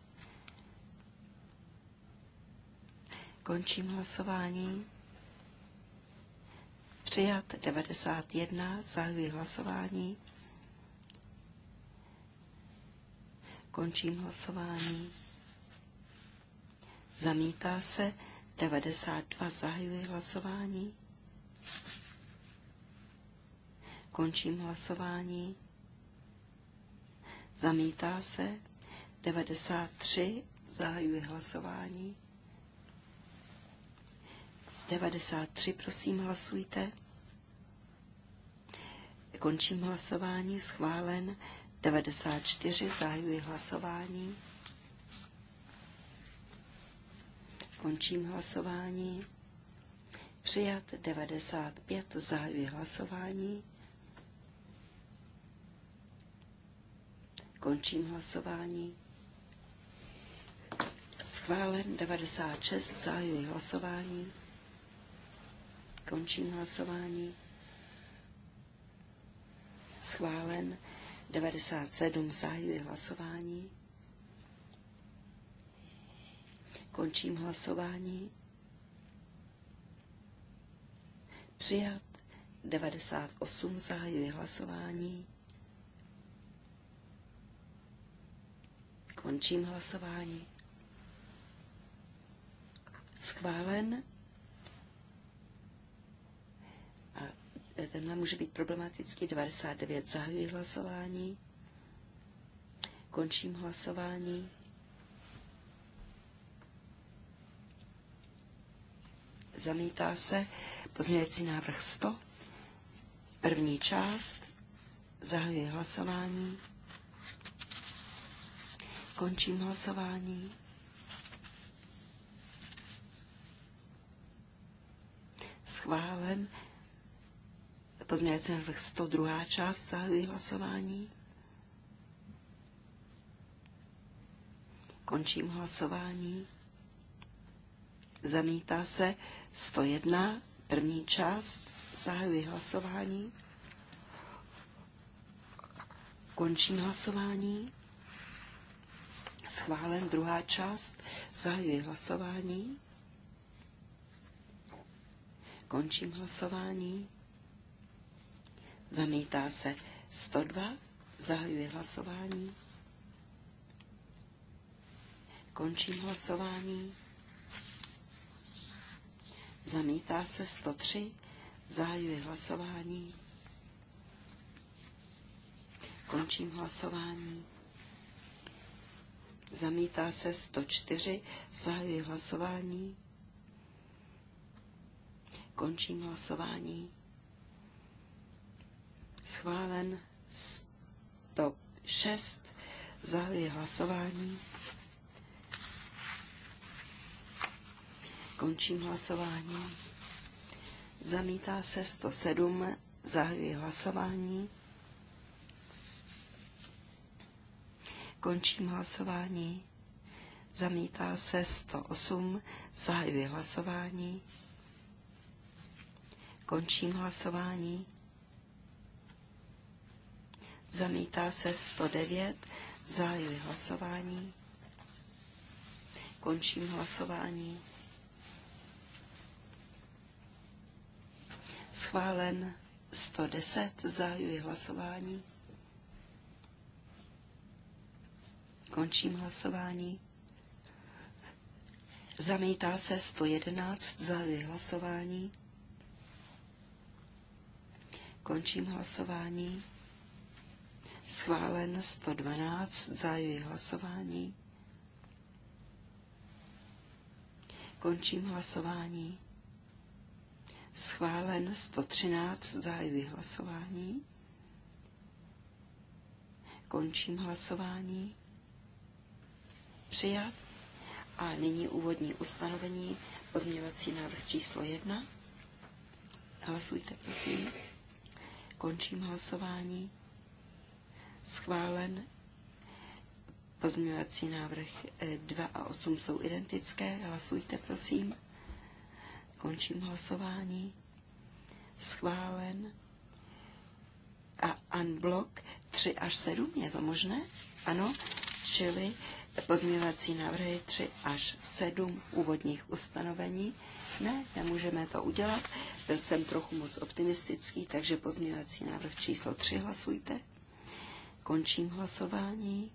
Končím hlasování. Přijat 91. Zahajuji hlasování. Končím hlasování. Zamítá se 92 zahajuji hlasování. Končím hlasování. Zamítá se. 93 zahajuji hlasování. 93 prosím hlasujte. Končím hlasování. Schválen. 94 zahajuji hlasování. Končím hlasování. Přijat 95. Zahajuji hlasování. Končím hlasování. Schválen 96. Zahajuji hlasování. Končím hlasování. Schválen 97. Zahajuji hlasování. Končím hlasování. Přijat 98 zahajuji hlasování. Končím hlasování. Schválen. A tenhle může být problematický. 99 zahajuji hlasování. Končím hlasování. zamítá se. Pozměňující návrh 100, první část, zahajuji hlasování, končím hlasování. Schválen pozměňující návrh 102. část, zahajuji hlasování. Končím hlasování. Zamítá se 101, první část, zahajuji hlasování, končím hlasování, schválen druhá část, zahajuji hlasování, končím hlasování, zamítá se 102, zahajuji hlasování, končím hlasování, Zamítá se 103. Zahajuji hlasování. Končím hlasování. Zamítá se 104. Zahajuji hlasování. Končím hlasování. Schválen 106. Zahajuji hlasování. Končím hlasování. Zamítá se 107. Zahajuji hlasování. Končím hlasování. Zamítá se 108. Zahajuji hlasování. Končím hlasování. Zamítá se 109. Zahajuji hlasování. Končím hlasování. Schválen 110. Zahajuji hlasování. Končím hlasování. Zamítá se 111. Zahajuji hlasování. Končím hlasování. Schválen 112. Zahajuji hlasování. Končím hlasování. Schválen 113 zahajuji hlasování. Končím hlasování. Přijat. A nyní úvodní ustanovení, pozměňovací návrh číslo 1. Hlasujte, prosím. Končím hlasování. Schválen. Pozměňovací návrh 2 eh, a 8 jsou identické. Hlasujte, prosím. Končím hlasování. Schválen. A unblock 3 až 7, je to možné? Ano, čili pozměvací návrhy 3 až 7 v úvodních ustanovení. Ne, nemůžeme to udělat. Byl jsem trochu moc optimistický, takže pozměvací návrh číslo 3 hlasujte. Končím hlasování.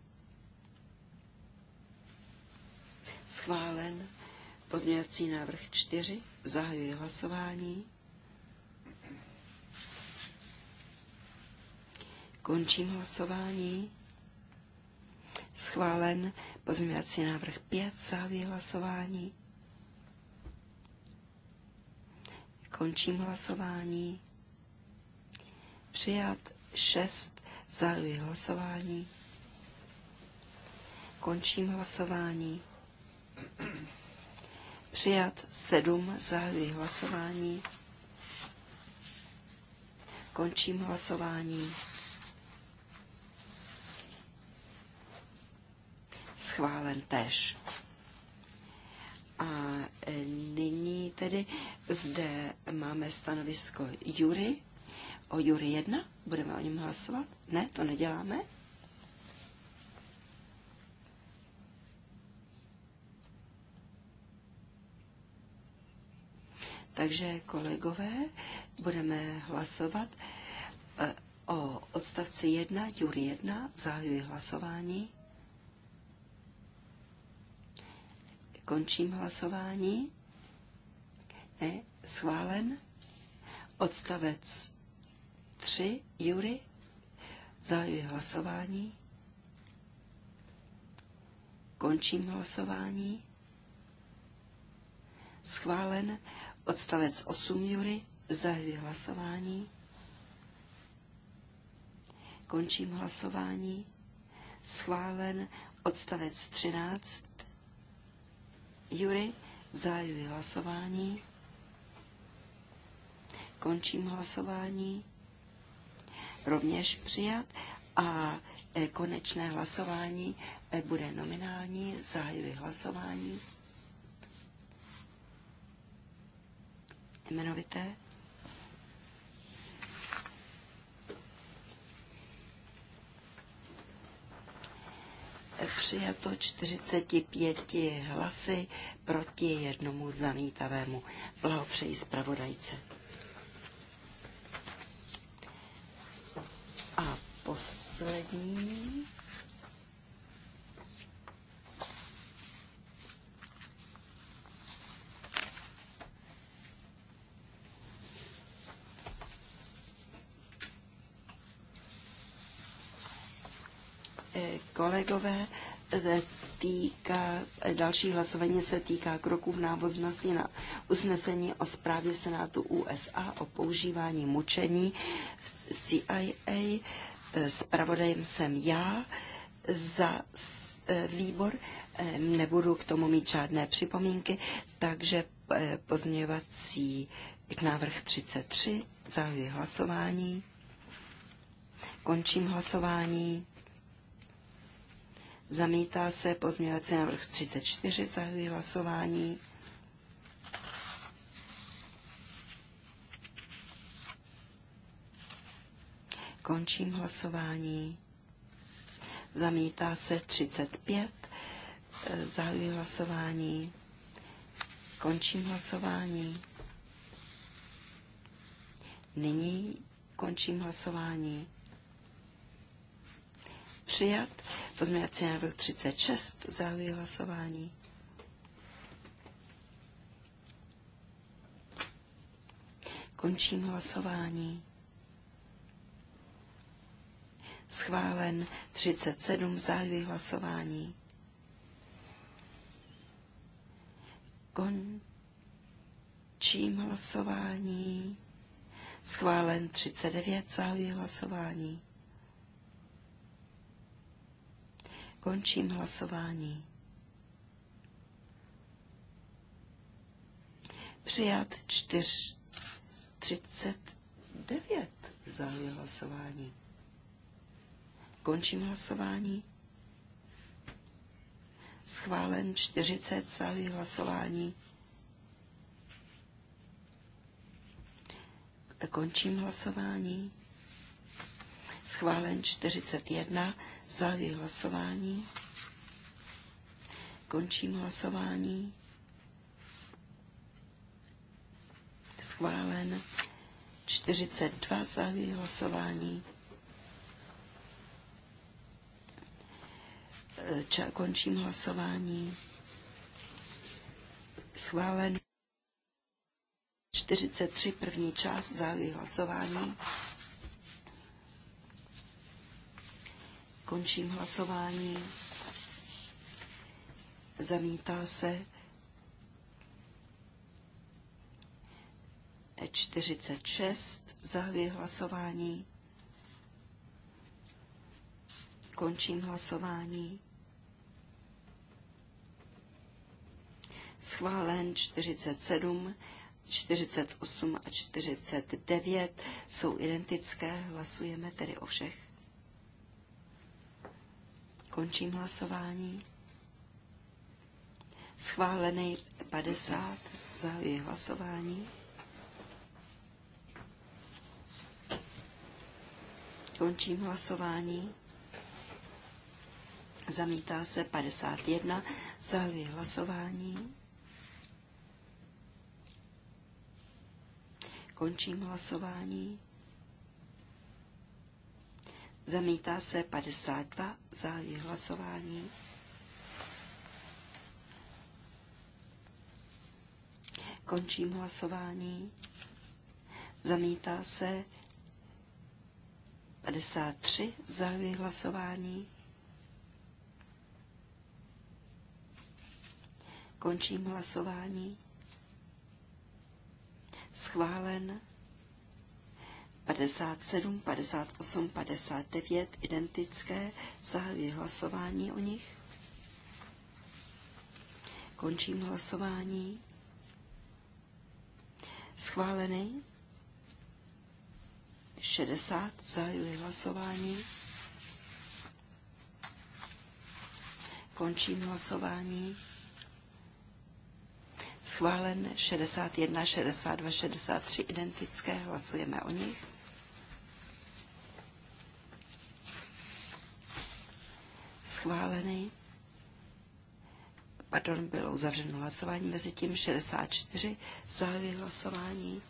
Schválen pozměvací návrh 4. Zahajuji hlasování. Končím hlasování. Schválen pozměňovací návrh 5. Zahajuji hlasování. Končím hlasování. Přijat 6. Zahajuji hlasování. Končím hlasování. Přijat sedm zahajuji hlasování. Končím hlasování. Schválen tež. A e, nyní tedy zde máme stanovisko Jury. O Jury 1 budeme o něm hlasovat? Ne, to neděláme. Takže, kolegové, budeme hlasovat eh, o odstavci 1, Jury 1, zahajuji hlasování. Končím hlasování. Ne, schválen. Odstavec 3, Jury, zahajuji hlasování. Končím hlasování. Schválen Odstavec 8 jury. Zahajuji hlasování. Končím hlasování. Schválen odstavec 13. Jury. Zahajuji hlasování. Končím hlasování. Rovněž přijat. A e, konečné hlasování e, bude nominální. Zahajuji hlasování. jmenovité. Přijato 45 hlasy proti jednomu zamítavému. Blahopřeji zpravodajce. A poslední kolegové, e, týká, e, další hlasování se týká kroků v návaznosti na usnesení o zprávě Senátu USA o používání mučení v CIA. Spravodajem e, jsem já za výbor. Nebudu k tomu mít žádné připomínky, takže pozměňovací k návrh 33 zahajuji hlasování. Končím hlasování. Zamítá se pozměňovací návrh 34, zahajuji hlasování. Končím hlasování. Zamítá se 35. Eh, zahajuji hlasování. Končím hlasování. Nyní končím hlasování přijat. Pozměňovací návrh 36, zahajuje hlasování. Končím hlasování. Schválen 37, zahajuje hlasování. Končím hlasování. Schválen 39, zahajuje hlasování. Končím hlasování. Přijat 439 za hlasování. Končím hlasování. Schválen 40 za hlasování. Končím hlasování. Schválen 41 Zahajuji hlasování. Končím hlasování. Schválen. 42 zahajuji hlasování. Ča, končím hlasování. Schválen. 43 první část zahajuji hlasování. Končím hlasování. Zamítá se 46. E zahajuji hlasování. Končím hlasování. Schválen 47, 48 a 49 jsou identické. Hlasujeme tedy o všech. Končím hlasování. Schválený 50. Zahajuji hlasování. Končím hlasování. Zamítá se 51. Zahajuji hlasování. Končím hlasování. Zamítá se 52 za hlasování. Končím hlasování. Zamítá se 53 za hlasování. Končím hlasování. Schválen 57, 58, 59 identické. Zahajuji hlasování o nich. Končím hlasování. Schválený. 60. Zahajuji hlasování. Končím hlasování. Schválen 61, 62, 63 identické. Hlasujeme o nich. schválený. Pardon, bylo uzavřeno hlasování mezi tím 64 zahájí hlasování.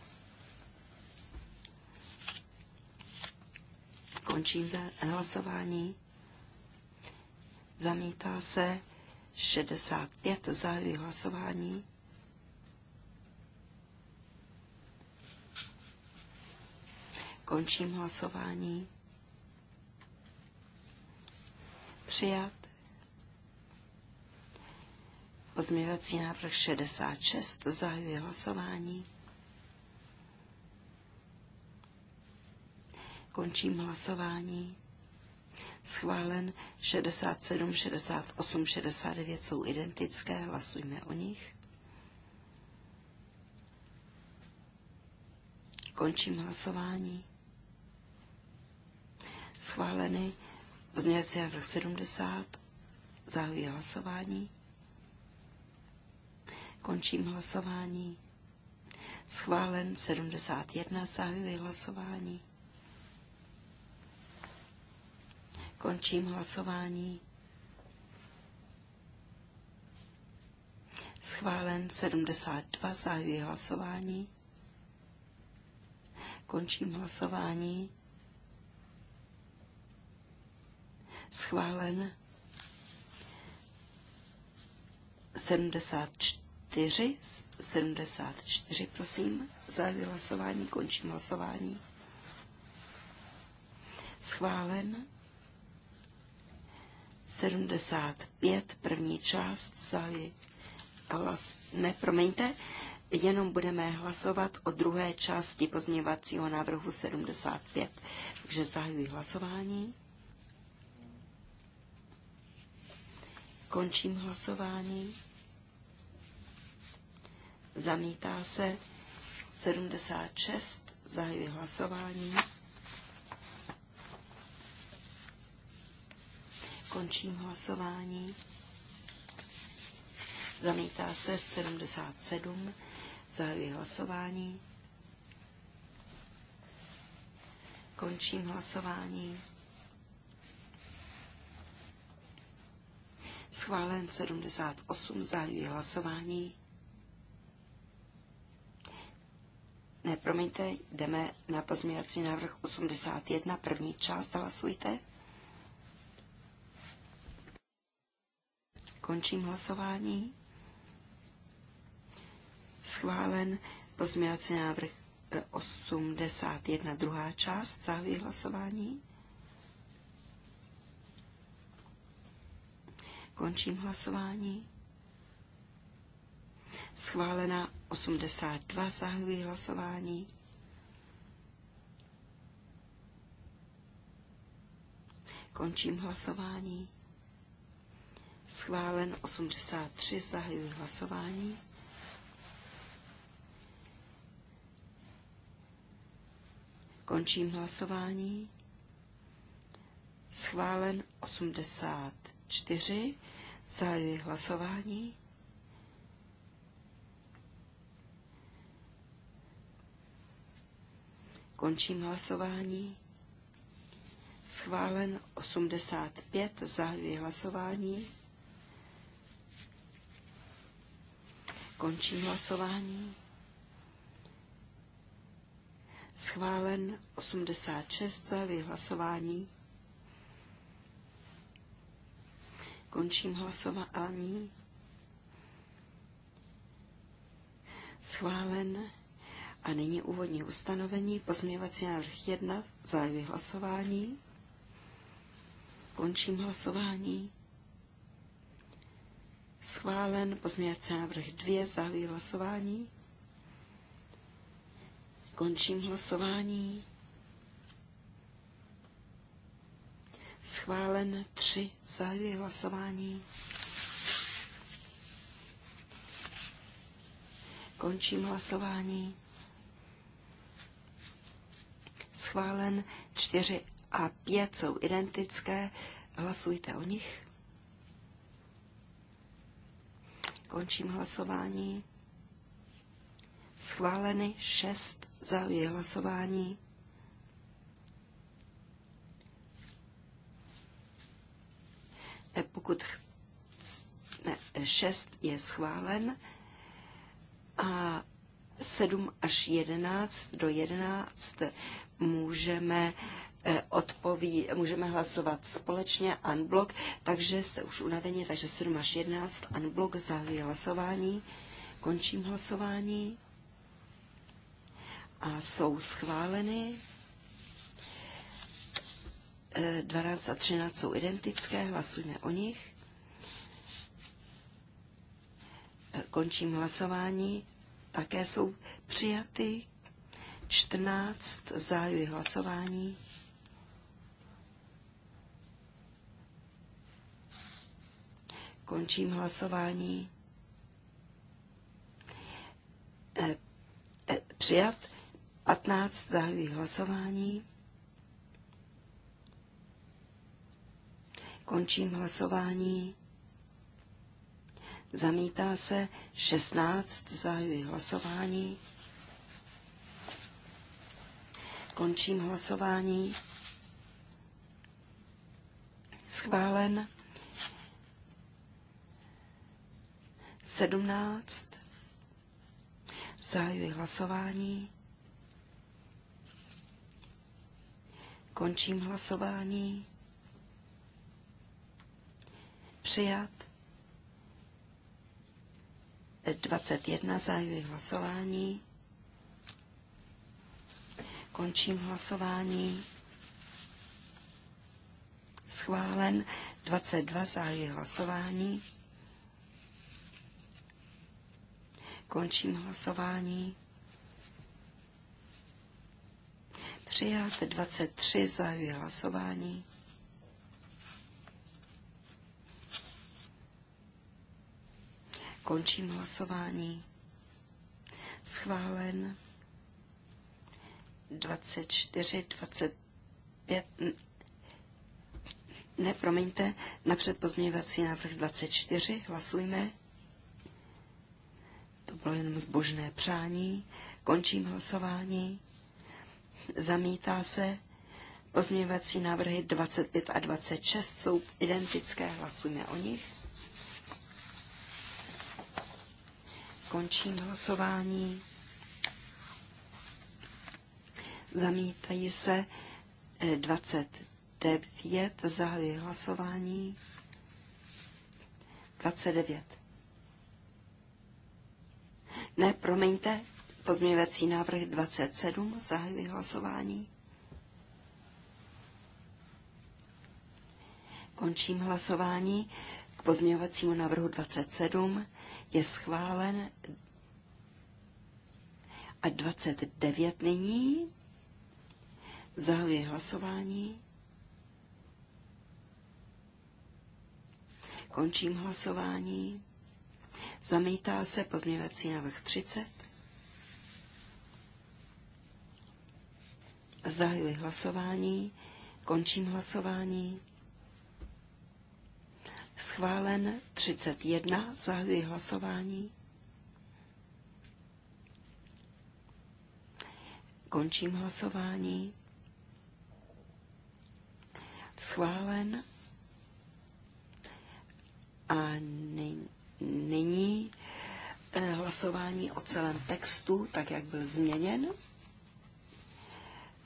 Končím za hlasování. Zamítá se 65 zahájí hlasování. Končím hlasování. Přijat. Pozměňovací návrh 66. zahajuje hlasování. Končím hlasování. Schválen 67, 68, 69 jsou identické, hlasujme o nich. Končím hlasování. Schváleny Pozměňovací návrh 70. Zahajuji hlasování. Končím hlasování. Schválen 71. Zahajuji hlasování. Končím hlasování. Schválen 72. Zahajuji hlasování. Končím hlasování. schválen. 74, 74, prosím, za hlasování, končím hlasování. Schválen. 75, první část, zahajuji hlas, ne, promiňte, jenom budeme hlasovat o druhé části pozměňovacího návrhu 75. Takže zahajuji hlasování. Končím hlasování. Zamítá se 76. Zahajuji hlasování. Končím hlasování. Zamítá se 77. Zahajuji hlasování. Končím hlasování. schválen 78, zahajuji hlasování. Ne, promiňte, jdeme na pozměňovací návrh 81, první část, hlasujte. Končím hlasování. Schválen pozměňovací návrh 81, eh, druhá část, zahajuji hlasování. Končím hlasování. Schválena 82. Zahajuji hlasování. Končím hlasování. Schválen 83. Zahajuji hlasování. Končím hlasování. Schválen 84. Zahajuji hlasování. Končím hlasování. Schválen 85. Zahajuji hlasování. Končím hlasování. Schválen 86. Zahajuji hlasování. Končím hlasování. Schválen. A nyní úvodní ustanovení. Pozměňovací návrh 1. Zájevy hlasování. Končím hlasování. Schválen pozměňovací návrh 2. Zahajuji hlasování. Končím hlasování. schválen tři zahajuji hlasování. Končím hlasování. Schválen čtyři a pět jsou identické. Hlasujte o nich. Končím hlasování. Schváleny šest zahajuji hlasování. Eh, pokud ch... ne, šest je schválen a sedm až jedenáct do jedenáct, můžeme eh, odpoví, můžeme hlasovat společně unblock, takže jste už unaveni, takže 7 až 11 unblock zahájí hlasování, končím hlasování a jsou schváleny. 12 a 13 jsou identické, hlasujme o nich. Končím hlasování, také jsou přijaty. 14 zahajuji hlasování. Končím hlasování. E, e, přijat. 15 zahajuji hlasování. Končím hlasování. Zamítá se 16, zahajuji hlasování. Končím hlasování. Schválen 17. Zahajuji hlasování. Končím hlasování. Přijat. 21 zahajuji hlasování. Končím hlasování. Schválen 22 zahajuji hlasování. Končím hlasování. Přijat 23 zahajuji hlasování. Končím hlasování. Schválen 24, 25, ne, promiňte, napřed pozměňovací návrh 24, hlasujme. To bylo jenom zbožné přání. Končím hlasování. Zamítá se. Pozměňovací návrhy 25 a 26 jsou identické, hlasujme o nich. Končím hlasování. Zamítají se 29. Eh, Zahajuji hlasování. 29. Ne, promiňte, pozměňovací návrh 27. Zahajuji hlasování. Končím hlasování k pozměňovacímu návrhu 27 je schválen a 29 nyní. zahajuje hlasování. Končím hlasování. Zamítá se pozměňovací návrh 30. Zahajuji hlasování. Končím hlasování. Schválen 31. Zahajuji hlasování. Končím hlasování. Schválen. A nyní eh, hlasování o celém textu, tak jak byl změněn.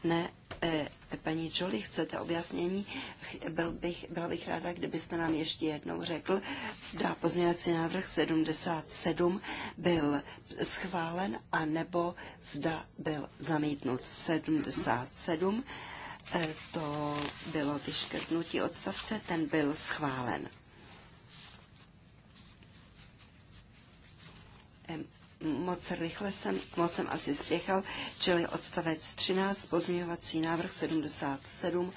Ne, eh, paní Jolie, chcete objasnění? Byl bych, byla bych ráda, kdybyste nám ještě jednou řekl, zda pozměňovací návrh 77 byl schválen, a nebo zda byl zamítnut 77. Eh, to bylo vyškrtnutí odstavce, ten byl schválen moc rychle jsem, moc jsem asi spěchal, čili odstavec 13, pozměňovací návrh 77,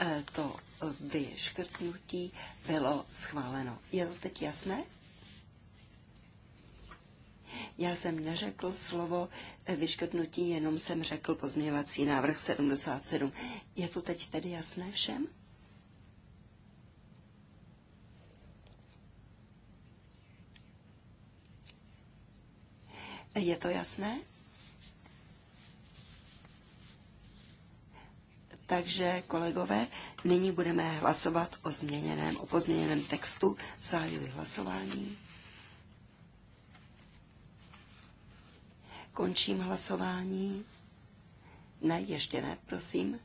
eh, to vyškrtnutí eh, bylo schváleno. Je to teď jasné? Já jsem neřekl slovo eh, vyškrtnutí, jenom jsem řekl pozměňovací návrh 77. Je to teď tedy jasné všem? Je to jasné? Takže, kolegové, nyní budeme hlasovat o změněném, o pozměněném textu. Zahajuji hlasování. Končím hlasování. Ne, ještě ne, prosím.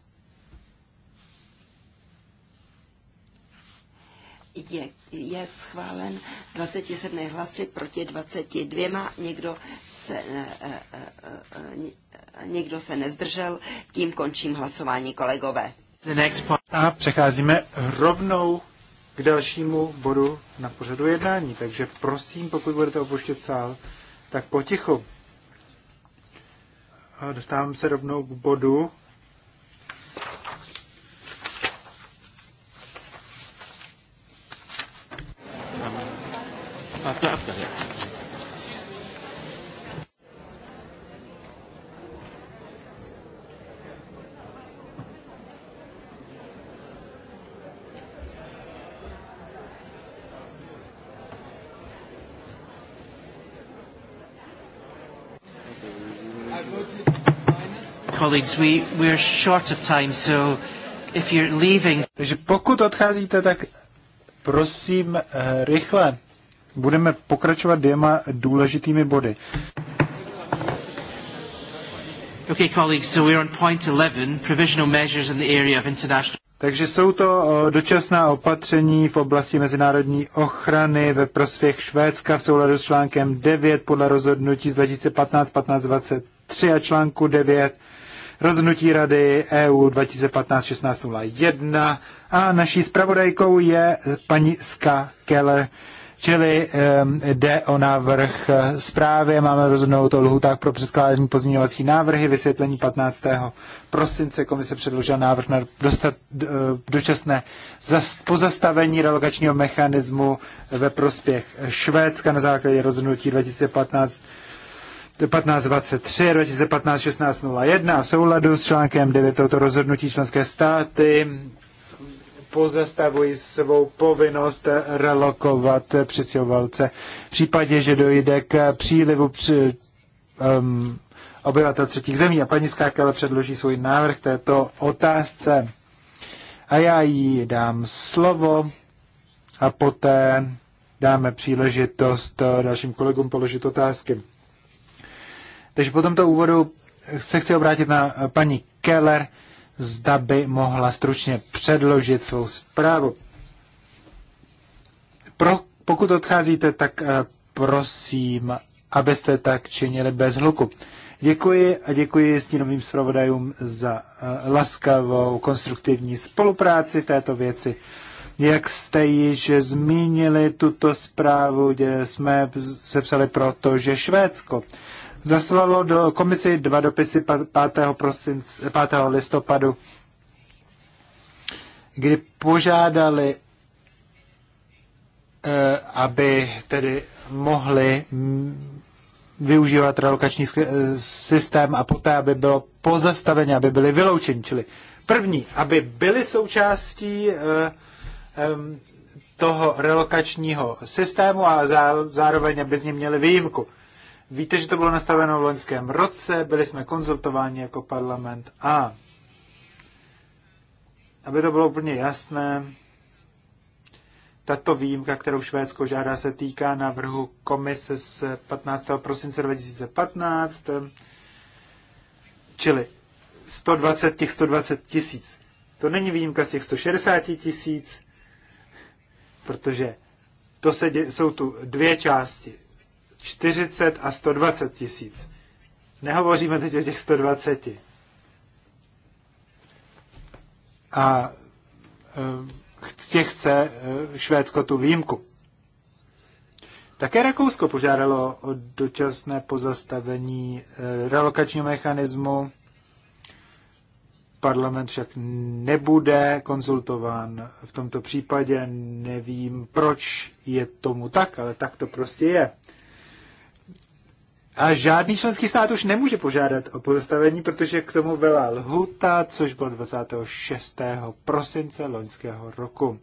je, je schválen 27 hlasy proti 22. Někdo se, eh, eh, eh, někdo se nezdržel. Tím končím hlasování, kolegové. A přecházíme rovnou k dalšímu bodu na pořadu jednání. Takže prosím, pokud budete opuštět sál, tak potichu. dostávám se rovnou k bodu not after Colleagues, we, we're short of time, so if you're leaving... Takže pokud odcházíte, tak prosím eh, rychle budeme pokračovat dvěma důležitými body. Okay, colleagues, so we're on point 11, provisional measures in the area of international... Takže jsou to dočasná opatření v oblasti mezinárodní ochrany ve prospěch Švédska v souladu s článkem 9 podle rozhodnutí z 2015-1523 a článku 9 rozhodnutí Rady EU 2015-1601 a naší zpravodajkou je paní Ska Keller, Čili jde o návrh eh, zprávy, máme rozhodnout o lhutách pro předkládání pozměňovací návrhy, vysvětlení 15. prosince komise předložila návrh na dostat eh, dočasné pozastavení relokačního mechanismu ve prospěch Švédska na základě rozhodnutí 2015 1523, 2015 1601 a souladu s článkem 9 tohoto rozhodnutí členské státy pozastavují svou povinnost relokovat přistěhovalce v případě, že dojde k přílivu při, um, obyvatel třetích zemí. A paní Skákele předloží svůj návrh této otázce. A já jí dám slovo a poté dáme příležitost dalším kolegům položit otázky. Takže po tomto úvodu se chci obrátit na paní Keller, zda by mohla stručně předložit svou zprávu. Pro, pokud odcházíte, tak eh, prosím, abyste tak činili bez hluku. Děkuji a děkuji stínovým zpravodajům za eh, laskavou, konstruktivní spolupráci v této věci. Jak jste již zmínili tuto zprávu, jsme sepsali proto, že Švédsko zaslalo do komisi dva dopisy 5. Prosinc, 5. listopadu, kdy požádali, eh, aby tedy mohli využívat relokační eh, systém a poté, aby bylo pozastaveni, aby byli vyloučeni. Čili první, aby byli součástí eh, toho relokačního systému a zároveň, aby z ní měli výjimku. Víte, že to bylo nastaveno v loňském roce, byli jsme konzultováni jako parlament a aby to bylo úplně jasné, tato výjimka, kterou Švédsko žádá, se týká návrhu komise z 15. prosince 2015, čili 120 těch 120 tisíc. To není výjimka z těch 160 tisíc, protože to se dě, jsou tu dvě části. 40 a 120 tisíc. Nehovoříme teď o těch 120. A eh, těch chce eh, Švédsko tu výjimku. Také Rakousko požádalo o dočasné pozastavení eh, relokačního mechanismu. Parlament však nebude konzultován v tomto případě. Nevím, proč je tomu tak, ale tak to prostě je. A žádný členský stát už nemůže požádat o pozastavení, protože k tomu byla lhuta, což bylo 26. prosince loňského roku.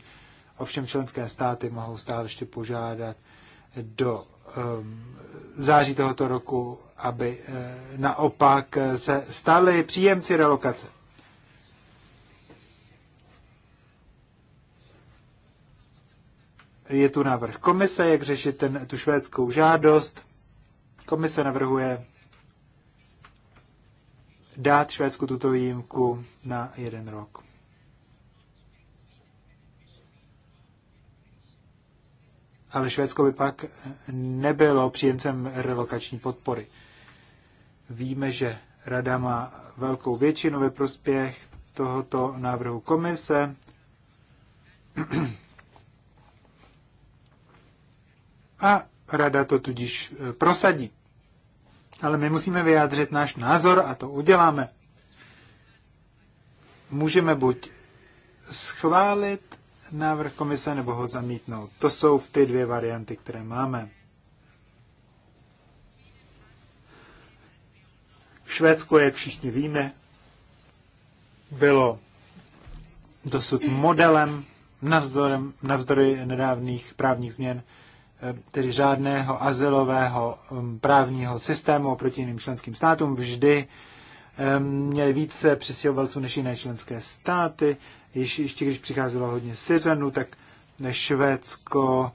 Ovšem členské státy mohou stále ještě požádat do um, září tohoto roku, aby uh, naopak eh, se stali příjemci relokace. Je tu návrh komise, jak řešit ten, tu švédskou žádost. Komise navrhuje dát Švédsku tuto výjimku na jeden rok. Ale Švédsko by pak nebylo příjemcem relokační podpory. Víme, že Rada má velkou většinu ve prospěch tohoto návrhu komise. A Rada to tudíž eh, prosadí. Ale my musíme vyjádřit náš názor a to uděláme. Můžeme buď schválit návrh komise nebo ho zamítnout. To jsou ty dvě varianty, které máme. Švédsko, jak všichni víme, bylo dosud modelem navzdory nedávných právních změn Eh, tedy žádného azylového mm, právního systému oproti jiným členským státům. Vždy eh, měli více přistěhovalců než jiné členské státy. Ještě, ještě když přicházelo hodně Syřanů, tak eh, Švédsko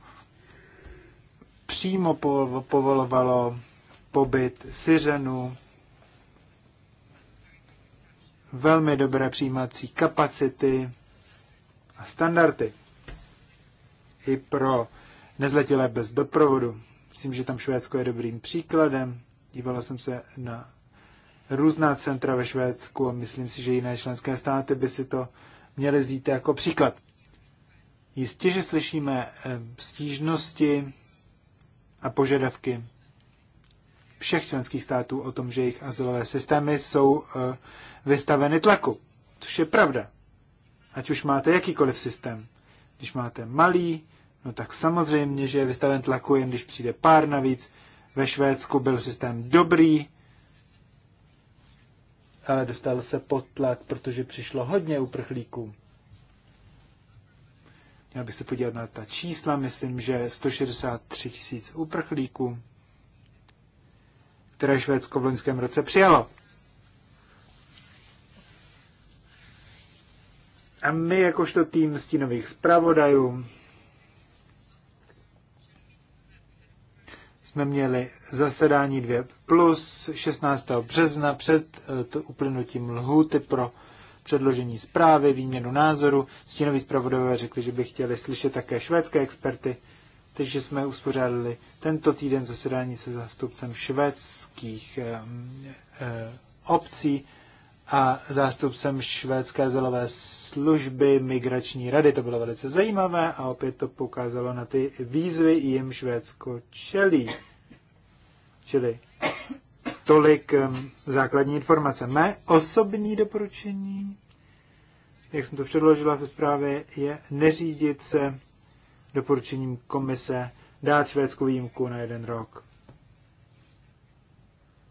přímo povolovalo pobyt Syřanů. Velmi dobré přijímací kapacity a standardy i pro nezletilé bez doprovodu. Myslím, že tam Švédsko je dobrým příkladem. Dívala jsem se na různá centra ve Švédsku a myslím si, že jiné členské státy by si to měly vzít jako příklad. Jistě, že slyšíme eh, stížnosti a požadavky všech členských států o tom, že jejich azylové systémy jsou eh, vystaveny tlaku. Což je pravda. Ať už máte jakýkoliv systém. Když máte malý no tak samozřejmě, že je vystaven tlaku, jen když přijde pár navíc. Ve Švédsku byl systém dobrý, ale dostal se pod tlak, protože přišlo hodně uprchlíků. Měl bych se podívat na ta čísla, myslím, že 163 tisíc uprchlíků, které Švédsko v loňském roce přijalo. A my jakožto tým stínových zpravodajů jsme měli zasedání 2 plus 16. března před eh, to uplynutím lhuty pro předložení zprávy, výměnu názoru. Stínoví zpravodové řekli, že by chtěli slyšet také švédské experty, takže jsme uspořádali tento týden zasedání se zástupcem švédských eh, eh obcí a zástupcem švédské zelové služby migrační rady. To bylo velice zajímavé a opět to poukázalo na ty výzvy, jim Švédsko čelí. Čili tolik základní informace. Mé osobní doporučení, jak jsem to předložila ve zprávě, je neřídit se doporučením komise dát švédskou výjimku na jeden rok.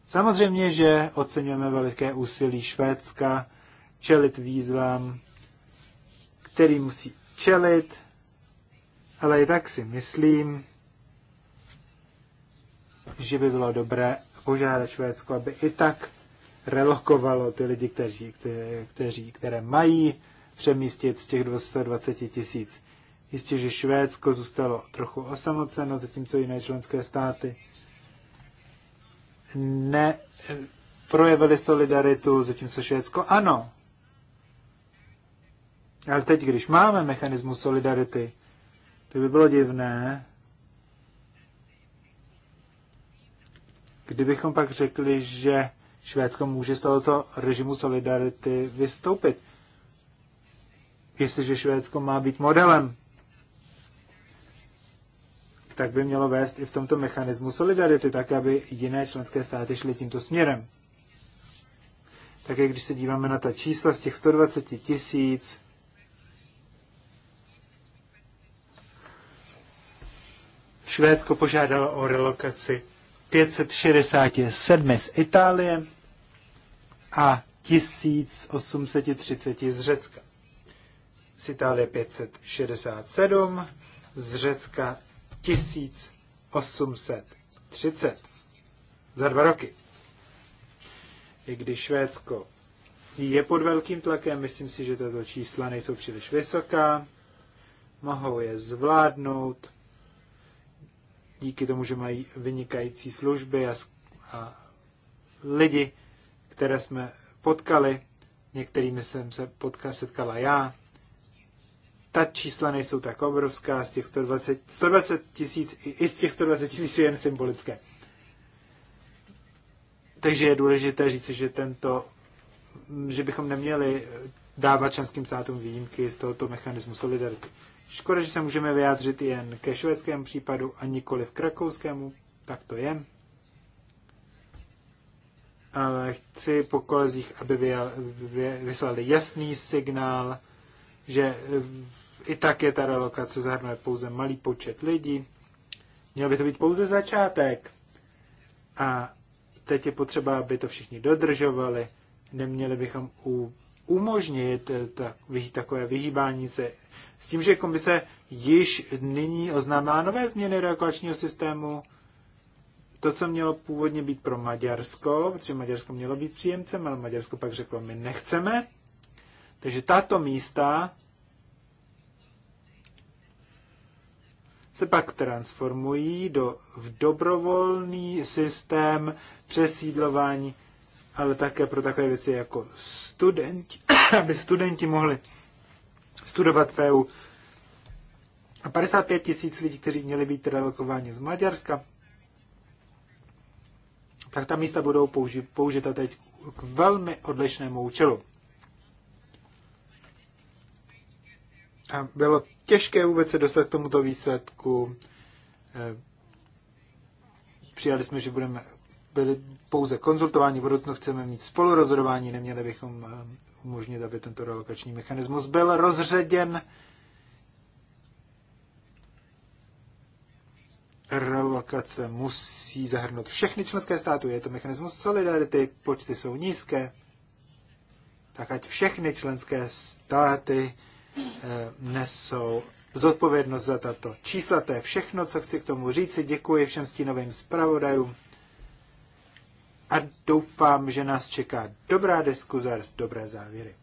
Samozřejmě, že oceňujeme veliké úsilí Švédska čelit výzvám, který musí čelit, ale i tak si myslím, že by bylo dobré požádat Švédsko, aby i tak relokovalo ty lidi, kteří, kteří, které mají přemístit z těch 220 tisíc. Jistě, že Švédsko zůstalo trochu osamoceno, zatímco jiné členské státy neprojevili solidaritu, zatímco Švédsko ano. Ale teď, když máme mechanismus solidarity, to by bylo divné, Kdybychom pak řekli, že Švédsko může z tohoto režimu solidarity vystoupit, jestliže Švédsko má být modelem, tak by mělo vést i v tomto mechanismu solidarity, tak aby jiné členské státy šly tímto směrem. Také když se díváme na ta čísla z těch 120 tisíc, Švédsko požádalo o relokaci 567 z Itálie a 1830 z Řecka. Z Itálie 567, z Řecka 1830 za dva roky. I když Švédsko je pod velkým tlakem, myslím si, že tato čísla nejsou příliš vysoká, mohou je zvládnout díky tomu, že mají vynikající služby a, a lidi, které jsme potkali, některými jsem se potkal, setkala já. Ta čísla nejsou tak obrovská, z těch 120, 120 tisíc, i z těch 120 tisíc je jen symbolické. Takže je důležité říci, že tento, že bychom neměli dávat členským státům výjimky z tohoto mechanismu solidarity. Škoda, že se můžeme vyjádřit jen ke švédskému případu a nikoli v krakouskému, tak to je. Ale chci po kolezích, aby vyslali jasný signál, že eh, i tak je ta relokace zahrnuje pouze malý počet lidí. Měl by to být pouze začátek. A teď je potřeba, aby to všichni dodržovali. Neměli bychom u umožnit eh, tak, takové vyhýbání se. S tím, že komise již nyní oznámila nové změny relokačního systému, to, co mělo původně být pro Maďarsko, protože Maďarsko mělo být příjemcem, ale Maďarsko pak řeklo, my nechceme. Takže tato místa se pak transformují do, v dobrovolný systém přesídlování ale také pro takové věci jako studenti, aby studenti mohli studovat v EU. A 55 tisíc lidí, kteří měli být relokováni z Maďarska, tak ta místa budou použi- použita teď k velmi odlišnému účelu. A bylo těžké vůbec se dostat k tomuto výsledku. Eh, přijali jsme, že budeme byli pouze konzultováni, v budoucnu chceme mít spolurozhodování, neměli bychom eh, umožnit, aby tento relokační mechanismus byl rozředěn. Relokace musí zahrnout všechny členské státy. Je to mechanismus solidarity, počty jsou nízké, tak ať všechny členské státy eh, nesou zodpovědnost za tato čísla. To je všechno, co chci k tomu říci. Děkuji všem stínovým zpravodajům a doufám, že nás čeká dobrá diskuze dobré závěry.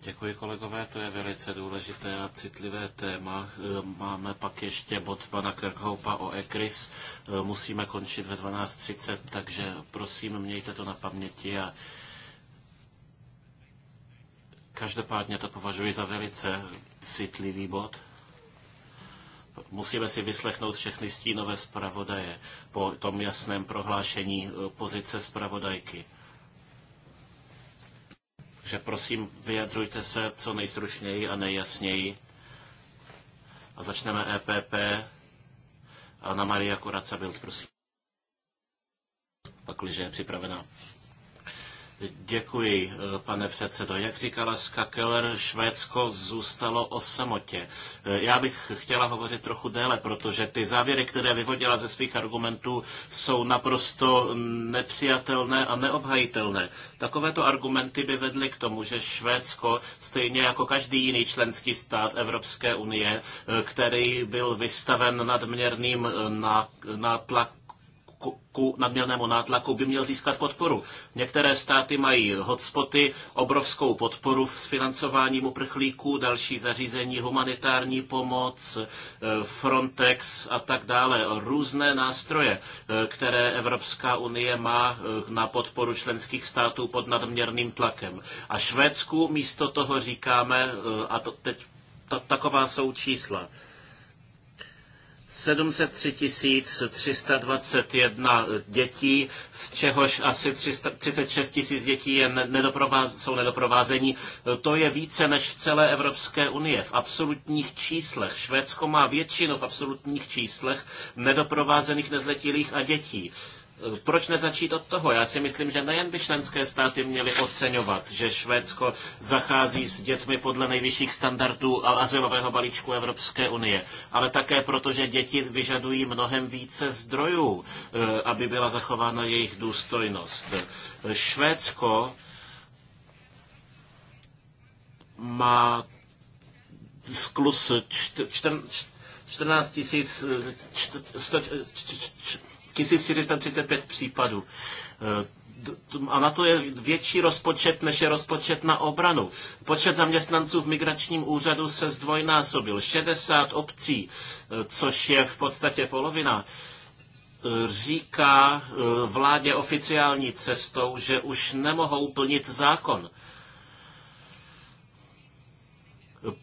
Děkuji kolegové, to je velice důležité a citlivé téma. E, máme pak ještě bod pana Kirkhoupa o ECRIS. E, musíme končit ve 12.30, takže prosím, mějte to na paměti a každopádně to považuji za velice citlivý bod. Musíme si vyslechnout všechny stínové zpravodaje po tom jasném prohlášení eh, pozice zpravodajky. Že prosím, vyjadrujte se co nejstručněji a nejjasněji. A začneme EPP. Anna Maria Kuraca byl, prosím. Pakliže je připravená. Děkuji, eh, pane předsedo. Jak říkala Ska Keller, Švédsko zůstalo o samotě. Eh, já bych chtěla hovořit trochu déle, protože ty závěry, které vyvodila ze svých argumentů, jsou naprosto nepřijatelné a neobhajitelné. Takovéto argumenty by vedly k tomu, že Švédsko, stejně jako každý jiný členský stát Evropské unie, eh, který byl vystaven nadměrným nátlakem, nátlaku, nadměrnému nátlaku by měl získat podporu. Některé státy mají hotspoty, obrovskou podporu s financováním uprchlíků, další zařízení, humanitární pomoc, eh, Frontex a tak dále. Různé nástroje, eh, které Evropská unie má eh, na podporu členských států pod nadměrným tlakem. A Švédsku místo toho říkáme, a to teď taková jsou čísla. 703 321 eh, dětí, z čehož asi 300, 36 tisíc dětí je nedoprováz, jsou nedoprovázení. Eh, to je více než v celé Evropské unie. V absolutních číslech. Švédsko má většinu v absolutních číslech nedoprovázených nezletilých a dětí. Eh, proč nezačít od toho? Já si myslím, že nejen by členské státy měly oceňovat, že Švédsko zachází s dětmi podle nejvyšších standardů a azylového balíčku Evropské unie, ale také proto, že děti vyžadují mnohem více zdrojů, eh, aby byla zachována jejich důstojnost. Eh, Švédsko má sklus 14 000, 1435 případů. Eh, a na to je větší rozpočet, než je rozpočet na obranu. Počet zaměstnanců v migračním úřadu se zdvojnásobil. 60 obcí, eh, což je v podstatě polovina, eh, říká vládě oficiální cestou, že už nemohou plnit zákon.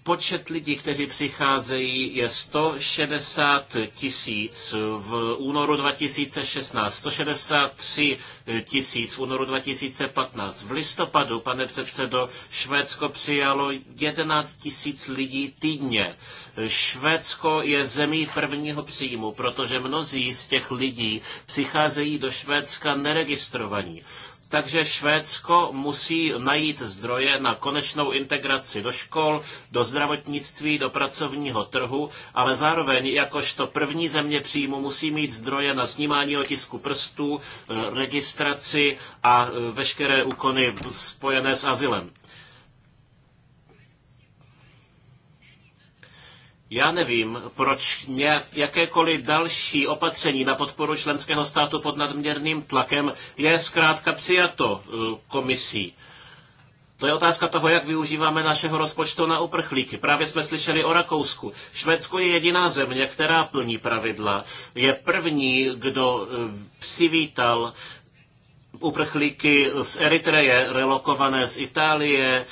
Počet lidí, kteří přicházejí, je 160 tisíc v únoru 2016, 163 tisíc v únoru 2015. V listopadu, pane předsedo, Švédsko přijalo 11 tisíc lidí týdně. Švédsko je zemí prvního příjmu, protože mnozí z těch lidí přicházejí do Švédska neregistrovaní takže Švédsko musí najít zdroje na konečnou integraci do škol, do zdravotnictví, do pracovního trhu, ale zároveň jakožto první země příjmu musí mít zdroje na snímání otisku prstů, eh, registraci a eh, veškeré úkony spojené s azylem. Já nevím, proč jakékoliv další opatření na podporu členského státu pod nadměrným tlakem je zkrátka přijato eh, komisí. To je otázka toho, jak využíváme našeho rozpočtu na uprchlíky. Právě jsme slyšeli o Rakousku. Švédsko je jediná země, která plní pravidla. Je první, kdo eh, přivítal uprchlíky z Eritreje relokované z Itálie, e,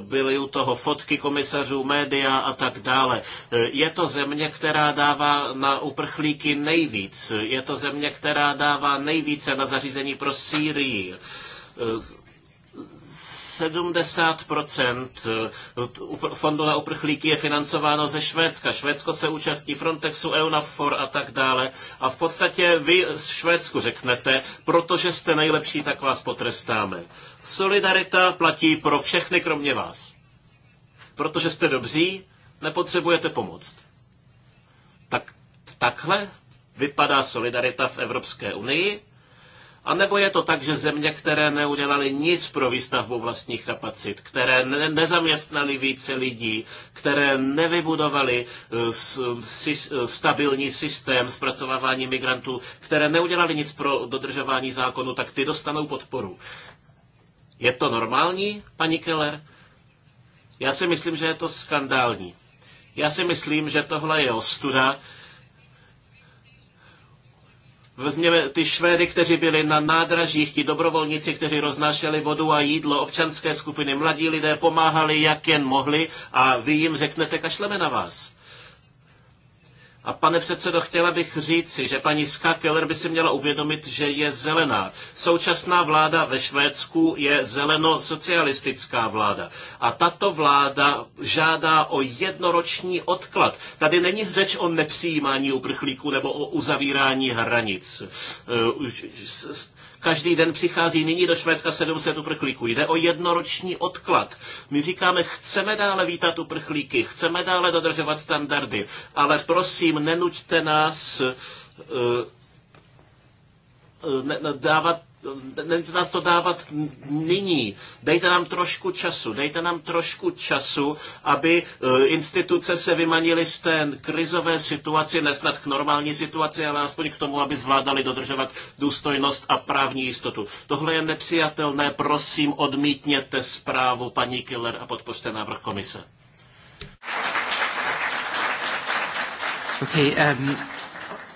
byly u toho fotky komisařů, média a tak dále. E, je to země, která dává na uprchlíky nejvíc. Je to země, která dává nejvíce na zařízení pro Sýrii e, 70 fondu na uprchlíky je financováno ze Švédska. Švédsko se účastní Frontexu, EUNAFOR a tak dále. A v podstatě vy z Švédsku řeknete, protože jste nejlepší, tak vás potrestáme. Solidarita platí pro všechny, kromě vás. Protože jste dobří, nepotřebujete pomoc. Tak, takhle vypadá solidarita v Evropské unii a nebo je to tak, že země, které neudělaly nic pro výstavbu vlastních kapacit, které ne- nezaměstnali více lidí, které eh, sy- eh, stabilní systém zpracovávání migrantů, které neudělaly nic pro dodržování zákonu, tak ty dostanou podporu. Je to normální, paní Keller? Já si myslím, že je to skandální. Já si myslím, že tohle je ostuda, Vezměme ty Švédy, kteří byli na nádražích, ti dobrovolníci, kteří roznášeli vodu a jídlo, občanské skupiny, mladí lidé pomáhali, jak jen mohli a vy jim řeknete, kašleme na vás. A pane předsedo, chtěla bych říci, že paní Ska Keller by si měla uvědomit, že je zelená. Současná vláda ve Švédsku je zeleno-socialistická vláda. A tato vláda žádá o jednoroční odklad. Tady není řeč o nepřijímání uprchlíků nebo o uzavírání hranic. Eh, Každý den přichází nyní do Švédska 700 uprchlíků. Jde o jednoroční odklad. My říkáme, chceme dále vítat uprchlíky, chceme dále dodržovat standardy, ale prosím, nenuďte nás uh, dávat nemůžete nás to dávat nyní. Dejte nám trošku času, dejte nám trošku času, aby eh, instituce se vymanily z té krizové situaci, nesnad k normální situaci, ale aspoň k tomu, aby zvládali dodržovat důstojnost a právní jistotu. Tohle je nepřijatelné, prosím, odmítněte zprávu paní Killer a podpořte návrh komise. Okay, um,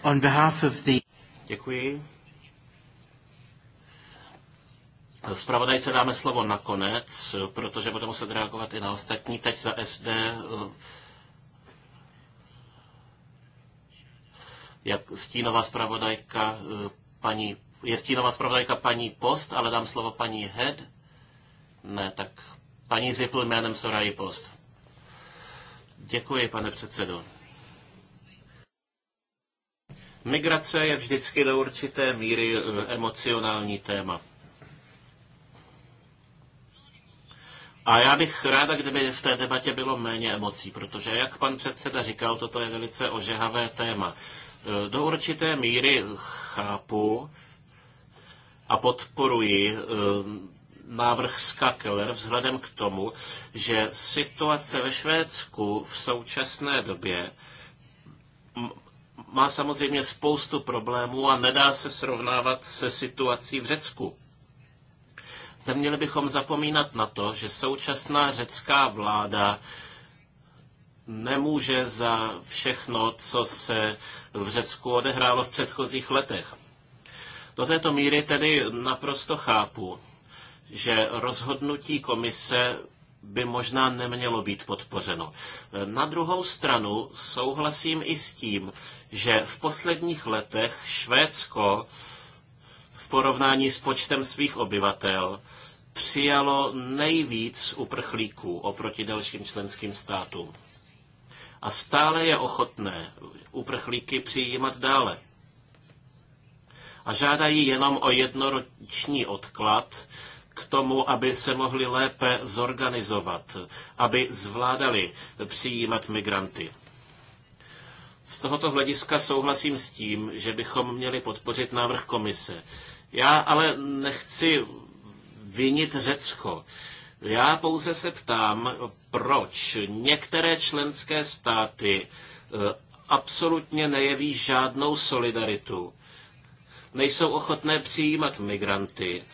on behalf of the... Děkuji. Spravodajce dáme slovo nakonec, protože budeme muset reagovat i na ostatní. Teď za SD eh, jak stínová zpravodajka eh, paní, je stínová zpravodajka paní Post, ale dám slovo paní Head. Ne, tak paní Zipl jménem Soraji Post. Děkuji, pane předsedo. Migrace je vždycky do určité míry eh, emocionální téma. A já bych ráda, kdyby v té debatě bylo méně emocí, protože, jak pan předseda říkal, toto je velice ožehavé téma. E, do určité míry chápu a podporuji e, návrh Skakeler vzhledem k tomu, že situace ve Švédsku v současné době má samozřejmě spoustu problémů a nedá se srovnávat se situací v Řecku. Neměli bychom zapomínat na to, že současná řecká vláda nemůže za všechno, co se v Řecku odehrálo v předchozích letech. Do této míry tedy naprosto chápu, že rozhodnutí komise by možná nemělo být podpořeno. Na druhou stranu souhlasím i s tím, že v posledních letech Švédsko v porovnání s počtem svých obyvatel přijalo nejvíc uprchlíků oproti dalším členským státům. A stále je ochotné uprchlíky přijímat dále. A žádají jenom o jednoroční odklad k tomu, aby se mohli lépe zorganizovat, aby zvládali přijímat migranty. Z tohoto hlediska souhlasím s tím, že bychom měli podpořit návrh komise. Já ale nechci vinit Řecko. Já pouze se ptám, proč některé členské státy eh, absolutně nejeví žádnou solidaritu, nejsou ochotné přijímat migranty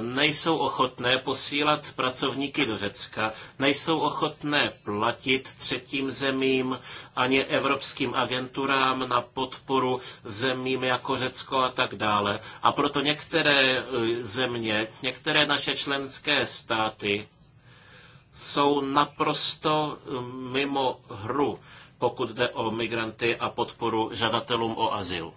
nejsou ochotné posílat pracovníky do Řecka, nejsou ochotné platit třetím zemím ani evropským agenturám na podporu zemím jako Řecko a tak dále. A proto některé e, země, některé naše členské státy jsou naprosto e, mimo hru, pokud jde o migranty a podporu žadatelům o azyl.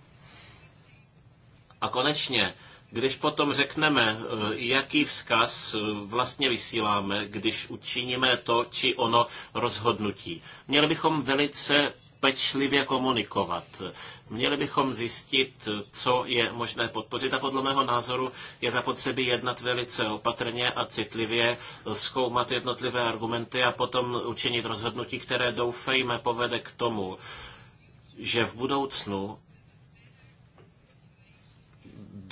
A konečně když potom řekneme, eh, jaký vzkaz eh, vlastně vysíláme, když učiníme to či ono rozhodnutí, měli bychom velice pečlivě komunikovat. Měli bychom zjistit, co je možné podpořit a podle mého názoru je zapotřebí jednat velice opatrně a citlivě, zkoumat jednotlivé argumenty a potom učinit rozhodnutí, které doufejme povede k tomu, že v budoucnu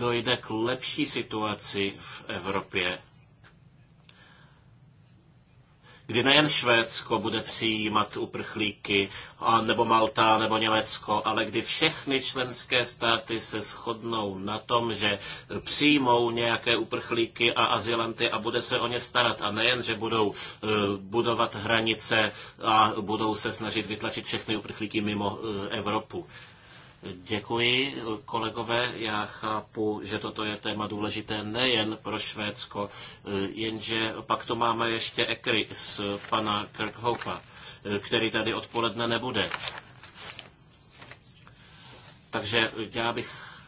dojde k lepší situaci v Evropě, kdy nejen Švédsko bude přijímat uprchlíky, nebo Malta, nebo Německo, ale kdy všechny členské státy se shodnou na tom, že přijmou nějaké uprchlíky a azylanty a bude se o ně starat. A nejen, že budou e, budovat hranice a budou se snažit vytlačit všechny uprchlíky mimo e, Evropu. Děkuji, kolegové. Já chápu, že toto je téma důležité nejen pro Švédsko, jenže pak tu máme ještě ekry z pana Kirkhopa, který tady odpoledne nebude. Takže já bych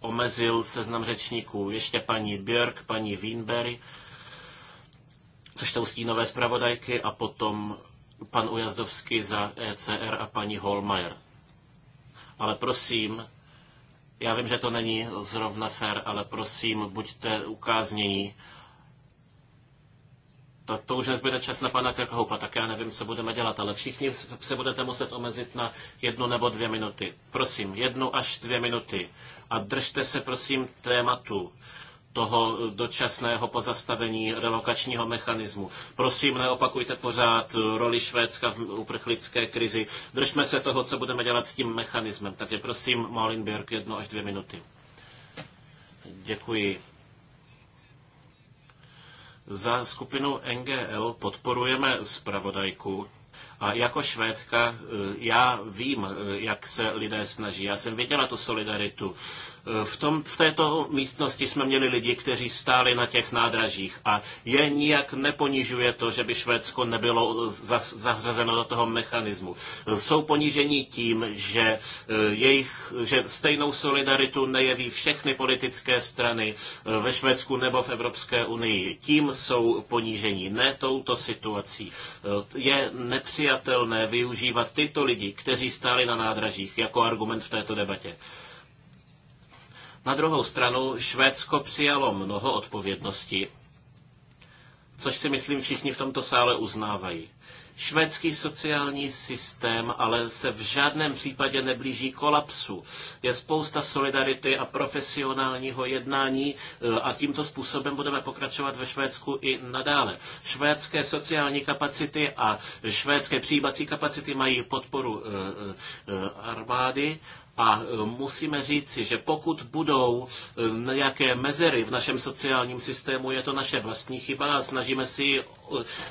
omezil seznam řečníků. Ještě paní Björk, paní Wienberry, což jsou stínové zpravodajky, a potom pan Ujazdovský za ECR a paní Holmeier. Ale prosím, já vím, že to není zrovna fér, ale prosím, buďte ukáznění. To, to už nezbyde čas na pana Kerkhoupa, tak já nevím, co budeme dělat, ale všichni se budete muset omezit na jednu nebo dvě minuty. Prosím, jednu až dvě minuty. A držte se, prosím, tématu toho dočasného pozastavení relokačního mechanismu. Prosím, neopakujte pořád roli Švédska v uprchlické krizi. Držme se toho, co budeme dělat s tím mechanismem. Takže prosím, Malin Björk, jedno až dvě minuty. Děkuji. Za skupinu NGL podporujeme zpravodajku. A jako švédka e, já vím, e, jak se lidé snaží. Já jsem viděla tu solidaritu Eh, v, tom, v této místnosti jsme měli lidi, kteří stáli na těch nádražích a je nijak neponižuje to, že by Švédsko nebylo eh, zařazeno do toho mechanismu. Eh, jsou ponižení tím, že, jejich, že stejnou solidaritu nejeví všechny politické strany ve Švédsku nebo v Evropské unii. Tím jsou ponížení, ne touto situací. Je nepřijatelné využívat tyto lidi, kteří stáli na nádražích, jako argument v této debatě. Na druhou stranu Švédsko přijalo mnoho odpovědností, což si myslím všichni v tomto sále uznávají. Švédský sociální systém ale se v žádném případě neblíží kolapsu. Je spousta solidarity a profesionálního jednání eh, a tímto způsobem budeme pokračovat ve Švédsku i nadále. Švédské sociální kapacity a švédské přijímací kapacity mají podporu eh, eh, armády a e, musíme říci, že pokud budou e, nějaké mezery v našem sociálním systému, je to naše vlastní chyba a snažíme si, e,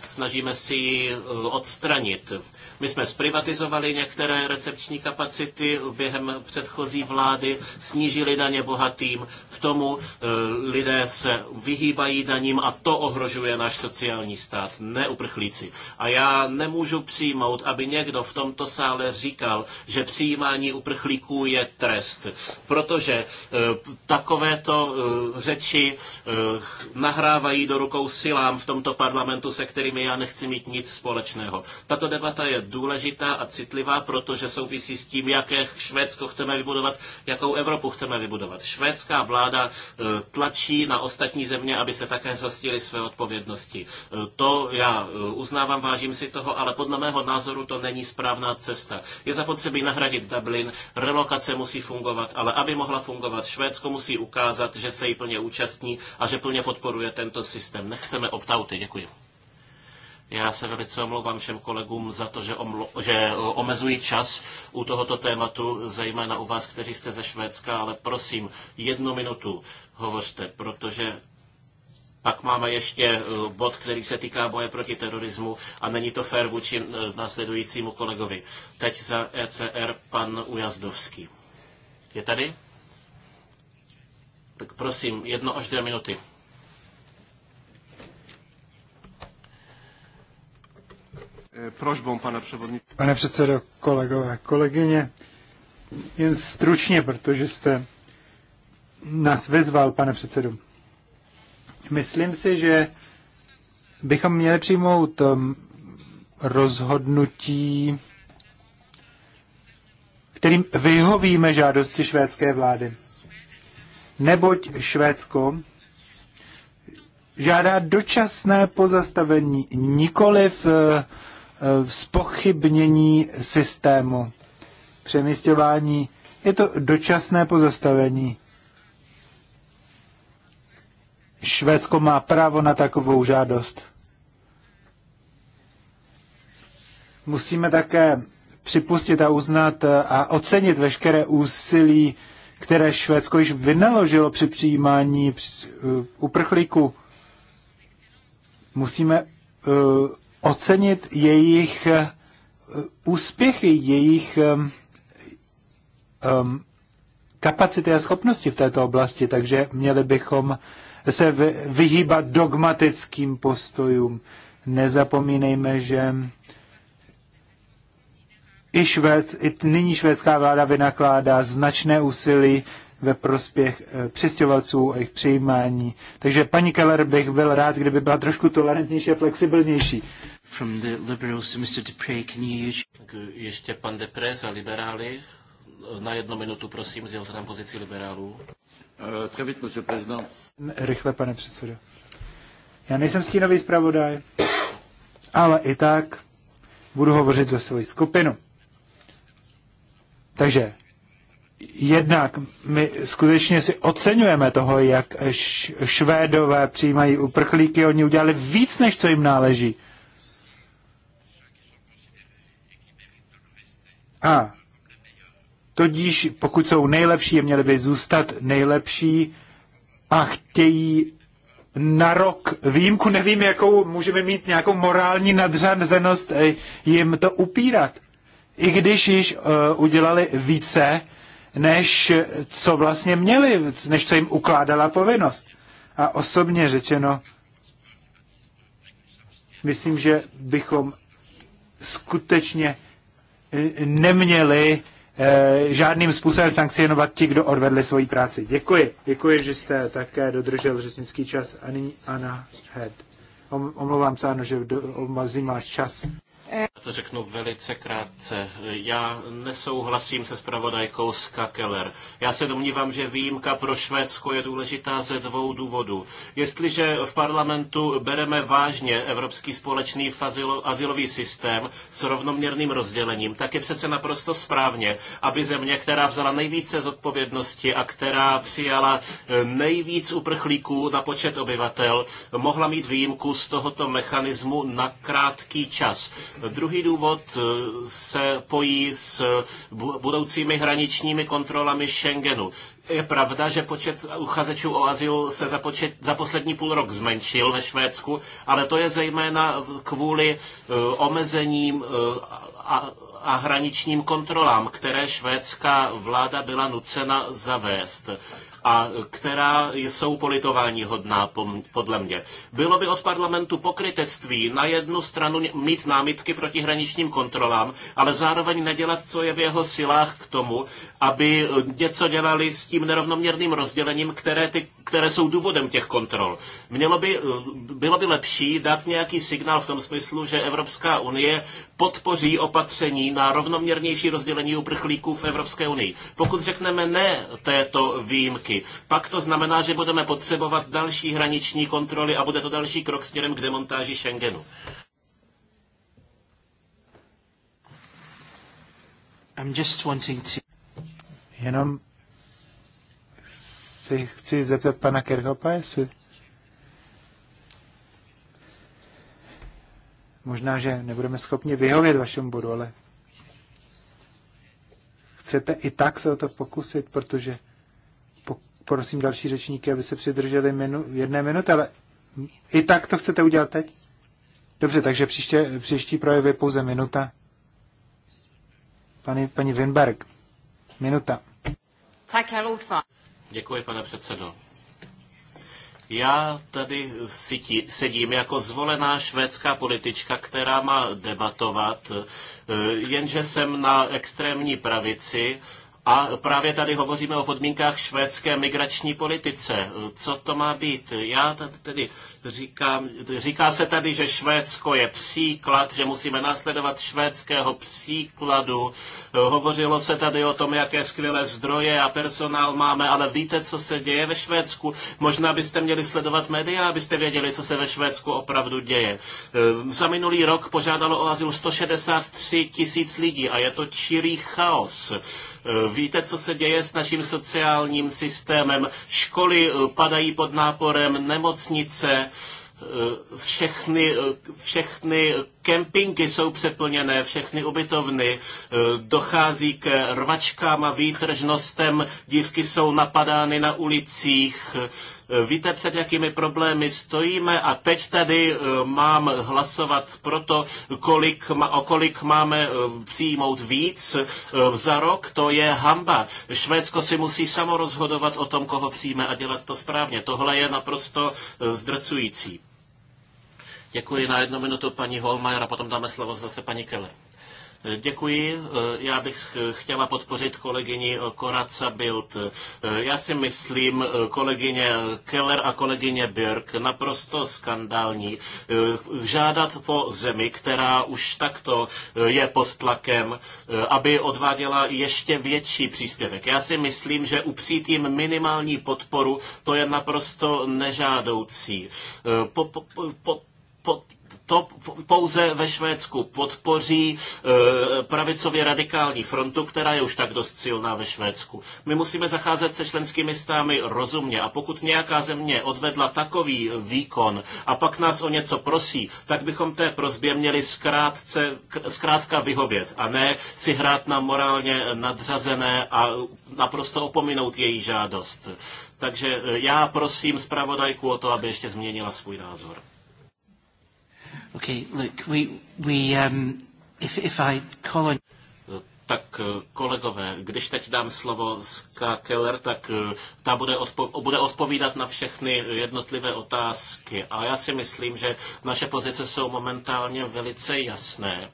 snažíme si ji odstranit. My jsme zprivatizovali některé recepční kapacity během předchozí vlády, snížili daně bohatým, k tomu lidé se vyhýbají daním a to ohrožuje náš sociální stát, ne uprchlíci. A já nemůžu přijmout, aby někdo v tomto sále říkal, že přijímání uprchlíků útoků je trest. Protože eh, takovéto eh, řeči eh, nahrávají do rukou silám v tomto parlamentu, se kterými já nechci mít nic společného. Tato debata je důležitá a citlivá, protože souvisí s tím, jaké Švédsko chceme vybudovat, jakou Evropu chceme vybudovat. Švédská vláda tlačí na ostatní země, aby se také zhostili své odpovědnosti. To já uznávám, vážím si toho, ale podle mého názoru to není správná cesta. Je zapotřebí nahradit Dublin, relo relokace musí fungovat, ale aby mohla fungovat, Švédsko musí ukázat, že se jí plně účastní a že plně podporuje tento systém. Nechceme opt-outy. Děkuji. Já se velice omlouvám všem kolegům za to, že, omlo, že eh, omezují čas u tohoto tématu, zejména u vás, kteří jste ze Švédska, ale prosím, jednu minutu hovořte, protože pak máme ještě eh, bod, který se týká boje proti terorismu a není to fér vůči eh, následujícímu kolegovi. Teď za ECR pan Ujazdovský. Je tady? Tak prosím, jedno až dvě minuty. Eh, prožbou pana převodníka. Pane předsedo, kolegové, kolegyně, jen stručně, protože jste nás vyzval, pane předsedu. Myslím si, že bychom měli přijmout um, rozhodnutí, kterým vyhovíme žádosti švédské vlády. Neboť Švédsko žádá dočasné pozastavení, v uh, uh, spochybnění systému přemysťování. Je to dočasné pozastavení. Švédsko má právo na takovou žádost. Musíme také připustit a uznat a ocenit veškeré úsilí, které Švédsko již vynaložilo při přijímání eh, uprchlíků. Musíme eh, ocenit jejich eh, úspěchy, jejich kapacity a schopnosti v této oblasti, takže měli bychom se vyhýbat dogmatickým postojům. Nezapomínejme, že i, Švéd, i nyní švédská vláda vynakládá značné úsilí ve prospěch eh, přistěhovalců a jejich přijímání. Takže paní Keller bych byl rád, kdyby byla trošku tolerantnější a flexibilnější. From the liberals, Mr. Dupre, can you use... Ještě pan Depre za liberály. Na jednu minutu, prosím, se nám pozici liberálů. Eh, Rychle, pane předsedo. Já nejsem stínový zpravodaj, ale i tak budu hovořit za svoji skupinu. Takže jednak my skutečně si oceňujeme toho, jak Švédové přijímají uprchlíky. Oni udělali víc, než co jim náleží. A Tudíž pokud jsou nejlepší, měli by zůstat nejlepší a chtějí na rok výjimku, nevím, jakou můžeme mít nějakou morální nadřazenost eh, jim to upírat. I když již uh, udělali více, než co vlastně měli, než co jim ukládala povinnost. A osobně řečeno, myslím, že bychom skutečně eh, neměli Eh, žádným způsobem sankcionovat ti, kdo odvedli svoji práci. Děkuji. Děkuji, že jste také dodržel řečnický čas. A nyní Anna Head. Omlouvám se, ano, že omezím váš čas. To řeknu velice krátce. Já nesouhlasím se spravodajkou Ska Keller. Já se domnívám, že výjimka pro Švédsko je důležitá ze dvou důvodů. Jestliže v parlamentu bereme vážně evropský společný azylový systém s rovnoměrným rozdělením, tak je přece naprosto správně, aby země, která vzala nejvíce zodpovědnosti a která přijala eh, nejvíc uprchlíků na počet obyvatel, mohla mít výjimku z tohoto mechanismu na krátký čas Druhý důvod eh, se pojí s budoucími hraničními kontrolami Schengenu. Je pravda, že počet uchazečů o azyl se za, počet, za poslední půl rok zmenšil ve Švédsku, ale to je zejména kvůli eh, omezením eh, a, a hraničním kontrolám, které švédská vláda byla nucena zavést a která jsou politování hodná podle mě. Bylo by od parlamentu pokrytectví na jednu stranu mít námitky proti hraničním kontrolám, ale zároveň nedělat, co je v jeho silách k tomu, aby eh, něco dělali s tím nerovnoměrným rozdělením, které, ty, které jsou důvodem těch kontrol. Mělo by, eh, bylo by lepší dát nějaký signál v tom smyslu, že Evropská unie podpoří opatření na rovnoměrnější rozdělení uprchlíků v Evropské unii. Pokud řekneme ne této výjimky, pak to znamená, že budeme potřebovat další hraniční kontroly a bude to další krok směrem k demontáži Schengenu. I'm just wanting to... Jenom si chci zeptat pana Kerchopa, jestli Možná, že nebudeme schopni vyhovět vašemu bodu, ale chcete i tak se o to pokusit, protože prosím další řečníky, aby se přidrželi minu, jedné minuty, ale i tak to chcete udělat teď? Dobře, takže příště, příští projev je pouze minuta. Pani, paní Winberg, minuta. Tak, Děkuji, pane předsedo. Já tady sedím jako zvolená švédská politička, která má debatovat, eh, jenže jsem na extrémní pravici, a právě tady hovoříme o podmínkách švédské migrační politice. Co to má být? Já tedy říkám, říká se tady, že Švédsko je příklad, že musíme následovat švédského příkladu. Hovořilo se tady o tom, jaké skvělé zdroje a personál máme, ale víte, co se děje ve Švédsku? Možná byste měli sledovat média, abyste věděli, co se ve Švédsku opravdu děje. E, za minulý rok požádalo o azyl 163 tisíc lidí a je to čirý chaos. Eh, víte, co se děje s naším sociálním systémem? Školy eh, padají pod náporem, nemocnice, eh, všechny, všechny kempinky jsou přeplněné, všechny ubytovny, dochází k rvačkám a výtržnostem, dívky jsou napadány na ulicích, Víte, před jakými problémy stojíme a teď tady eh, mám hlasovat pro to, kolik, o kolik máme eh, přijmout víc eh, za rok. To je hamba. Švédsko si musí samo rozhodovat o tom, koho přijme a dělat to správně. Tohle je naprosto zdrcující. Děkuji na jednu minutu paní Holmajer a potom dáme slovo zase paní Keller. Děkuji. Eh, já bych chtěla podpořit kolegyni eh, Koraca Bild. Eh, já si myslím, kolegyně Keller a kolegyně Björk, naprosto skandální, žádat po zemi, která už takto je pod tlakem, aby odváděla ještě větší příspěvek. Já si myslím, že upřít jim minimální podporu, to je naprosto nežádoucí. Po, po, po, po, to pouze ve Švédsku podpoří eh, pravicově radikální frontu, která je už tak dost silná ve Švédsku. My musíme zacházet se členskými stámy rozumně a pokud nějaká země odvedla takový výkon a pak nás o něco prosí, tak bychom té prozbě měli zkrátce, zkrátka vyhovět a ne si hrát na morálně nadřazené a naprosto opominout její žádost. Takže eh, já prosím zpravodajku o to, aby ještě změnila svůj názor. Okay, look, we, we, um, if, if I call on... No, tak eh, kolegové, když teď dám slovo K. Keller, tak eh, ta bude, odpo- bude odpovídat na všechny jednotlivé otázky. A já si myslím, že naše pozice jsou momentálně velice jasné.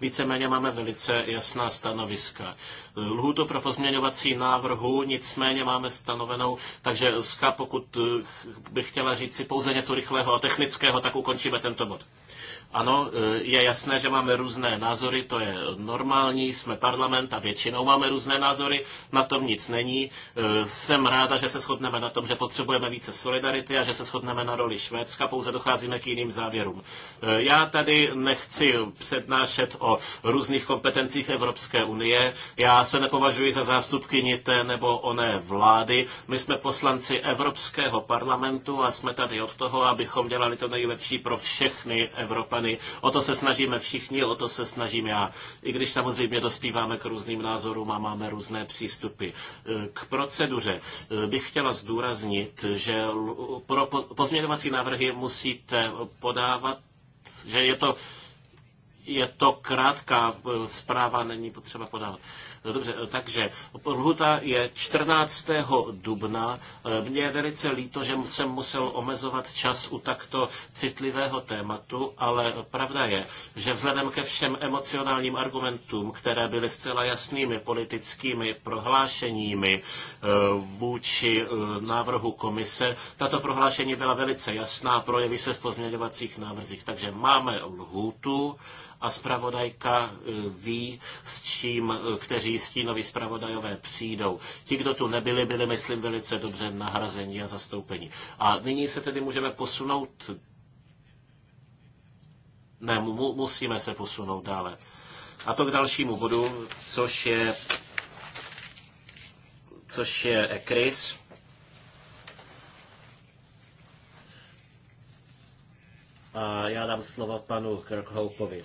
Víceméně máme velice jasná stanoviska. Lhůtu pro pozměňovací návrhu nicméně máme stanovenou, takže SKA, pokud eh, bych chtěla říct si pouze něco rychlého a technického, tak ukončíme tento bod. Ano, e, je jasné, že máme různé názory, to je normální, jsme parlament a většinou máme různé názory, na tom nic není. E, jsem ráda, že se shodneme na tom, že potřebujeme více solidarity a že se shodneme na roli Švédska, pouze docházíme k jiným závěrům. E, já tady nechci přednášet o různých kompetencích Evropské unie, já se nepovažuji za zástupkyni té nebo oné vlády. My jsme poslanci Evropského parlamentu a jsme tady od toho, abychom dělali to nejlepší pro všechny Evropa Evropany. O to se snažíme všichni, o to se snažím já. I když samozřejmě dospíváme k různým názorům a máme různé přístupy. Eh, k proceduře eh, bych chtěla zdůraznit, že pro pozměňovací návrhy musíte podávat, že je to, je to krátká eh, zpráva, není potřeba podávat. No dobře, e, takže lhuta je 14. dubna. E, mně je velice líto, že jsem musel omezovat čas u takto citlivého tématu, ale pravda je, že vzhledem ke všem emocionálním argumentům, které byly zcela jasnými politickými prohlášeními e, vůči návrhu komise, tato prohlášení byla velice jasná, projeví se v pozměňovacích návrzích. Takže máme lhůtu a zpravodajka e, ví, s čím, e, kteří stínoví zpravodajové přijdou. Ti, kdo tu nebyli, byli, myslím, velice dobře nahrazeni a zastoupeni. A nyní se tedy můžeme posunout ne, mu, musíme se posunout dále. A to k dalšímu bodu, což je, což je ECRIS. A já dám slovo panu Kirkhopeovi.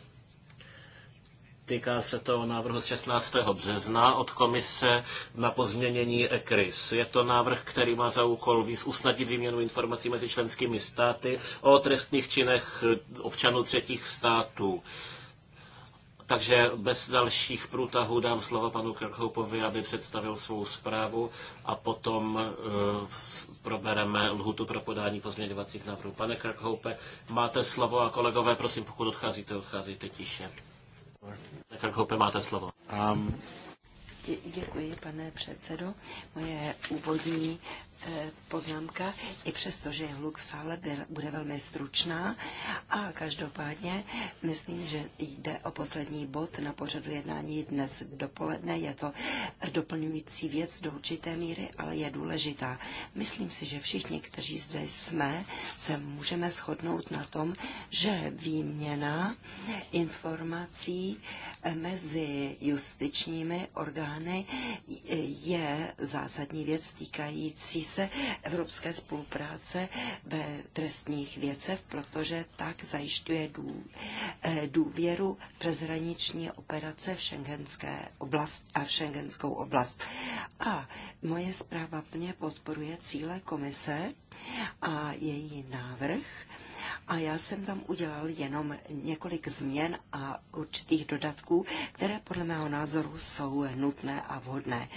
Týká se to návrhu z 16. března od komise na pozměnění ECRIS. Je to návrh, který má za úkol víc usnadnit výměnu informací mezi členskými státy o trestných činech občanů třetích států. Takže bez dalších průtahů dám slovo panu Krkhoupovi, aby představil svou zprávu a potom uh, probereme lhutu pro podání pozměňovacích návrhů. Pane Krkhoupe, máte slovo a kolegové, prosím, pokud odcházíte, odcházíte tiše. Krupe, máte slovo. Um. Děkuji, pane předsedo. Moje úvodní Eh, poznámka, i přesto, že hluk v sále bude velmi stručná. A každopádně myslím, že jde o poslední bod na pořadu jednání dnes dopoledne. Je to doplňující věc do určité míry, ale je důležitá. Myslím si, že všichni, kteří zde jsme, se můžeme shodnout na tom, že výměna informací eh, mezi justičními orgány eh, je zásadní věc týkající komise evropské spolupráce ve trestních věcech, protože tak zajišťuje eh, důvěru přeshraniční operace v šengenské oblast a v šengenskou oblast. A moje zpráva plně podporuje cíle komise a její návrh a já jsem tam udělal jenom několik změn a určitých dodatků, které podle mého názoru jsou nutné a vhodné.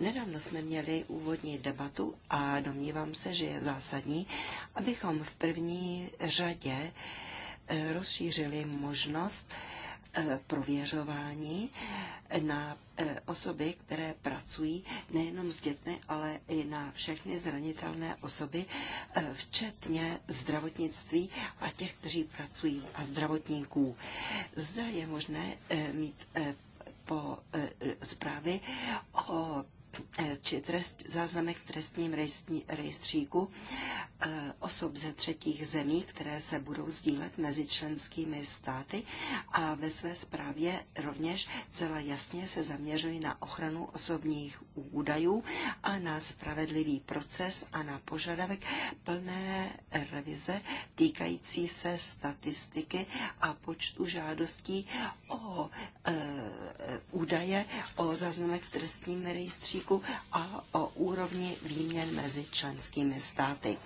Nedávno jsme měli úvodní debatu a domnívám se, že je zásadní, abychom v první řadě eh, rozšířili možnost, Eh, prověřování na eh, osoby, které pracují nejenom s dětmi, ale i na všechny zranitelné osoby, eh, včetně zdravotnictví a těch, kteří pracují a zdravotníků. Zda je možné mít po zprávy o Eh, či trest, záznamek v trestním rejstříku eh, osob ze třetích zemí, které se budou sdílet mezi členskými státy a ve své zprávě rovněž celá jasně se zaměřují na ochranu osobních údajů a na spravedlivý proces a na požadavek plné revize týkající se statistiky a počtu žádostí o e, údaje o záznamek v trestním rejstříku uprchlíků a o úrovni výměn mezi členskými státy.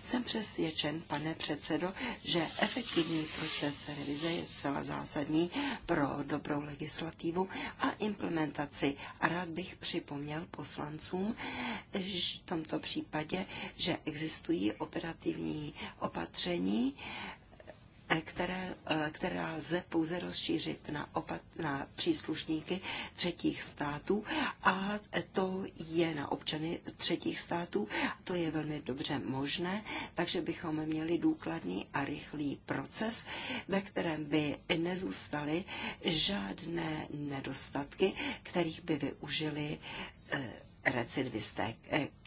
Jsem přesvědčen, pane předsedo, že efektivní proces revize je zcela zásadní pro dobrou legislativu a implementaci. A rád bych připomněl poslancům v tomto případě, že existují operativní opatření, Eh, které, eh, která lze pouze rozšířit na, opat, na příslušníky třetích států a to je na občany třetích států. To je velmi dobře možné, takže bychom měli důkladný a rychlý proces, ve kterém by nezůstaly žádné nedostatky, kterých by využili eh, recidivisté.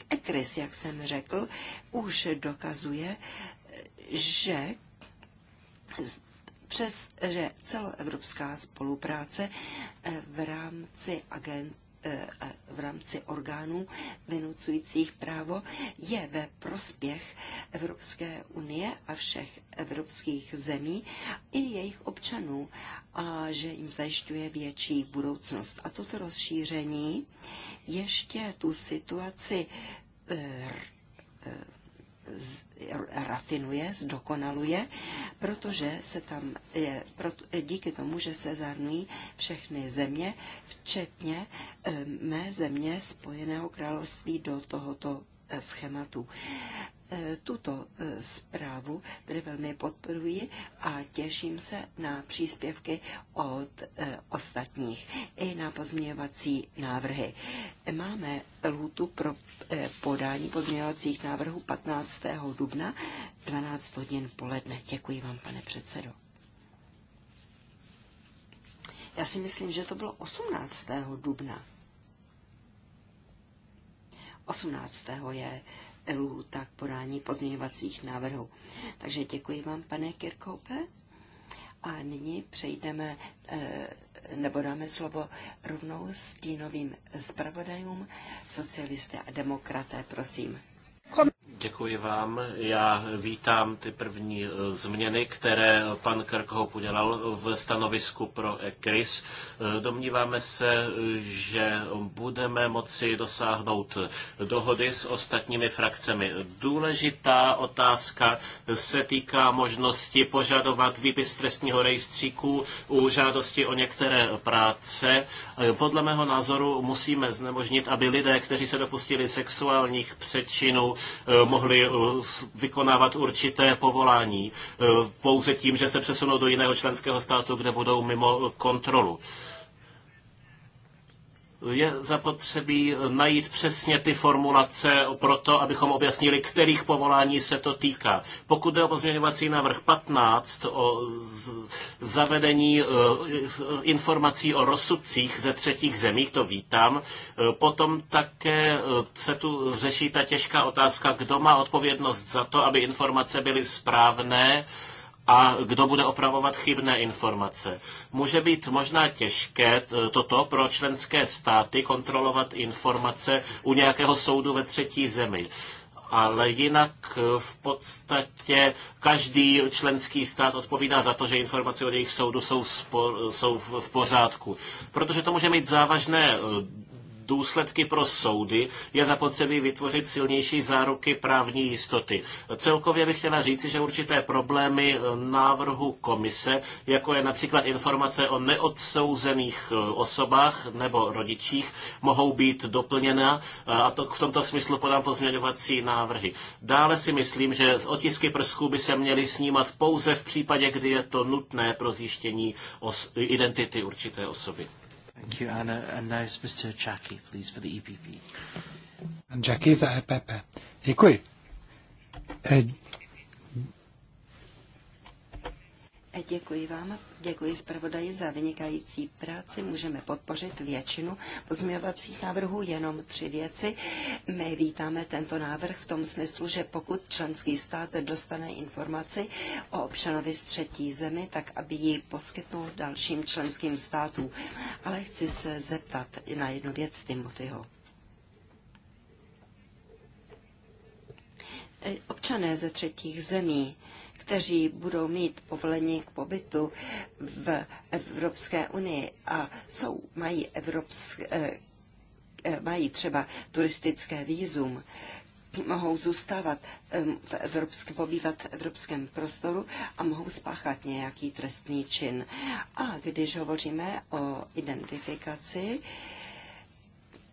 ekris, jak jsem řekl, už dokazuje, že přes že celoevropská spolupráce eh, v rámci agent eh, eh, v rámci orgánů vynucujících právo je ve prospěch Evropské unie a všech evropských zemí i jejich občanů a že jim zajišťuje větší budoucnost. A toto rozšíření ještě tu situaci rafinuje, zdokonaluje, protože se tam je, proto, díky tomu, že se zahrnují všechny země, včetně eh, mé země Spojeného království do tohoto eh, schématu. E, tuto e, zprávu které velmi podporuji a těším se na příspěvky od e, ostatních i na pozměňovací návrhy. Máme lhůtu pro podání pozměňovacích návrhů 15. dubna 12 hodin poledne. Děkuji vám, pane předsedo. Já si myslím, že to bylo 18. dubna. 18. je lhůta e k podání pozměňovacích návrhů. Takže děkuji vám, pane Kirkoupe. A nyní přejdeme, e, nebo dáme slovo rovnou stínovým zpravodajům, socialisté a demokraté, prosím. Děkuji vám. Já vítám ty první eh, změny, které pan Krkhoff udělal v stanovisku pro ECRIS. Eh, domníváme se, že budeme moci dosáhnout dohody s ostatními frakcemi. Důležitá otázka se týká možnosti požadovat výpis trestního rejstříku u žádosti o některé práce. Eh, podle mého názoru musíme znemožnit, aby lidé, kteří se dopustili sexuálních přečinů, mohli eh, vykonávat určité povolání eh, pouze tím, že se přesunou do jiného členského státu, kde budou mimo kontrolu je zapotřebí eh, najít přesně ty formulace pro to, abychom objasnili, kterých povolání se to týká. Pokud jde o pozměňovací návrh 15, o zavedení eh, informací o rozsudcích ze třetích zemí, to vítám. Eh, potom také se tu řeší ta těžká otázka, kdo má odpovědnost za to, aby informace byly správné, a kdo bude opravovat chybné informace. Může být možná těžké eh, toto pro členské státy kontrolovat informace u nějakého soudu ve třetí zemi ale jinak eh, v podstatě každý členský stát odpovídá za to, že informace od jejich soudu jsou, spo, jsou v pořádku. Protože to může mít závažné eh, důsledky pro soudy, je zapotřebí vytvořit silnější záruky právní jistoty. Celkově bych chtěla říci, že určité problémy eh, návrhu komise, jako je například informace o neodsouzených eh, osobách nebo rodičích, mohou být doplněna eh, a to v tomto smyslu podám pozměňovací návrhy. Dále si myslím, že z otisky prsků by se měly snímat pouze v případě, kdy je to nutné pro zjištění identity určité osoby. Thank you, Anna. And now it's Mr. Jackie, please, for the EPP. Jackie za EPP. Děkuji. Eh, eh, děkuji vám, Děkuji zpravodaji za vynikající práci. Můžeme podpořit většinu pozměňovacích návrhů, jenom tři věci. My vítáme tento návrh v tom smyslu, že pokud členský stát dostane informaci o občanovi z třetí zemi, tak aby ji poskytnul dalším členským státům. Ale chci se zeptat na jednu věc Timothyho. Občané ze třetích zemí kteří budou mít povolení k pobytu v Evropské unii a jsou, mají, evropské, eh, eh, mají třeba turistické výzum, mohou zůstávat v evropské, pobývat v evropském prostoru a mohou spáchat nějaký trestný čin. A když hovoříme o identifikaci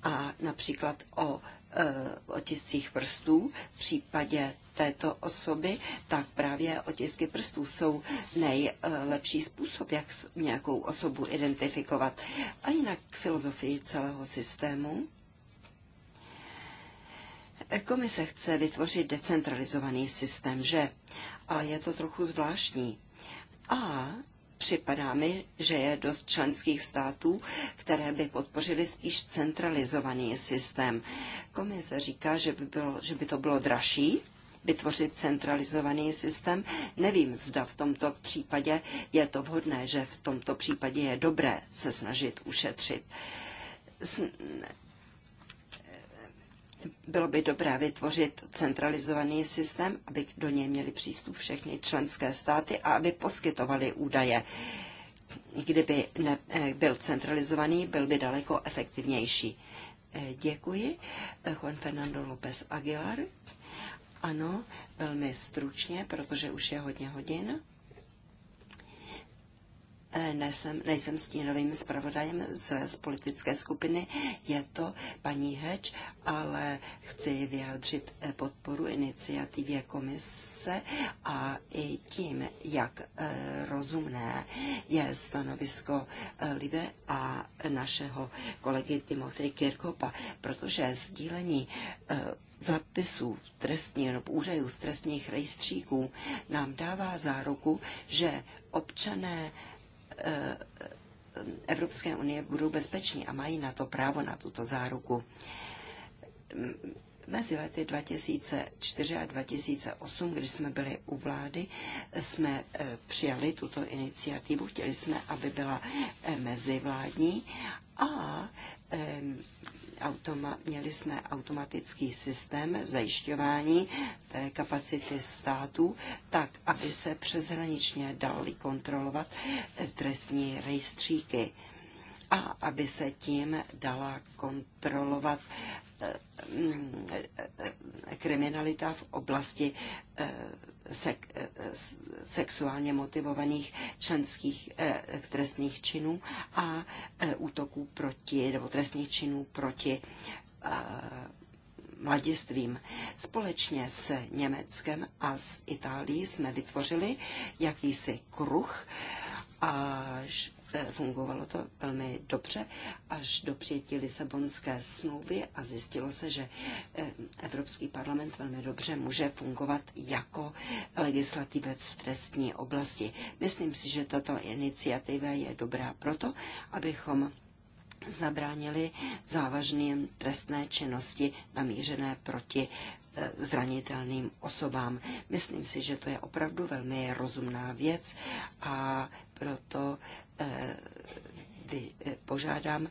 a například o eh, otiscích prstů v případě této osoby, tak právě otisky prstů jsou nejlepší způsob, jak nějakou osobu identifikovat. A jinak k filozofii celého systému. Komise chce vytvořit decentralizovaný systém, že? Ale je to trochu zvláštní. A připadá mi, že je dost členských států, které by podpořily spíš centralizovaný systém. Komise říká, že by, bylo, že by to bylo dražší, vytvořit centralizovaný systém. Nevím, zda v tomto případě je to vhodné, že v tomto případě je dobré se snažit ušetřit. Bylo by dobré vytvořit centralizovaný systém, aby do něj měli přístup všechny členské státy a aby poskytovali údaje kdyby ne, eh, byl centralizovaný, byl by daleko efektivnější. Eh, děkuji. Eh, Juan Fernando López Aguilar. Ano, velmi stručně, protože už je hodně hodin. E, nejsem, nejsem stínovým zpravodajem z, z politické skupiny, je to paní Heč, ale chci vyjádřit e, podporu iniciativě komise a i tím, jak e, rozumné je stanovisko Libe a našeho kolegy Timothy Kirkopa, protože sdílení zápisů trestní, nebo údajů z trestních rejstříků nám dává záruku, že občané eh, Evropské unie budou bezpeční a mají na to právo, na tuto záruku. Mezi lety 2004 a 2008, kdy jsme byli u vlády, jsme eh, přijali tuto iniciativu. Chtěli jsme, aby byla eh, mezivládní a automa- měli jsme automatický systém zajišťování kapacity států, tak, aby se přeshraničně dali kontrolovat eh, trestní rejstříky a aby se tím dala kontrolovat eh, mm, eh, kriminalita v oblasti sexuálně motivovaných členských eh, trestných činů a eh, útoků proti, nebo trestných činů proti eh, mladistvím. Společně s Německem a s Itálií jsme vytvořili jakýsi kruh, až E, fungovalo to velmi dobře až do přijetí Lisabonské smlouvy a zjistilo se, že e, Evropský parlament velmi dobře může fungovat jako legislativec v trestní oblasti. Myslím si, že tato iniciativa je dobrá proto, abychom zabránili závažným trestné činnosti namířené proti Eh, zranitelným osobám. Myslím si, že to je opravdu velmi rozumná věc a proto eh, eh, požádám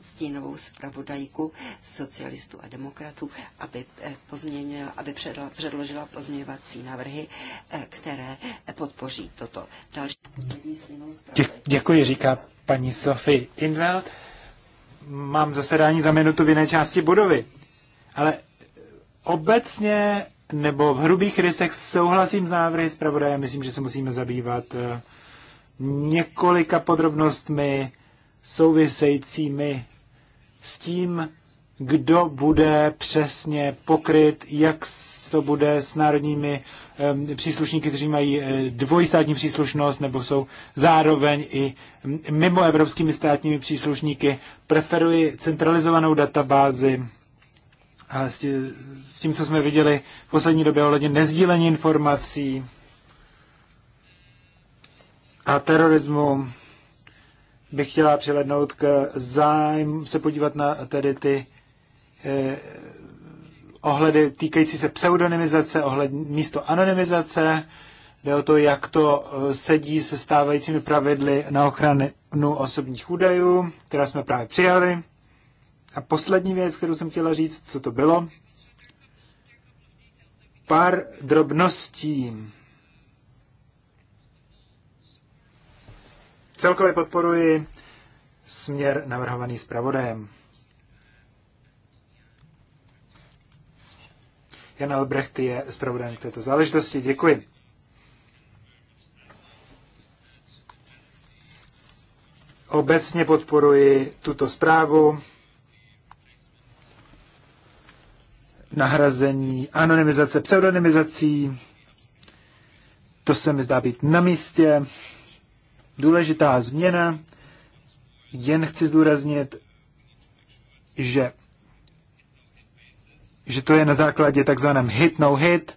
stínovou zpravodajku socialistů a demokratů, aby, pozměnila, aby předložila pozměňovací návrhy, které podpoří toto. Další Dě, Děkuji, říká paní Sophie Inveld. Mám zasedání za minutu v jiné části budovy, ale Obecně nebo v hrubých rysech souhlasím s návrhy zpravodaje. Myslím, že se musíme zabývat eh, několika podrobnostmi souvisejícími s tím, kdo bude přesně pokryt, jak to bude s národními eh, příslušníky, kteří mají eh, dvojstátní příslušnost nebo jsou zároveň i mm, mimo evropskými státními příslušníky. Preferuji centralizovanou databázi ale s tím, co jsme viděli v poslední době ohledně nezdílení informací a terorismu, bych chtěla přilednout k zájmu, se podívat na tedy ty eh, ohledy týkající se pseudonymizace, ohled, místo anonymizace, jde o to, jak to eh, sedí se stávajícími pravidly na ochranu osobních údajů, která jsme právě přijali. A poslední věc, kterou jsem chtěla říct, co to bylo. Pár drobností. Celkově podporuji směr navrhovaný zpravodajem. Jan Albrecht je zpravodajem k této záležitosti. Děkuji. Obecně podporuji tuto zprávu. nahrazení, anonymizace, pseudonymizací. To se mi zdá být na místě. Důležitá změna. Jen chci zdůraznit, že, že to je na základě takzvaném hit no hit.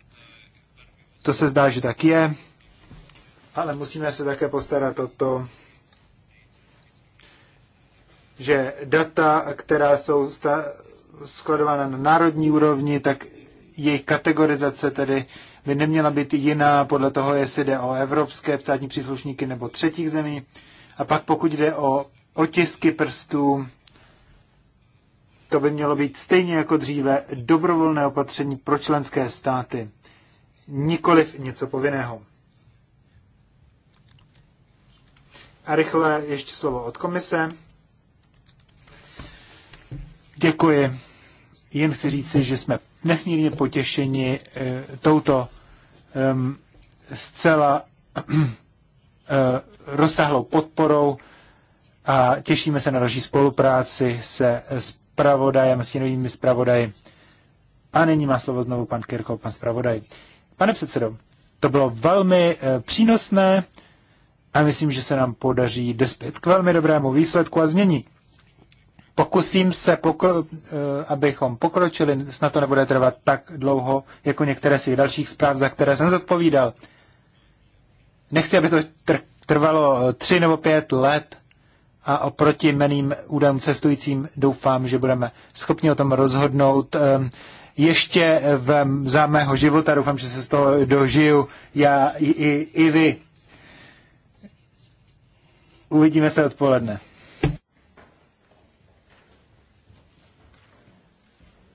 To se zdá, že tak je. Ale musíme se také postarat o to, že data, která jsou sta- skladována na národní úrovni, tak jejich kategorizace tedy by neměla být jiná podle toho, jestli jde o evropské ptátní příslušníky nebo třetích zemí. A pak pokud jde o otisky prstů, to by mělo být stejně jako dříve dobrovolné opatření pro členské státy, nikoliv něco povinného. A rychle ještě slovo od komise. Děkuji. Jen chci říci, že jsme nesmírně potěšeni e, touto e, zcela e, rozsáhlou podporou a těšíme se na další spolupráci se spravodajem, s jinými spravodaji. A nyní má slovo znovu pan Kirko, pan spravodaj. Pane předsedo, to bylo velmi e, přínosné a myslím, že se nám podaří despět k velmi dobrému výsledku a znění pokusím se, pokro, eh, abychom pokročili, snad to nebude trvat tak dlouho, jako některé z těch dalších zpráv, za které jsem zodpovídal. Nechci, aby to trvalo eh, tři nebo pět let a oproti meným údajům cestujícím doufám, že budeme schopni o tom rozhodnout eh, ještě v, za mého života. Doufám, že se z toho dožiju já i, i, i vy. Uvidíme se odpoledne.